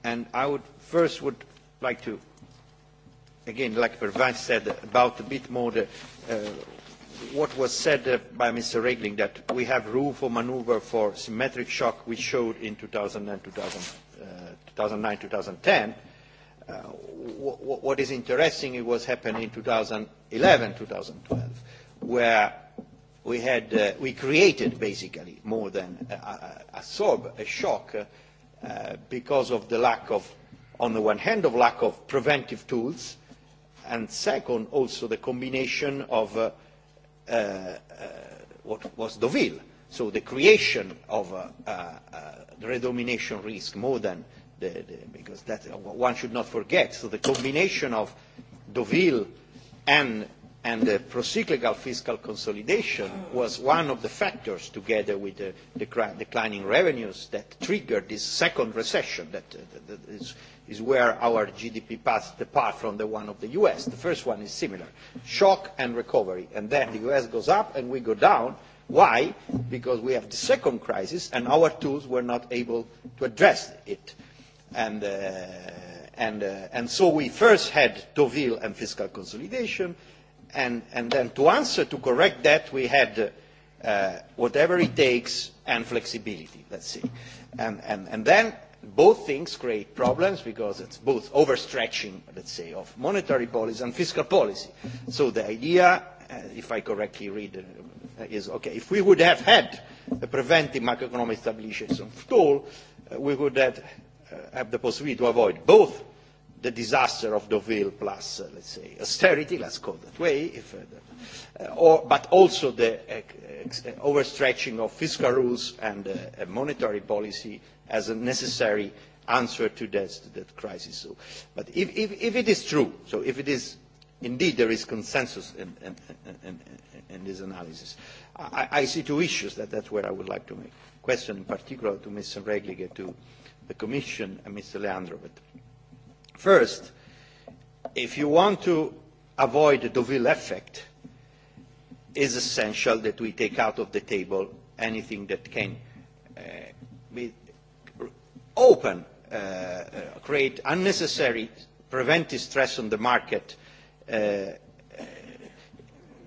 And I would first would like to, again, like Pervance said, about a bit more the, uh, what was said uh, by Mr. Regling, that we have room for maneuver for symmetric shock, which showed in 2009, 2000, uh, 2010. Uh, wh what is interesting, it was happening in 2011, 2012, where we, had, uh, we created basically more than uh, absorb a shock uh, because of the lack of on the one hand of lack of preventive tools and second also the combination of uh, uh, uh, what was Deauville, so the creation of a, uh, uh, uh, redomination risk more than the, the, because that one should not forget. So the combination of Deauville and and the procyclical fiscal consolidation was one of the factors, together with the declining revenues, that triggered this second recession that, that, that is is where our GDP passed apart from the one of the US. The first one is similar, shock and recovery. And then the US goes up and we go down. Why? Because we have the second crisis and our tools were not able to address it. And, uh, and, uh, and so we first had Deauville and fiscal consolidation, and, and then to answer, to correct that, we had uh, uh whatever it takes and flexibility, let's see. And, and, and then both things create problems because it's both overstretching, let's say, of monetary policy and fiscal policy. So the idea, uh, if I correctly read, uh, is okay, if we would have had a preventive macroeconomic stabilization tool, uh, we would have, uh, have the possibility to avoid both the disaster of Deauville plus, uh, let's say, austerity, let's call it that way, if, uh, uh, or, but also the uh, uh, overstretching of fiscal rules and uh, monetary policy as a necessary answer to that, to that crisis. So, but if, if, if it is true, so if it is indeed there is consensus in, in, in, in this analysis, I, I see two issues that that's where I would like to make question in particular to Mr. Reglige, to the Commission and Mr. But First, if you want to avoid the Deauville effect, it is essential that we take out of the table anything that can uh, be open, uh, uh, create unnecessary preventive stress on the market, uh, uh,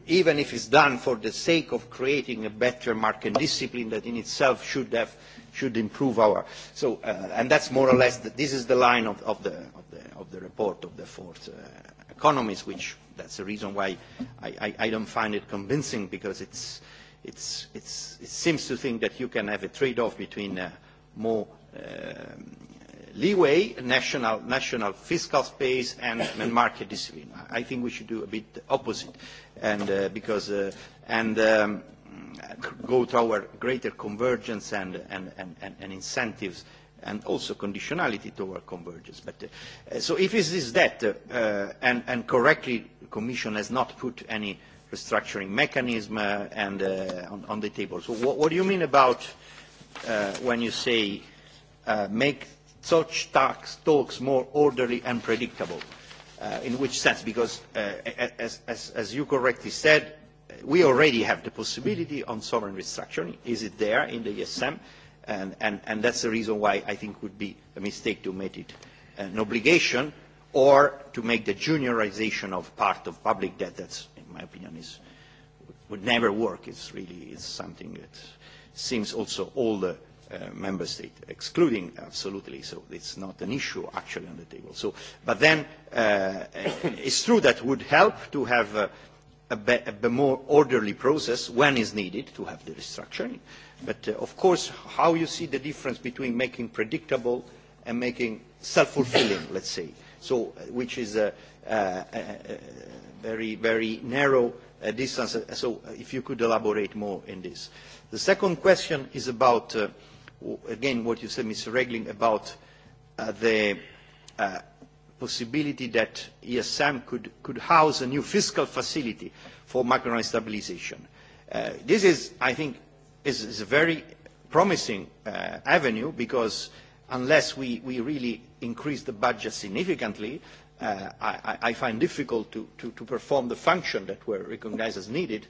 even if it's done for the sake of creating a better market discipline that in itself should, have, should improve our. So, uh, and that's more or less, the, this is the line of, of, the, of, the, of the report of the fourth uh, economist, which that's the reason why I, I, I don't find it convincing because it's, it's, it's, it seems to think that you can have a trade-off between uh, more uh leeway, national, national fiscal space, and, and market discipline. I think we should do a bit opposite, and uh, because uh, and um, go toward greater convergence and, and, and, and and incentives and also conditionality toward convergence. But, uh, so if it is that, uh, uh and, and correctly, the Commission has not put any restructuring mechanism uh, and, uh, on, on the table. So what, what do you mean about uh, when you say uh, make such talks, talks more orderly and predictable. Uh, in which sense? Because uh, as, as, as you correctly said, we already have the possibility on sovereign restructuring. Is it there in the ESM? And, and, and that's the reason why I think it would be a mistake to make it an obligation or to make the juniorization of part of public debt. That's, in my opinion, is, would never work. It's really it's something that seems also all the Uh, member state, excluding absolutely, so it's not an issue actually on the table. So, but then uh, it's true that would help to have a, a, be a more orderly process when is needed to have the restructuring. But uh, of course, how you see the difference between making predictable and making self-fulfilling, let's say, so uh, which is a, a, a very, very narrow uh, distance. So if you could elaborate more in this. The second question is about uh, again, what you said, Mr. Regling, about uh, the uh, possibility that ESM could, could house a new fiscal facility for macro stabilization. Uh, this is, I think, is, is a very promising uh, avenue because unless we, we really increase the budget significantly, uh, I, I find difficult to, to, to perform the function that were recognized as needed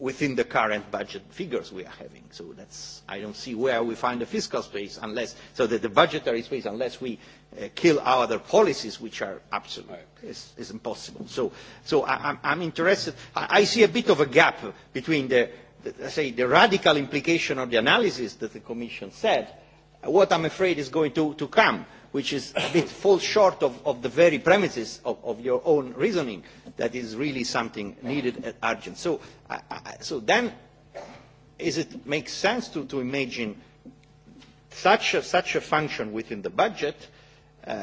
within the current budget figures we are having. So that's, I don't see where we find the fiscal space unless, so that the budgetary space, unless we uh, kill our other policies, which are absolute, right. is, is impossible. So, so I, I'm, I'm interested, I, I see a bit of a gap between the, the, say, the radical implication of the analysis that the Commission said, what I'm afraid is going to, to come which is a bit falls short of, of the very premises of, of your own reasoning, that is really something needed and urgent. So, I, I, so then, is it makes sense to, to imagine such a, such a function within the budget uh,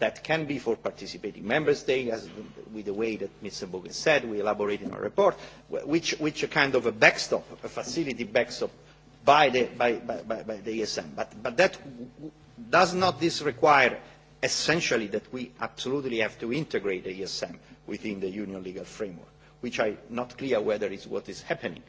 that can be for participating member states, as with the way that Mr. Bogan said, we elaborate in our report, which, which a kind of a backstop, a facility backstop by the, by, by, by, by the ESM. But, but that does not this require essentially that we absolutely have to integrate the ESM within the union legal framework, which I'm not clear whether is what is happening.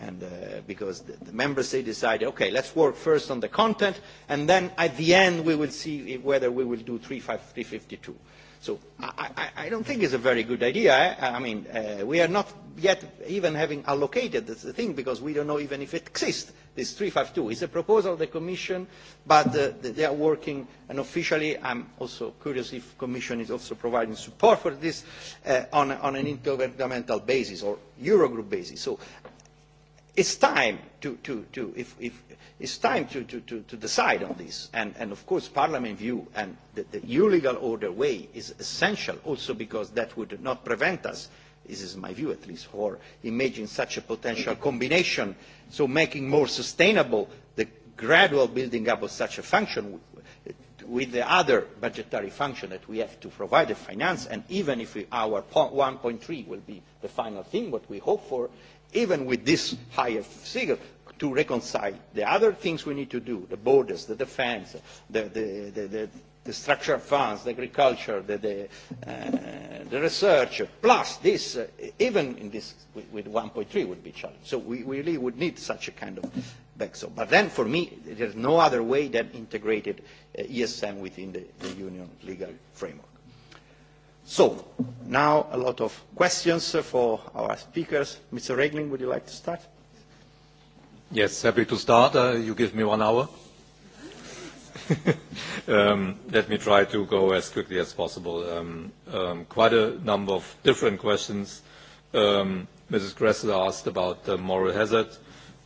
And, uh, because the, the member state decided, okay, let's work first on the content, and then at the end we will see if, whether we will do 352. So I, I, I don't think it's a very good idea. I, I mean, uh, we are not yet even having allocated the thing because we don't know even if it exists, this 352. It's a proposal of the Commission, but uh, they are working, and officially I'm also curious if the Commission is also providing support for this uh, on, on an intergovernmental basis or Eurogroup basis. So it's time to, to, to, if, if, it's time to, to, to, to decide on this. And, and of course, Parliament view and the, the EU legal order way is essential also because that would not prevent us, this is my view at least, for imagining such a potential combination, so making more sustainable the gradual building up of such a function with the other budgetary function that we have to provide the finance, and even if we, our 1.3 will be the final thing, what we hope for, even with this higher figure, to reconcile the other things we need to do, the borders, the defense, the, the, the, the, the structure funds, the agriculture, the, the, uh, the research, plus this, uh, even in this, with, with 1.3 would be challenged. So we, we really would need such a kind of backstop. But then for me, there's no other way than integrated uh, ESM within the, the union legal framework. So, now a lot of questions for our speakers. Mr. Regling, would you like to start? Yes, happy to start. Uh, you give me one hour. um, let me try to go as quickly as possible. Um, um, quite a number of different questions. Um, Mrs. Gressler asked about the moral hazard.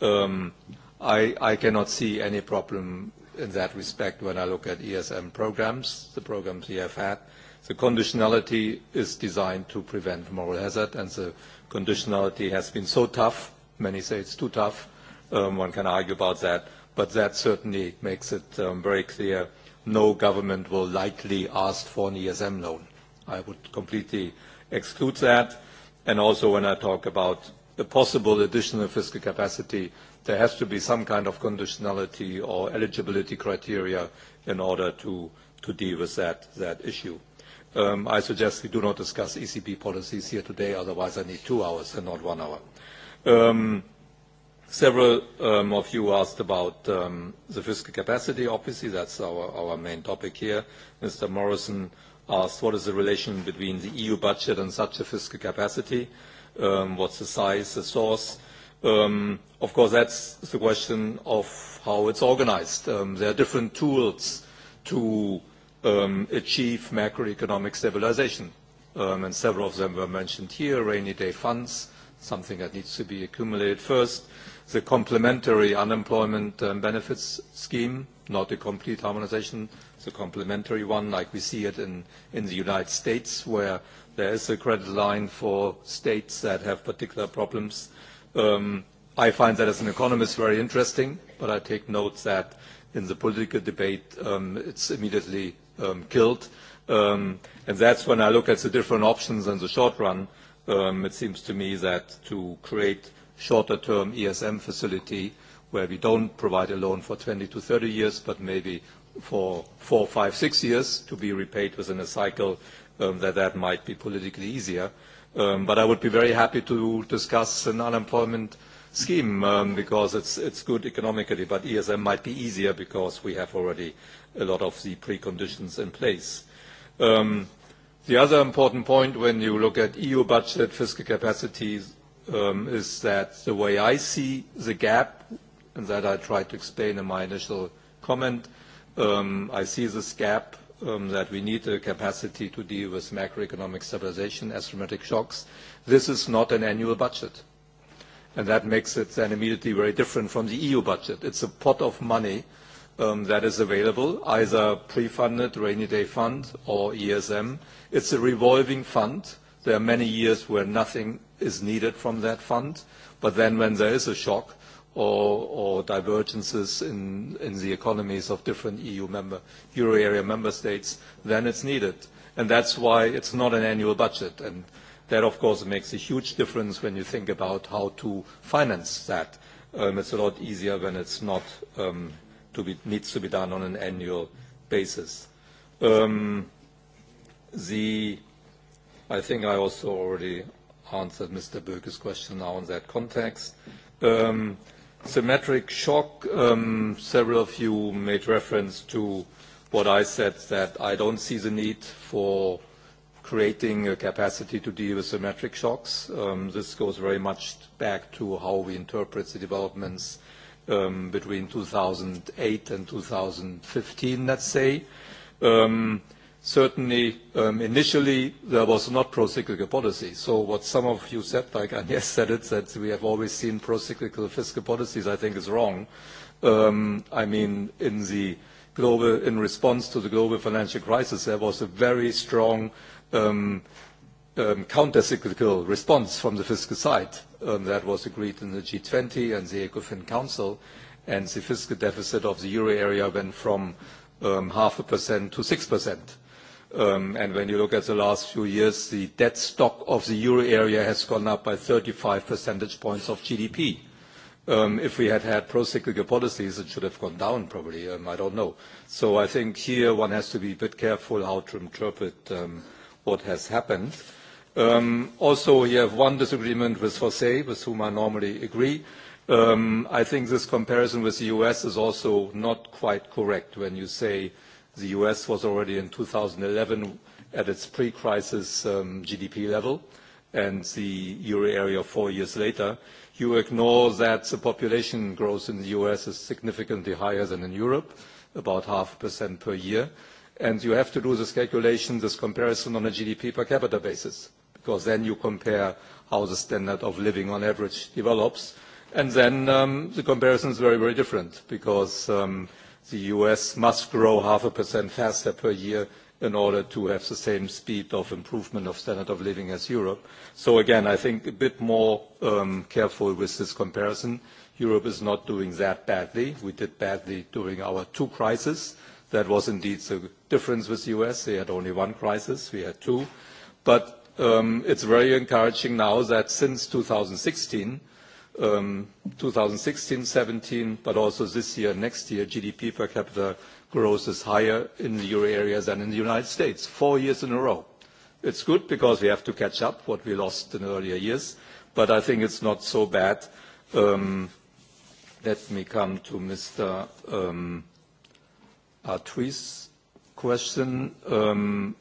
Um, I, I cannot see any problem in that respect when I look at ESM programs, the programs we have had. The conditionality is designed to prevent moral hazard, and the conditionality has been so tough, many say it's too tough, um, one can argue about that, but that certainly makes it um, very clear no government will likely ask for an ESM loan. I would completely exclude that. And also when I talk about the possible additional fiscal capacity, there has to be some kind of conditionality or eligibility criteria in order to, to deal with that, that issue. Um, I suggest we do not discuss ECB policies here today, otherwise I need two hours and not one hour. Um, several um, of you asked about um, the fiscal capacity. Obviously, that's our, our main topic here. Mr. Morrison asked what is the relation between the EU budget and such a fiscal capacity, um, what's the size, the source. Um, of course, that's the question of how it's organized. Um, there are different tools to um, achieve macroeconomic stabilization. Um, and several of them were mentioned here, rainy day funds, something that needs to be accumulated first, the complementary unemployment um, benefits scheme, not a complete harmonization, the complementary one like we see it in, in the United States where there is a credit line for states that have particular problems. Um, I find that as an economist very interesting, but I take note that in the political debate um, it's immediately um, killed. Um, and that's when I look at the different options in the short run, um, it seems to me that to create shorter-term ESM facility where we don't provide a loan for 20 to 30 years, but maybe for four, five, six years to be repaid within a cycle, um, that that might be politically easier. Um, but I would be very happy to discuss an unemployment scheme um, because it's, it's good economically, but ESM might be easier because we have already a lot of the preconditions in place. Um, the other important point when you look at EU budget fiscal capacities um, is that the way I see the gap, and that I tried to explain in my initial comment, um, I see this gap um, that we need the capacity to deal with macroeconomic stabilization, asymmetric shocks. This is not an annual budget. And that makes it then immediately very different from the EU budget. It's a pot of money um, that is available, either pre-funded rainy day fund or ESM. It's a revolving fund. There are many years where nothing is needed from that fund, but then when there is a shock or, or divergences in, in the economies of different EU member, euro area member states, then it's needed. And that's why it's not an annual budget. And that, of course, makes a huge difference when you think about how to finance that. Um, it's a lot easier when it's not um, to be, needs to be done on an annual basis. Um, the, I think I also already answered Mr. Burke's question now in that context. Um, symmetric shock, um, several of you made reference to what I said, that I don't see the need for creating a capacity to deal with symmetric shocks. Um, this goes very much back to how we interpret the developments um, between 2008 and 2015, let's say. Um, certainly, um, initially, there was not pro-cyclical policy. So what some of you said, like Agnes said it, that we have always seen pro-cyclical fiscal policies, I think is wrong. Um, I mean, in the global, in response to the global financial crisis, there was a very strong um, um, counter-cyclical response from the fiscal side um, that was agreed in the G20 and the ECOFIN Council, and the fiscal deficit of the euro area went from um, half a percent to six percent. Um, and when you look at the last few years, the debt stock of the euro area has gone up by 35 percentage points of GDP. Um, if we had had pro-cyclical policies, it should have gone down probably. Um, I don't know. So I think here one has to be a bit careful how to interpret um, what has happened. Um, also, you have one disagreement with Jose, with whom I normally agree. Um, I think this comparison with the U.S. is also not quite correct when you say the U.S. was already in 2011 at its pre-crisis um, GDP level and the euro area four years later. You ignore that the population growth in the U.S. is significantly higher than in Europe, about half a percent per year. And you have to do this calculation, this comparison on a GDP per capita basis because then you compare how the standard of living on average develops. And then um, the comparison is very, very different because um, the US must grow half a percent faster per year in order to have the same speed of improvement of standard of living as Europe. So again, I think a bit more um, careful with this comparison. Europe is not doing that badly. We did badly during our two crises. That was indeed the difference with the US. They had only one crisis. We had two. But um, it's very encouraging now that since 2016, um, 2016, 17, but also this year, next year, GDP per capita growth is higher in the euro area than in the United States, four years in a row. It's good because we have to catch up what we lost in earlier years, but I think it's not so bad. Um, let me come to Mr. Um, question. Um,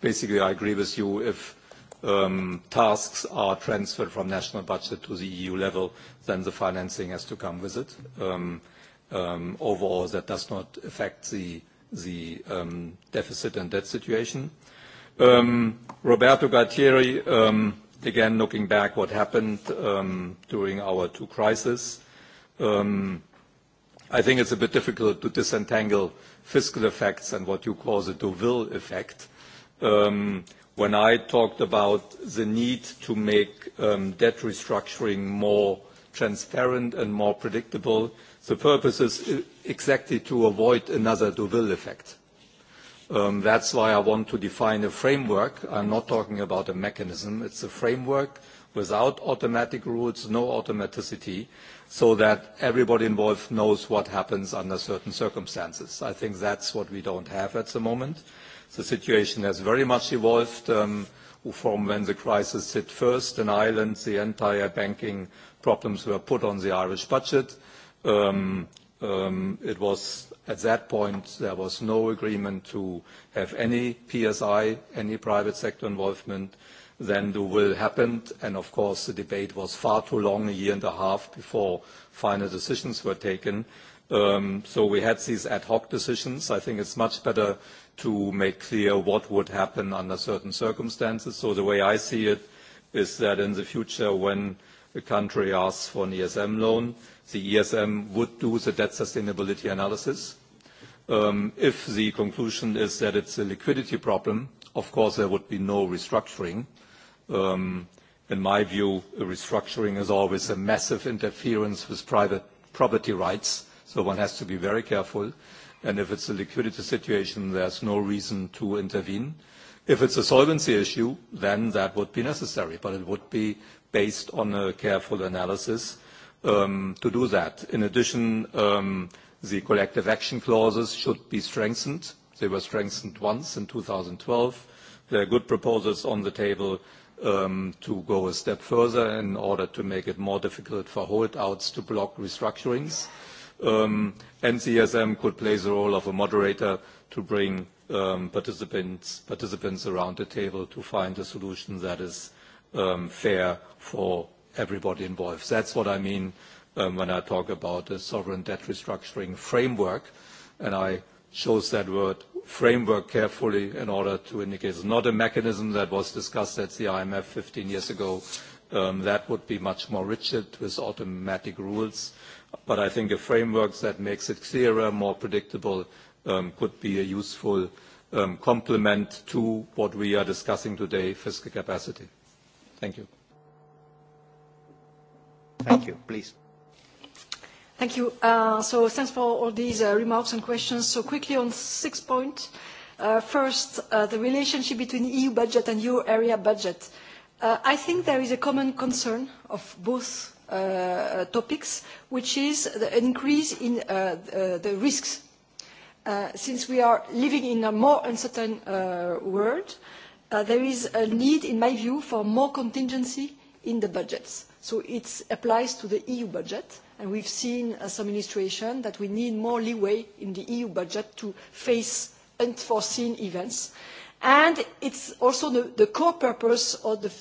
basically, I agree with you if um, tasks are transferred from national budget to the EU level, then the financing has to come with it. Um, um, overall, that does not affect the, the um, deficit and debt situation. Um, Roberto Galtieri, um, again, looking back what happened um, during our two crises, um, I think it's a bit difficult to disentangle fiscal effects and what you call the Deauville effect. Um, when I talked about the need to make um, debt restructuring more transparent and more predictable, the purpose is uh, exactly to avoid another Deauville effect. Um, that's why I want to define a framework. I'm not talking about a mechanism. It's a framework without automatic rules, no automaticity, so that everybody involved knows what happens under certain circumstances. I think that's what we don't have at the moment. The situation has very much evolved um, from when the crisis hit first in Ireland. The entire banking problems were put on the Irish budget. Um, um, it was at that point there was no agreement to have any PSI, any private sector involvement. Then the will happened, and of course the debate was far too long, a year and a half before final decisions were taken. Um, so we had these ad hoc decisions. I think it's much better to make clear what would happen under certain circumstances. So the way I see it is that in the future when a country asks for an ESM loan, the ESM would do the debt sustainability analysis. Um, if the conclusion is that it's a liquidity problem, of course there would be no restructuring. Um, in my view, a restructuring is always a massive interference with private property rights, so one has to be very careful and if it's a liquidity situation, there's no reason to intervene. If it's a solvency issue, then that would be necessary, but it would be based on a careful analysis um, to do that. In addition, um, the collective action clauses should be strengthened. They were strengthened once in 2012. There are good proposals on the table um, to go a step further in order to make it more difficult for holdouts to block restructurings um, and CSM could play the role of a moderator to bring um, participants, participants around the table to find a solution that is um, fair for everybody involved. That's what I mean um, when I talk about a sovereign debt restructuring framework, and I chose that word framework carefully in order to indicate it's not a mechanism that was discussed at the IMF 15 years ago um, that would be much more rigid with automatic rules. But I think a framework that makes it clearer, more predictable, um, could be a useful um, complement to what we are discussing today, fiscal capacity. Thank you. Thank you. Please. Thank you. Uh, so thanks for all these uh, remarks and questions. So quickly on six points. Uh, first, uh, the relationship between EU budget and euro area budget. Uh, Uh, I think there is a common concern of both uh, topics, which is the increase in uh, uh, the risks. Uh, since we are living in a more uncertain uh, world, uh, there is a need, in my view, for more contingency in the budgets. So it applies to the EU budget, and we've seen uh, some illustration that we need more leeway in the EU budget to face unforeseen events. Uh, And it's also the, the core purpose of the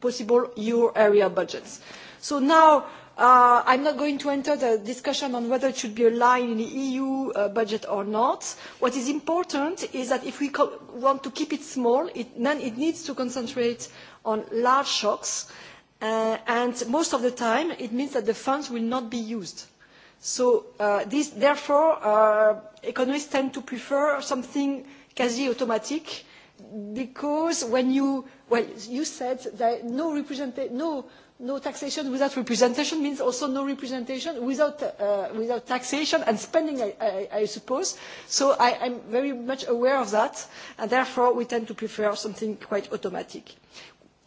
possible euro area budgets. So now uh, I'm not going to enter the discussion on whether it should be a line in the EU uh, budget or not. What is important is that if we want to keep it small, it, then it needs to concentrate on large shocks. Uh, and most of the time, it means that the funds will not be used. So uh, this, therefore, uh, economists tend to prefer something quasi-automatic because when you, well, you said that no, representa- no, no taxation without representation means also no representation without, uh, without taxation and spending, I, I, I suppose. So I, I'm very much aware of that, and therefore we tend to prefer something quite automatic.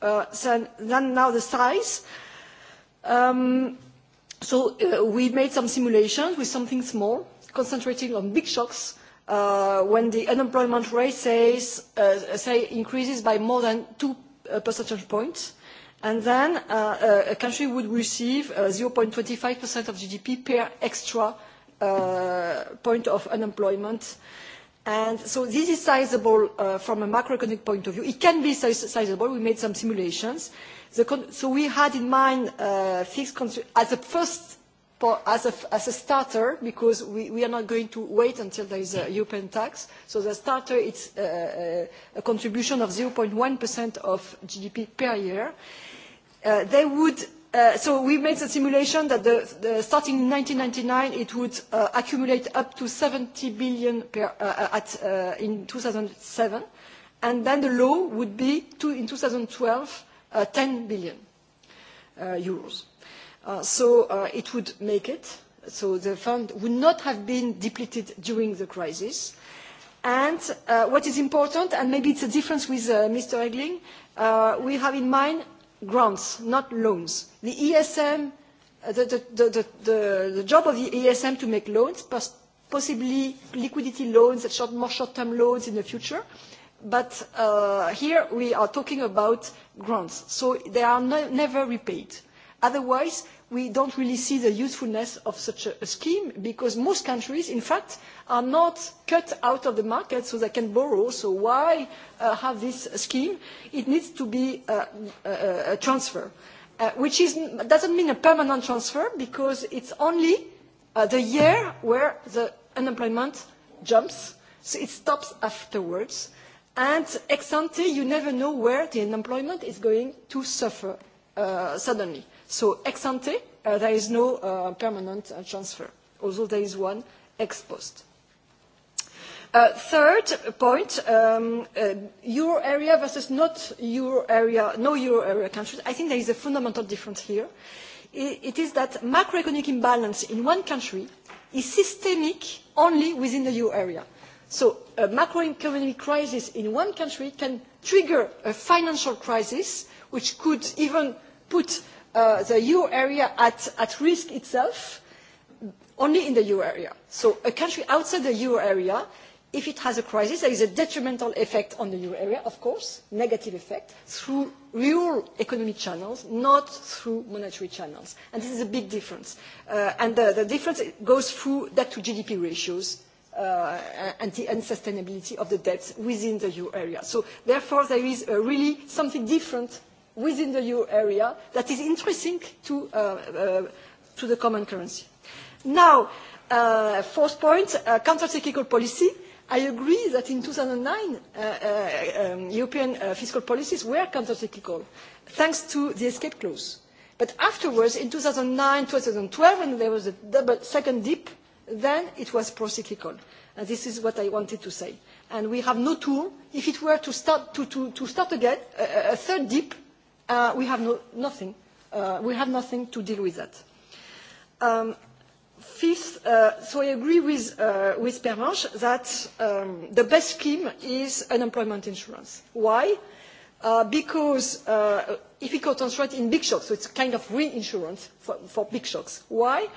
Uh, so then now the size. Um, so uh, we made some simulations with something small, concentrating on big shocks, Uh, when the unemployment rate says, uh, say increases by more than two uh, percentage points, and then uh, uh, a country would receive uh, 0.25% of GDP per extra uh, point of unemployment. And so this is sizable uh, from a macroeconomic point of view. It can be sizable. We made some simulations. The con so we had in mind uh, fixed as a first as a, as a starter, because we, we are not going to wait until there is a European tax. So the starter, is uh, uh, a contribution of 0.1% of GDP per year. Uh, they would, uh, so we made the simulation that the, the starting in 1999, it would uh, accumulate up to 70 billion per, uh, uh, at, uh, in 2007. And then the low would be, to, in 2012, uh, 10 billion uh, euros. Uh, so uh, it would make it. So the fund would not have been depleted during the crisis. And uh, what is important, and maybe it's a difference with uh, Mr. Egling, uh, we have in mind grants, not loans. The ESM, uh, the, the, the, the, the job of the ESM to make loans, possibly liquidity loans, and short, more short-term loans in the future. But uh, here we are talking about grants, so they are no, never repaid. Uh, Otherwise, we don't really see the usefulness of such a, a scheme because most countries, in fact, are not cut out of the market so they can borrow. So why uh, have this scheme? It needs to be a, uh, uh, a transfer, uh, which is, doesn't mean a permanent transfer because it's only uh, the year where the unemployment jumps. So it stops afterwards. And ex ante, you never know where the unemployment is going to suffer uh, suddenly. So ex ante, uh, there is no uh, permanent uh, transfer, although there is one ex post. Uh, third point, um, uh, euro area versus not euro area, no euro area countries. I think there is a fundamental difference here. It, it is that macroeconomic imbalance in one country is systemic only within the euro area. So a macroeconomic crisis in one country can trigger a financial crisis, which could even put Uh, the euro area at, at risk itself only in the euro area. So a country outside the euro area, if it has a crisis, there is a detrimental effect on the euro area, of course, negative effect, through real economic channels, not through monetary channels. And this is a big difference. Uh, and the, the difference goes through debt to GDP ratios uh, and the unsustainability of the debts within the euro area. So therefore, there is a really something different within the euro area that is interesting to, uh, uh, to the common currency. Now, uh, fourth point, uh, counter-cyclical policy. I agree that in 2009, uh, uh, um, European uh, fiscal policies were counter-cyclical, thanks to the escape clause. But afterwards, in 2009, 2012, when there was a double, second dip, then it was pro-cyclical. And this is what I wanted to say. And we have no tool. If it were to start, to, to, to start again, a, a third dip, uh, we have no, nothing. Uh, we have nothing to deal with that. Um, fifth, uh, so I agree with, uh, with Permanche that um, the best scheme is unemployment insurance. Why? Uh, because uh, if we concentrate in big shocks, so it's kind of reinsurance for, for big shocks. Why?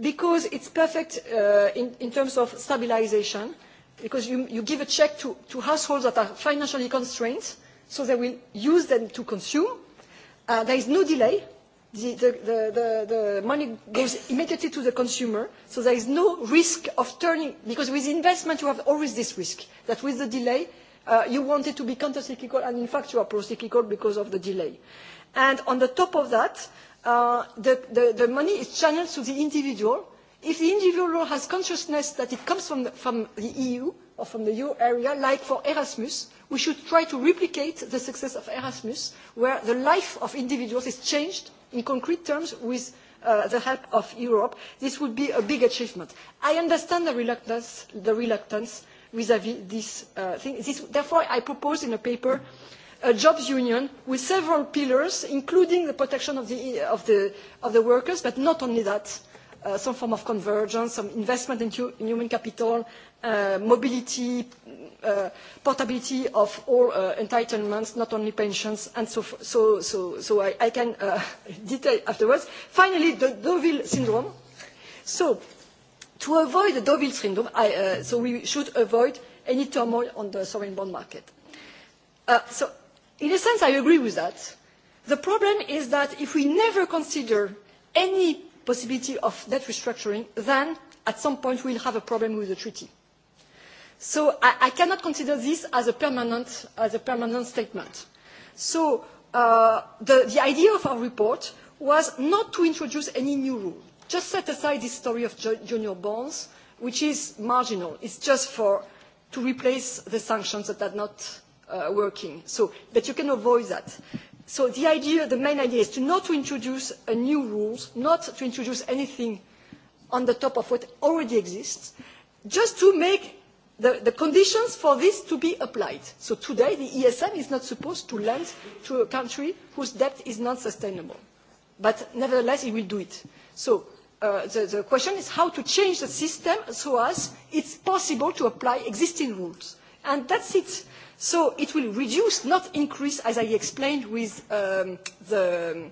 Because it's perfect uh, in, in terms of stabilization, because you, you give a check to, to households that are financially constrained, so they will use them to consume, Uh, there is no delay. The, the, the, the, the money goes immediately to the consumer, so there is no risk of turning, because with investment you have always this risk, that with the delay uh, you want it to be counter-cyclical and in fact you are pro-cyclical because of the delay. And on the top of that, uh, the, the, the money is channeled to the individual. If the individual has consciousness that it comes from the, from the EU, or from the EU area, like for Erasmus, we should try to replicate the success of Erasmus, where the life of individuals is changed in concrete terms with uh, the help of Europe. This would be a big achievement. I understand the reluctance, the reluctance vis-à-vis -vis this uh, thing. This, therefore, I propose in a paper a jobs union with several pillars, including the protection of the, of the, of the workers, but not only that, uh, some form of convergence, some investment in, in human capital, uh, mobility, uh, portability of all uh, entitlements, not only pensions, and so, so, so, so I, I can uh, detail afterwards. Finally, the Deauville syndrome. So, to avoid the Deauville syndrome, I, uh, so we should avoid any turmoil on the sovereign bond market. Uh, so, in a sense, I agree with that. The problem is that if we never consider any possibility of debt restructuring, then at some point we'll have a problem with the treaty. So I, I cannot consider this as a permanent, as a permanent statement. So uh, the, the idea of our report was not to introduce any new rule. Just set aside this story of junior bonds, which is marginal. It's just for, to replace the sanctions that are not uh, working, so but you can avoid that. So the idea, the main idea is to not to introduce a new rules, not to introduce anything on the top of what already exists, just to make the, the conditions for this to be applied. So today the ESM is not supposed to lend to a country whose debt is not sustainable. But nevertheless it will do it. So uh, the, the question is how to change the system so as it's possible to apply existing rules. And that's it. So it will reduce, not increase, as I explained with um, the,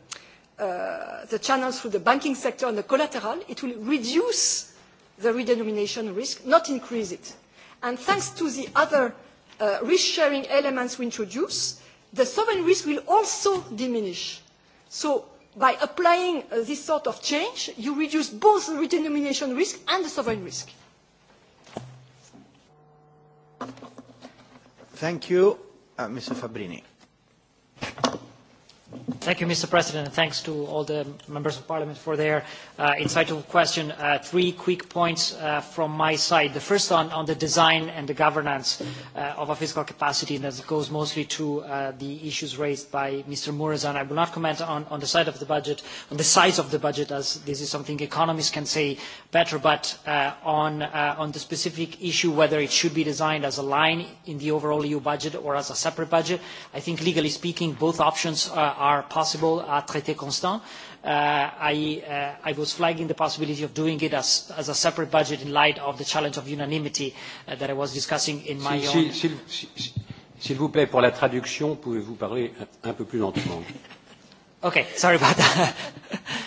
uh, the channels through the banking sector and the collateral, it will reduce the redenomination risk, not increase it. And thanks to the other uh, risk-sharing elements we introduce, the sovereign risk will also diminish. So by applying uh, this sort of change, you reduce both the redenomination risk and the sovereign risk. Thank you, uh, Mr. Fabrini. Thank you, Mr. President, and thanks to all the members of Parliament for their uh, insightful question. Uh, three quick points uh, from my side. The first on, on the design and the governance uh, of a fiscal capacity, and that goes mostly to uh, the issues raised by Mr. Murazan. I will not comment on, on the side of the budget, on the size of the budget, as this is something economists can say better, but uh, on, uh, on the specific issue whether it should be designed as a line in the overall EU budget or as a separate budget. I think legally speaking, both options uh, are are possible at traité constant. Uh, I, uh, I was flagging the possibility of doing it as, as a separate budget in light of the challenge of unanimity uh, that I was discussing in my si, own... S'il si, si, vous plaît, pour la traduction, pouvez-vous parler un, un peu plus lentement Okay, sorry about that.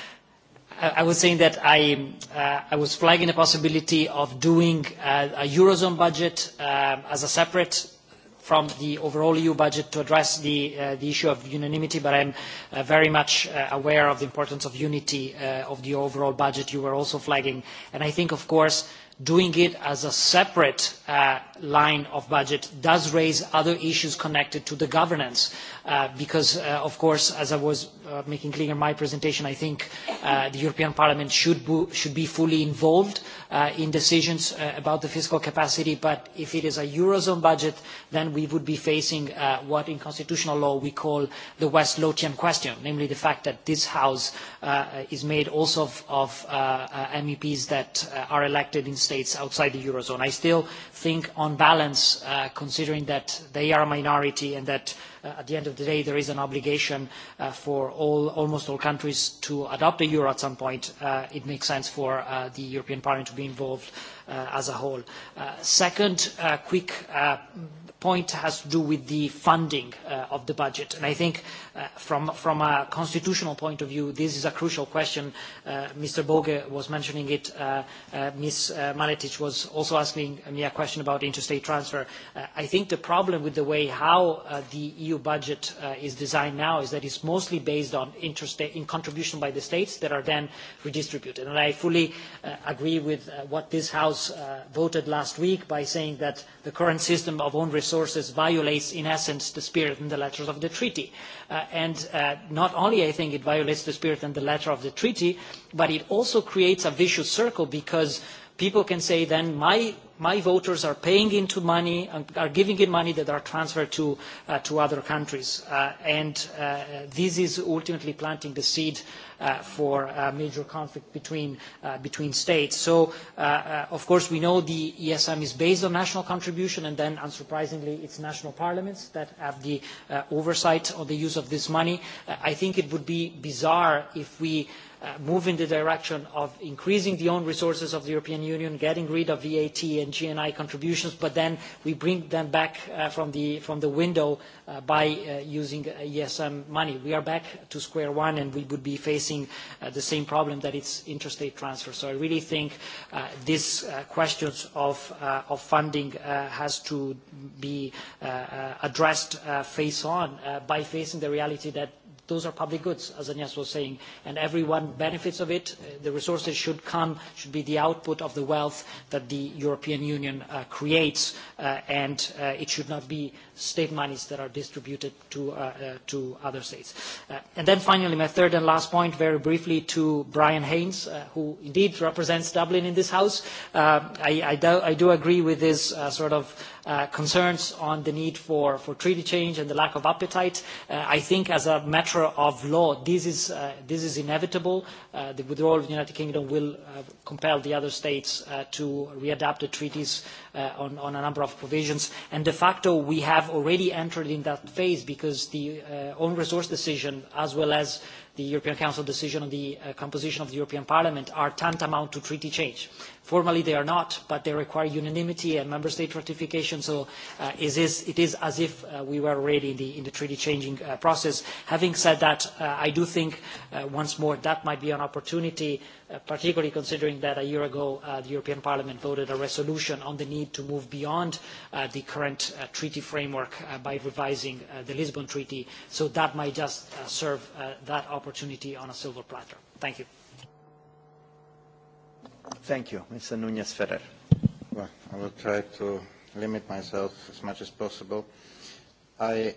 I was saying that I, uh, I was flagging the possibility of doing uh, a Eurozone budget uh, as a separate from the overall EU budget to address the, uh, the issue of unanimity, but I'm uh, very much uh, aware of the importance of unity uh, of the overall budget you were also flagging. And I think, of course, doing it as a separate uh, line of budget does raise other issues connected to the governance uh, because uh, of course as I was uh, making clear in my presentation I think uh, the European Parliament should, should be fully involved uh, in decisions uh, about the fiscal capacity, but if it is a Eurozone budget, then we would be facing uh, what in constitutional law we call the West Lothian question, namely the fact that this House uh, is made also of, of uh, uh, MEPs that uh, are elected in states outside the Eurozone. I still think on balance, uh, considering that they are a minority and that Uh, at the end of the day, there is an obligation uh, for all, almost all countries to adopt the euro at some point. Uh, it makes sense for uh, the European Parliament to be involved uh, Uh, as a whole. Uh, second uh, quick uh, point has to do with the funding uh, of the budget. And I think uh, from, from a constitutional point of view, this is a crucial question. Uh, Mr. Boge was mentioning it. Uh, uh, Ms. Uh, Maletic was also asking me a question about interstate transfer. Uh, I think the problem with the way how uh, the EU budget uh, is designed now is that it's mostly based on interstate in contribution by the states that are then redistributed. And I fully uh, agree with uh, what this House House uh, voted last week by saying that the current system of own resources violates, in essence, the spirit and the letter of the treaty. Uh, and uh, not only, I think, it violates the spirit and the letter of the treaty, but it also creates a vicious circle because people can say then my my voters are paying into money and are giving in money that are transferred to, uh, to other countries. Uh, and uh, this is ultimately planting the seed uh, for a major conflict between, uh, between states. So, uh, uh, of course, we know the ESM is based on national contribution, and then, unsurprisingly, it's national parliaments that have the uh, oversight on the use of this money. Uh, I think it would be bizarre if we uh, uh, move in the direction of increasing the own resources of the European Union, getting rid of VAT and GNI contributions, but then we bring them back uh, from, the, from the window uh, by uh, using uh, ESM money. We are back to square one and we would be facing uh, the same problem that it's interstate transfer. So I really think uh, these uh, questions of, uh, of funding uh, has to be uh, uh addressed uh, face on uh, by facing the reality that Those are public goods, as Agnes was saying, and everyone benefits of it. Uh, the resources should come, should be the output of the wealth that the European Union uh, creates, uh, and uh, it should not be state monies that are distributed to, uh, uh, to other states. Uh, and then finally, my third and last point, very briefly, to Brian Haynes, uh, who indeed represents Dublin in this House. Uh, I, I, do, I do agree with his uh, sort of uh, concerns on the need for, for treaty change and the lack of appetite. Uh, I think as a matter of law, this is, uh, this is inevitable. Uh, the withdrawal of the United Kingdom will uh, compel the other states uh, to readapt the treaties uh, on, on a number of provisions. And de facto, we have already entered in that phase because the uh, own resource decision, as well as the European Council decision on the uh, composition of the European Parliament, are tantamount to treaty change. Formally, they are not, but they require unanimity and member state ratification, so uh, it, is, it is as if uh, we were already in the, in the treaty changing uh, process. Having said that, uh, I do think, uh, once more, that might be an opportunity, uh, particularly considering that a year ago uh, the European Parliament voted a resolution on the need to move beyond uh, the current uh, treaty framework uh, by revising uh, the Lisbon Treaty, so that might just uh, serve uh, that opportunity on a silver platter. Thank you. Thank you. Mr. Nunez Ferrer. Well, I will try to limit myself as much as possible. I,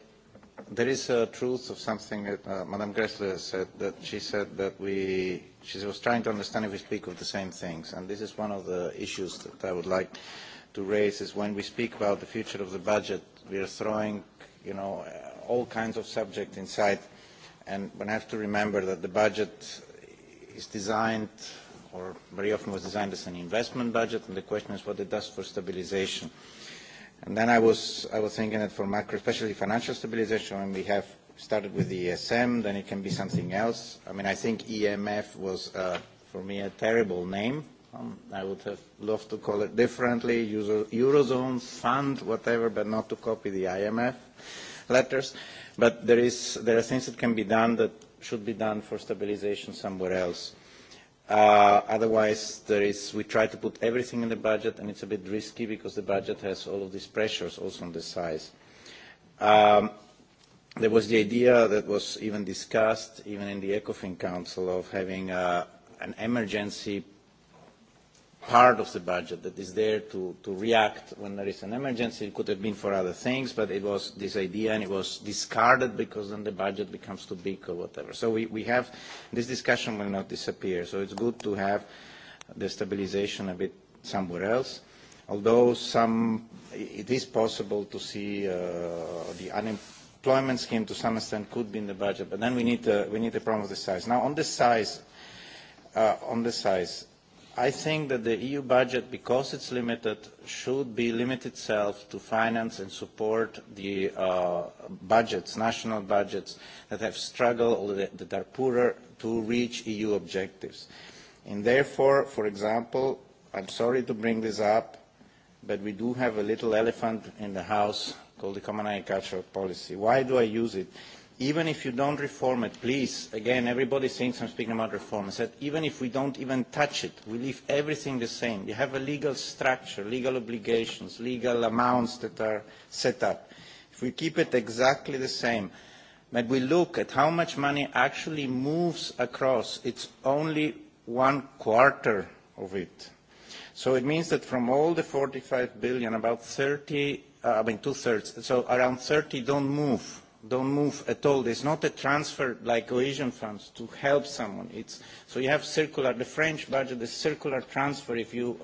there is a truth of something that uh, Madame Gressler said, that she said that we, she was trying to understand if we speak of the same things. And this is one of the issues that I would like to raise, is when we speak about the future of the budget, we are throwing, you know, uh, all kinds of subjects inside. And one have to remember that the budget is designed or very often was designed as an investment budget, and the question is what it does for stabilization. And then I was, I was thinking that for macro, especially financial stabilization, when we have started with the ESM, then it can be something else. I mean, I think EMF was, uh, for me, a terrible name. Um, I would have loved to call it differently, Euro Eurozone, Fund, whatever, but not to copy the IMF letters. But there, is, there are things that can be done that should be done for stabilization somewhere else. Uh, otherwise, there is, we try to put everything in the budget, and it's a bit risky because the budget has all of these pressures also on the size. Um, there was the idea that was even discussed, even in the ECOFIN Council, of having uh, an emergency part of the budget that is there to, to react when there is an emergency. It could have been for other things, but it was this idea and it was discarded because then the budget becomes too big or whatever. So we, we have, this discussion will not disappear. So it's good to have the stabilization a bit somewhere else. Although some, it is possible to see uh, the unemployment scheme to some extent could be in the budget, but then we need, uh, we need a problem of the size. Now on the size, uh, on the size, I think that the EU budget, because it's limited, should be limit itself to finance and support the uh, budgets, national budgets that have struggled or that, that are poorer to reach EU objectives. And therefore, for example, I'm sorry to bring this up, but we do have a little elephant in the house called the Common Agricultural Policy. Why do I use it? even if you don't reform it, please, again, everybody thinks I'm speaking about reform. I said, even if we don't even touch it, we leave everything the same. You have a legal structure, legal obligations, legal amounts that are set up. If we keep it exactly the same, but we look at how much money actually moves across, it's only one quarter of it. So it means that from all the 45 billion, about 30, uh, I mean two-thirds, so around 30 don't move don't move at all. There's not a transfer like cohesion funds to help someone. It's, so you have circular, the French budget is circular transfer if you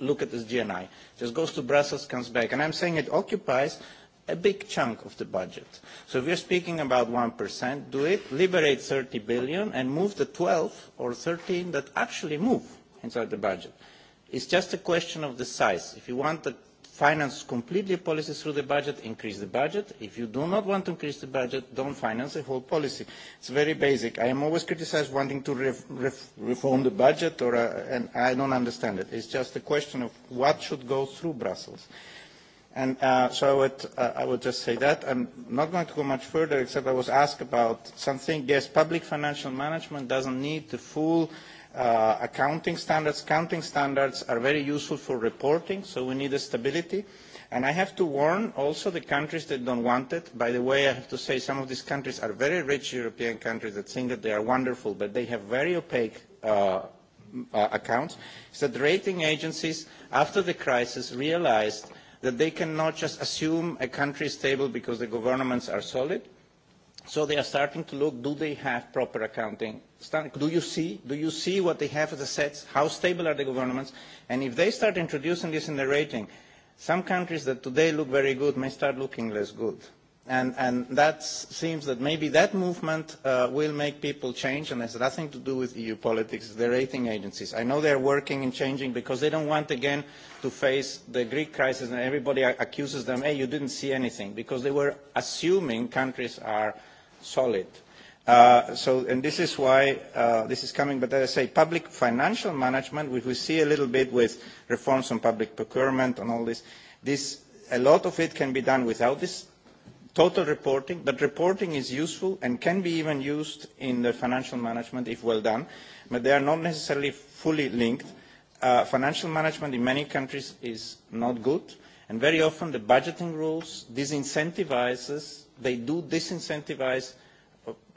look at this GNI. Just goes to Brussels, comes back. And I'm saying it occupies a big chunk of the budget. So if you're speaking about 1%, do it, liberate 30 billion and move the 12 or 13 that actually move inside the budget. It's just a question of the size. If you want a finance completely policies through the budget, increase the budget. If you do not want to increase the budget, don't finance the whole policy. It's very basic. I am always criticized wanting to ref, ref, reform the budget, or, uh, and I don't understand it. It's just a question of what should go through Brussels. And uh, so I would, uh, I would just say that. I'm not going to go much further, except I was asked about something. Yes, public financial management doesn't need the full uh, accounting standards. Accounting standards are very useful for reporting, so we need a stability. And I have to warn also the countries that don't want it. By the way, I have to say some of these countries are very rich European countries that think that they are wonderful, but they have very opaque uh, uh, accounts. Is that rating agencies, after the crisis, realized that they cannot just assume a country is stable because the governments are solid So they are starting to look, do they have proper accounting? Do you see, do you see what they have as assets? How stable are the governments? And if they start introducing this in the rating, some countries that today look very good may start looking less good. And, and that seems that maybe that movement uh, will make people change and has nothing to do with EU politics, the rating agencies. I know they're working in changing because they don't want again to face the Greek crisis and everybody accuses them, hey, you didn't see anything, because they were assuming countries are – solid. Uh, so, and this is why uh, this is coming, but as I say, public financial management, which we see a little bit with reforms on public procurement and all this, this, a lot of it can be done without this total reporting, but reporting is useful and can be even used in the financial management if well done, but they are not necessarily fully linked. Uh, financial management in many countries is not good, and very often the budgeting rules disincentivizes they do disincentivize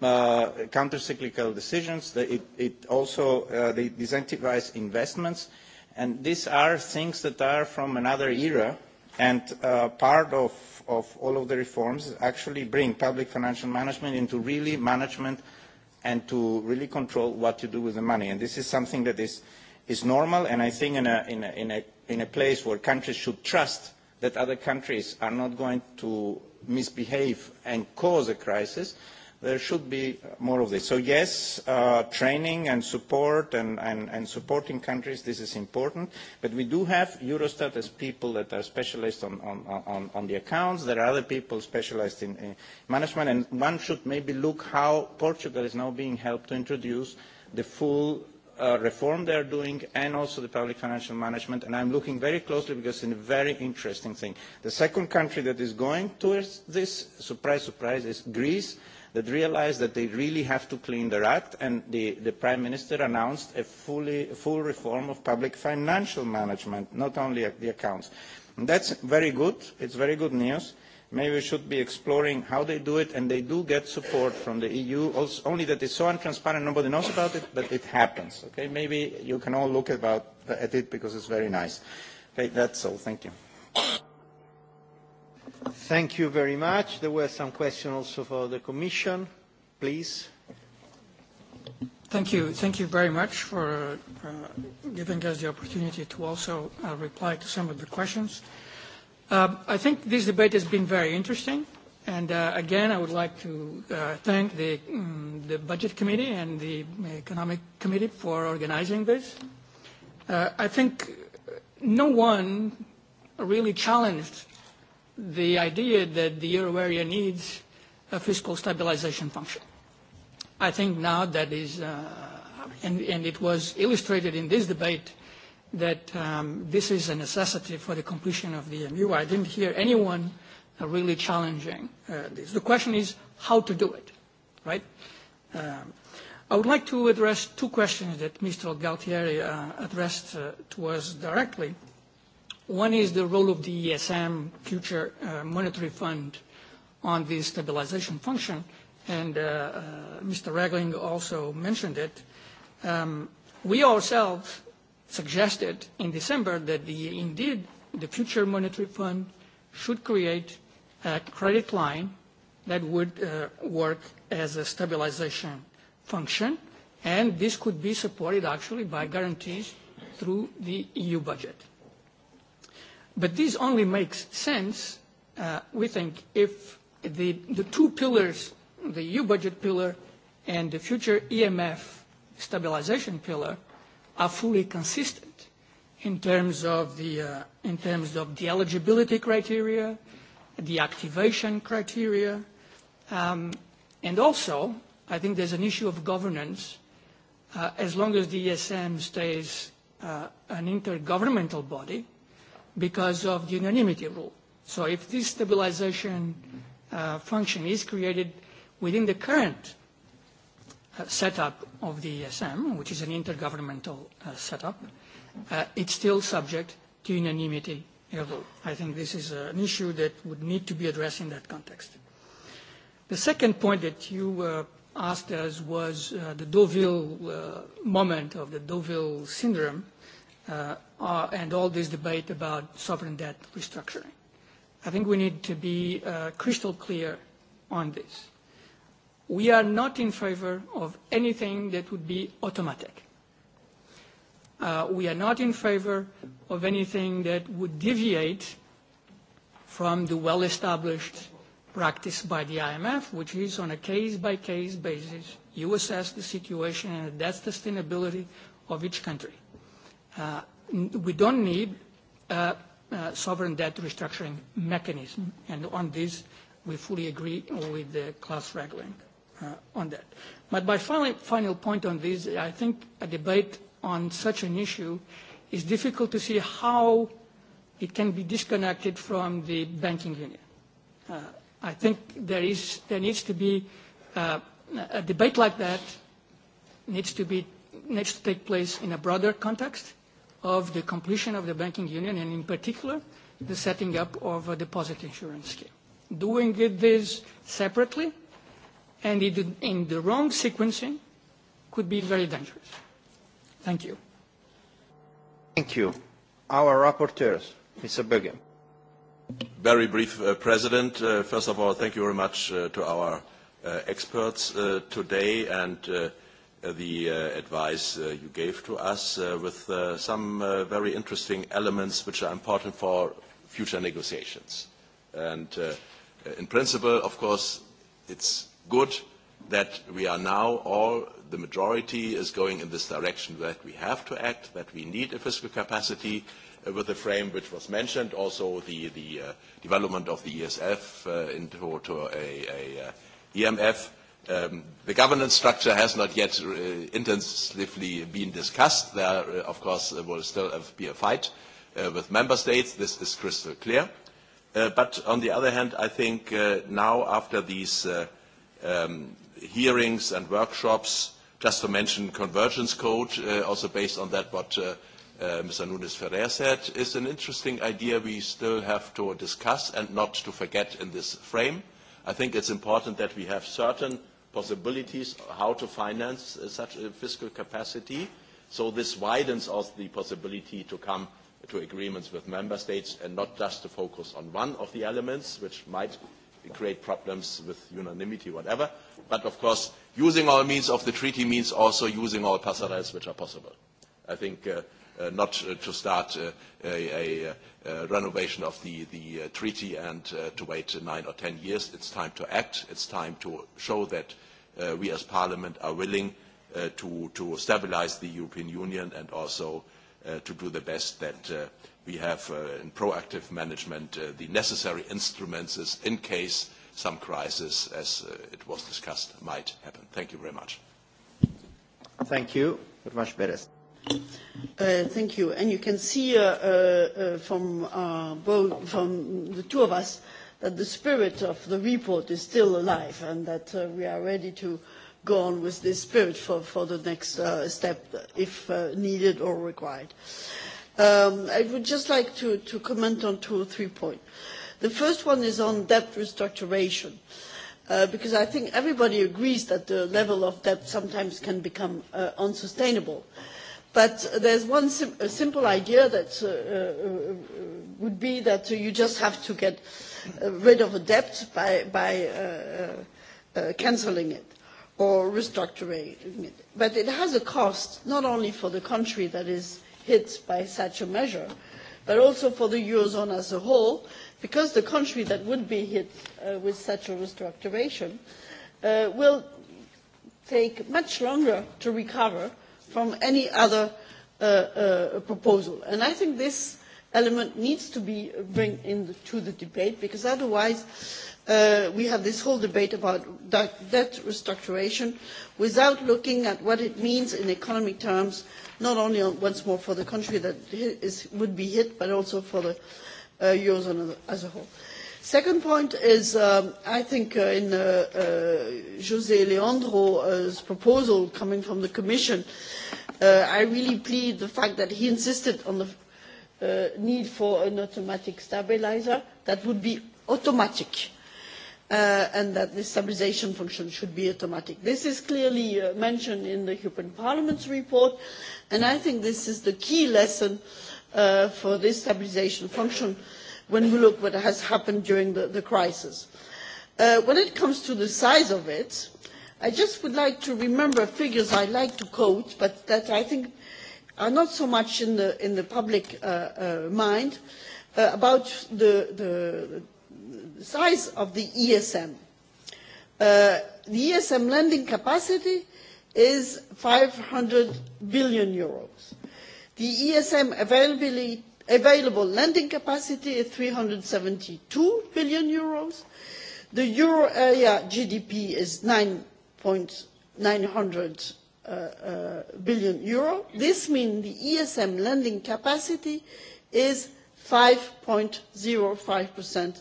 uh, counter-cyclical decisions. They, it, it also uh, they disincentivize investments. And these are things that are from another era and uh, part of, of all of the reforms actually bring public financial management into really management and to really control what you do with the money. And this is something that is, is normal, and I think in a, in, a, in, a, in a place where countries should trust that other countries are not going to misbehave and cause a crisis, there should be more of this. So yes, uh, training and support and, and, and supporting countries, this is important. But we do have Eurostat as people that are specialized on, on, on, on the accounts. There are other people specialized in in management. And one should maybe look how Portugal is now being helped to introduce the full uh, reform they are doing and also the public financial management. And I'm looking very closely because it's a very interesting thing. The second country that is going towards this, surprise, surprise, is Greece that realized that they really have to clean their act and the, the Prime Minister announced a fully, full reform of public financial management, not only the accounts. And that's very good. It's very good news. Maybe we should be exploring how they do it, and they do get support from the EU, also, only that it's so untransparent, nobody knows about it, but it happens. Okay? Maybe you can all look about, at it because it's very nice. Okay, that's all. Thank you. Thank you very much. There were some questions also for the Commission. Please. Thank you. Thank you very much for uh, giving us the opportunity to also uh, reply to some of the questions. Uh, I think this debate has been very interesting. And uh, again, I would like to uh, thank the, um, the Budget Committee and the Economic Committee for organizing this. Uh, I think no one really challenged the idea that the euro area needs a fiscal stabilization function. I think now that is, uh, and, and it was illustrated in this debate that um, this is a necessity for the completion of the EMU. I didn't hear anyone uh, really challenging uh, this. The question is how to do it, right? Um, I would like to address two questions that Mr. Galtieri uh, addressed uh, to us directly. One is the role of the ESM future uh, monetary fund on the stabilization function, and uh, uh, Mr. Regling also mentioned it. Um, we ourselves suggested in December that the, indeed the future monetary fund should create a credit line that would uh, work as a stabilization function, and this could be supported actually by guarantees through the EU budget. But this only makes sense, uh, we think, if the, the two pillars, the EU budget pillar and the future EMF stabilization pillar, are fully consistent in terms of the, uh, in terms of the eligibility criteria, the activation criteria, um, and also I think there's an issue of governance. Uh, as long as the ESM stays uh, an intergovernmental body, because of the unanimity rule. So if this stabilization uh, function is created within the current uh, setup of the ESM, which is an intergovernmental uh, setup, uh, it's still subject to unanimity I think this is uh, an issue that would need to be addressed in that context. The second point that you uh, asked us was uh, the Deauville uh, moment of the Deauville syndrome uh, uh, and all this debate about sovereign debt restructuring. I think we need to be uh, crystal clear on this. We are not in favor of anything that would be automatic. Uh, we are not in favor of anything that would deviate from the well-established practice by the IMF, which is on a case-by-case -case basis. You assess the situation and the debt sustainability of each country. Uh, we don't need a, uh, a uh, sovereign debt restructuring mechanism, and on this we fully agree with the class regulator uh, on that. But my final, final point on this, I think a debate on such an issue is difficult to see how it can be disconnected from the banking union. Uh, I think there, is, there needs to be uh, a debate like that needs to, be, needs to take place in a broader context of the completion of the banking union and in particular the setting up of a deposit insurance scheme. Doing this separately and it, in the wrong sequencing could be very dangerous. Thank you. Thank you. Our rapporteurs, Mr. Bergen. Very brief, uh, President. Uh, first of all, thank you very much uh, to our uh, experts uh, today and uh, the uh, advice uh, you gave to us uh, with uh, some uh, very interesting elements which are important for future negotiations. And uh, in principle, of course, it's good that we are now all, the majority is going in this direction that we have to act, that we need a fiscal capacity uh, with the frame which was mentioned, also the, the uh, development of the ESF uh, into to a, a uh, EMF. Um, the governance structure has not yet uh, intensively been discussed. There, uh, of course, uh, will still be a fight uh, with member states. This is crystal clear. Uh, but on the other hand, I think uh, now after these uh, um, hearings and workshops, just to mention Convergence Code, uh, also based on that what uh, uh, Mr. Nunes Ferrer said, is an interesting idea we still have to discuss and not to forget in this frame. I think it's important that we have certain possibilities how to finance uh, such a fiscal capacity, so this widens also the possibility to come to agreements with member states and not just to focus on one of the elements, which might create problems with unanimity, whatever. But of course, using all means of the treaty means also using all passerelles which are possible. I think uh, uh, not uh, to start uh, a, a, a uh, uh, renovation of the, the uh, treaty and uh, to wait nine or ten years. It's time to act. It's time to show that uh, we as Parliament are willing uh, to, to stabilize the European Union and also uh, to do the best that uh, we have uh, in proactive management uh, the necessary instruments in case some crisis, as uh, it was discussed, might happen. Thank you very much. Thank you. Uh, thank you. And you can see uh, uh, uh, from, uh, both, from the two of us that the spirit of the report is still alive and that uh, we are ready to uh, go on with this spirit for, for the next uh, step if uh, needed or required. Um, I would just like to, to comment on two or three points. The first one is on debt restructuration, uh, because I think everybody agrees that the level of debt sometimes can become uh, unsustainable. But there's one sim a simple idea that uh, uh, would be that you just have to get uh, rid of a debt by, by uh, uh, uh cancelling it or restructuring. But it has a cost not only for the country that is hit by such a measure, but also for the Eurozone as a whole, because the country that would be hit uh, with such a restructuration uh, will take much longer to recover from any other uh, uh, proposal. And I think this element needs to be bring into the debate because otherwise uh, we have this whole debate about debt restructuration without looking at what it means in economic terms, not only once more for the country that is, would be hit, but also for the uh, Eurozone as a whole. Second point is, um, I think uh, in uh, uh, José Leandro's proposal coming from the Commission, uh, I really plead the fact that he insisted on the uh, need for an automatic stabilizer that would be automatic uh, and that the stabilization function should be automatic. This is clearly uh, mentioned in the European Parliament's report, and I think this is the key lesson uh, for this stabilization function when we look what has happened during the, the crisis. Uh, when it comes to the size of it, I just would like to remember figures I like to quote, but that I think are not so much in the, in the public uh, uh, mind uh, about the, the size of the ESM. Uh, the ESM lending capacity is 500 billion euros. The ESM availability available lending capacity is 372 billion euros. The euro area GDP is 9,900 uh, uh, billion euro. This means the ESM lending capacity is 5.05%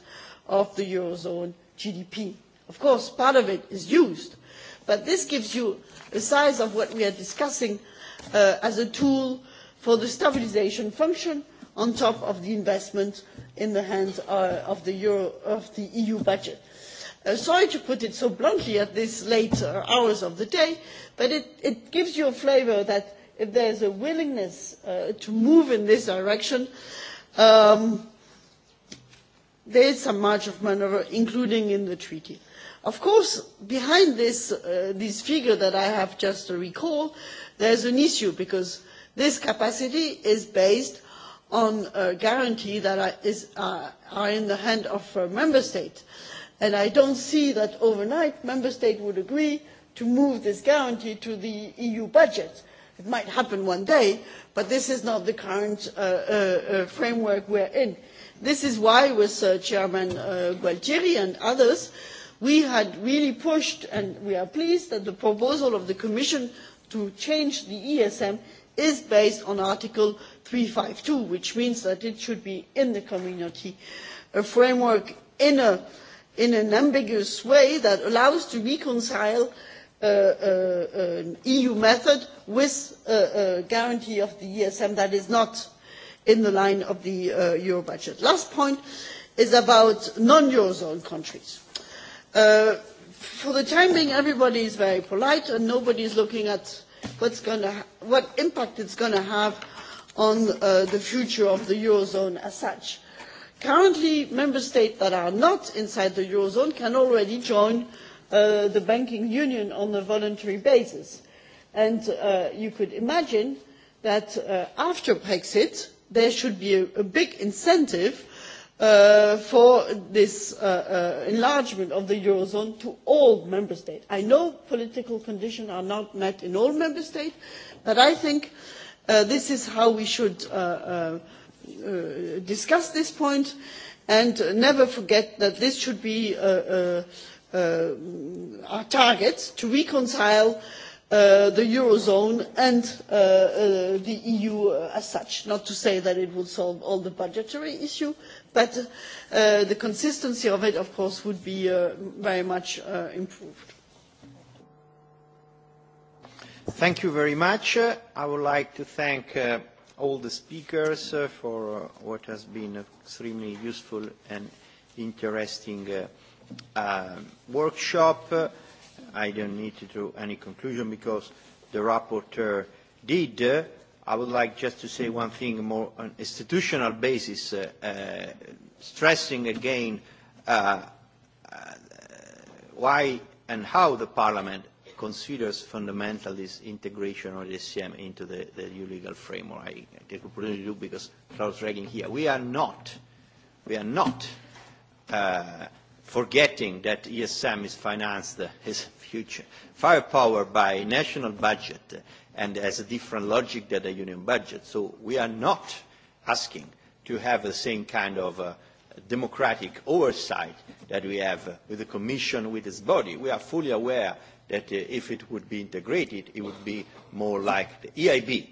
of the Eurozone GDP. Of course, part of it is used, but this gives you the size of what we are discussing uh, as a tool for the stabilization function on top of the investment in the hands uh, of, the Euro, of the EU budget. Uh, sorry to put it so bluntly at this late uh, hours of the day, but it, it gives you a flavor that if there's a willingness uh, to move in this direction, um, there is some margin of maneuver, including in the treaty. Of course, behind this, uh, this figure that I have just recalled, there's an issue because this capacity is based on a guarantee that are, is, uh, are in the hand of a uh, member state. And I don't see that overnight member state would agree to move this guarantee to the EU budget. It might happen one day, but this is not the current uh, uh, uh framework we're in. This is why with uh, Chairman uh, Gualtieri and others, we had really pushed, and we are pleased that the proposal of the Commission to change the ESM is based on Article 352, which means that it should be in the community a framework in, a, in an ambiguous way that allows to reconcile uh, uh, an EU method with a, a guarantee of the ESM that is not in the line of the uh, euro budget. Last point is about non-eurozone countries. Uh, for the time being, everybody is very polite and nobody is looking at what's gonna, what impact it's going to have on uh, the future of the eurozone as such. Currently, member states that are not inside the eurozone can already join uh, the banking union on a voluntary basis. And uh, you could imagine that uh, after Brexit, there should be a, a big incentive uh, for this uh, uh, enlargement of the Eurozone to all member states. I know political conditions are not met in all member states, but I think uh, this is how we should uh, uh, uh, discuss this point and never forget that this should be uh, uh, uh, our target to reconcile uh, uh, the Eurozone and uh, uh, the EU as such. Not to say that it would solve all the budgetary issue, but uh, the consistency of it, of course, would be uh, very much uh, improved. Thank you very much. Uh, I would like to thank uh, all the speakers uh, for uh, what has been an extremely useful and interesting uh, uh, workshop. I don't need to draw any conclusion because the rapporteur did. Uh, I would like just to say one thing more on institutional basis, uh, uh, stressing again uh, uh, why and how the Parliament considers fundamental this integration of the SCM into the, the new legal framework. I take opportunity to do because Klaus Regan here. We are not, we are not uh, forgetting that ESM is financed, uh, his future firepower by national budget uh, and has a different logic than the union budget. So we are not asking to have the same kind of uh, democratic oversight that we have uh, with the Commission, with its body. We are fully aware that uh, if it would be integrated, it would be more like the EIB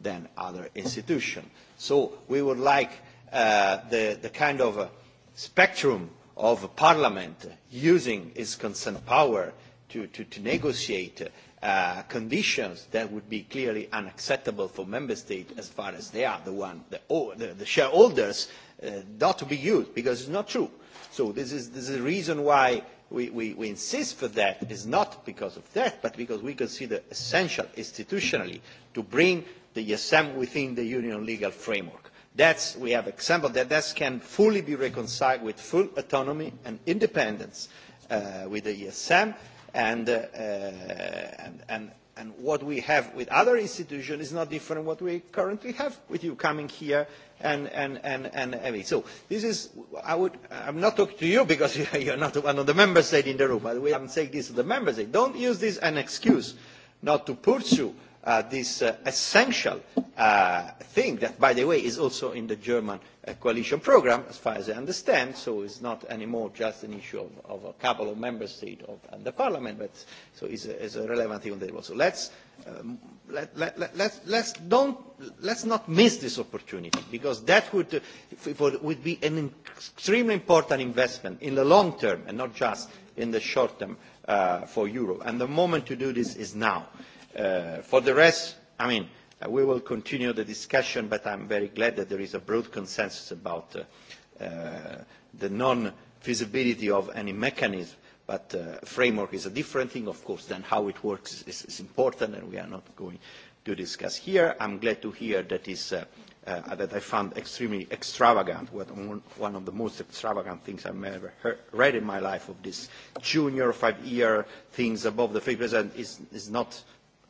than other institutions. So we would like uh, the, the kind of uh, spectrum of Parliament using its consent power to, to, to negotiate uh, conditions that would be clearly unacceptable for Member States as far as they are the one, the, the, the shareholders, uh, not to be used because it's not true. So this is, this is the reason why we, we, we insist for that is not because of that, but because we consider essential institutionally to bring the ESM within the Union legal framework. That's, we have example that that can fully be reconciled with full autonomy and independence uh, with the ESM and, uh, uh, and, and, and what we have with other institutions is not different from what we currently have with you coming here and, and, and, and I mean, so this is, I would, I'm not talking to you because you're not one of the member states in the room, but we, I'm saying this to the members, don't use this as an excuse not to pursue Uh, this uh, essential uh, thing that, by the way, is also in the German uh, coalition program, as far as I understand, so it's not anymore just an issue of, of a couple of member states and the parliament, but so it's a, it's a relevant thing on the table. So let's, um, let, let, let, let's, let's, don't, let's not miss this opportunity, because that would, uh, would be an extremely important investment in the long term and not just in the short term uh, for Europe. And the moment to do this is now. Uh, for the rest, I mean, uh, we will continue the discussion, but I'm very glad that there is a broad consensus about uh, uh, the non-feasibility of any mechanism but uh, framework is a different thing, of course, than how it works is, is important, and we are not going to discuss here. I'm glad to hear that, is, uh, uh, that I found extremely extravagant, one of the most extravagant things I've ever heard, read in my life of this junior five-year things above the 3% is, is not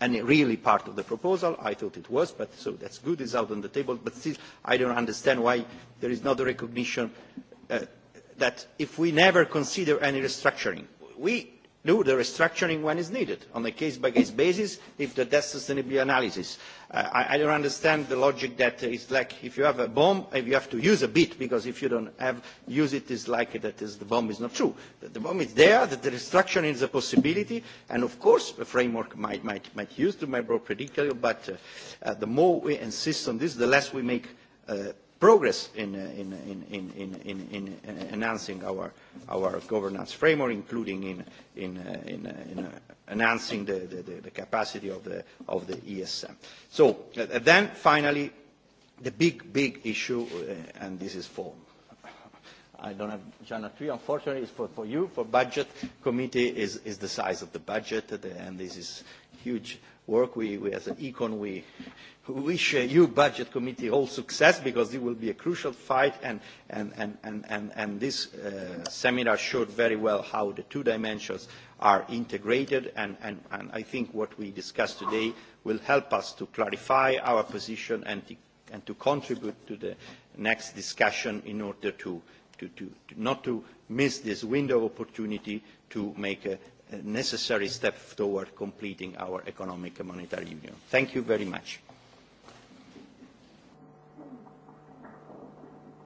and really part of the proposal. I thought it was, but so that's good, it's out on the table. But still, I don't understand why there is not a recognition uh, that if we never consider any restructuring, we do the restructuring when is needed on a case-by-case basis if the death sustainability analysis. Uh, I, I don't understand the logic that it's like if you have a bomb, if you have to use a bit because if you don't have, use it is like that is the bomb is not true. That the bomb is there, that the restructuring is a possibility, and of course the framework might, might, might use the be more predictable, but uh, uh, the more we insist on this, the less we make uh, progress uh, uh, in, in, in, in, in, in, uh, in enhancing our, our governance framework, including in, in, uh, in, uh, in uh, enhancing the, the, the capacity of the, of the ESM. So uh, then finally, the big, big issue, uh, and this is for I don't have Jana Tree, unfortunately, it's for, for you, for budget committee is, is the size of the budget, the and this is huge work. We, we as an econ, we, wish uh, you budget committee all success because it will be a crucial fight and, and, and, and, and, and this uh, seminar showed very well how the two dimensions are integrated and, and, and I think what we discussed today will help us to clarify our position and, to, and to contribute to the next discussion in order to, to, to, to not to miss this window of opportunity to make a, necessary step toward completing our economic and monetary union. Thank you very much.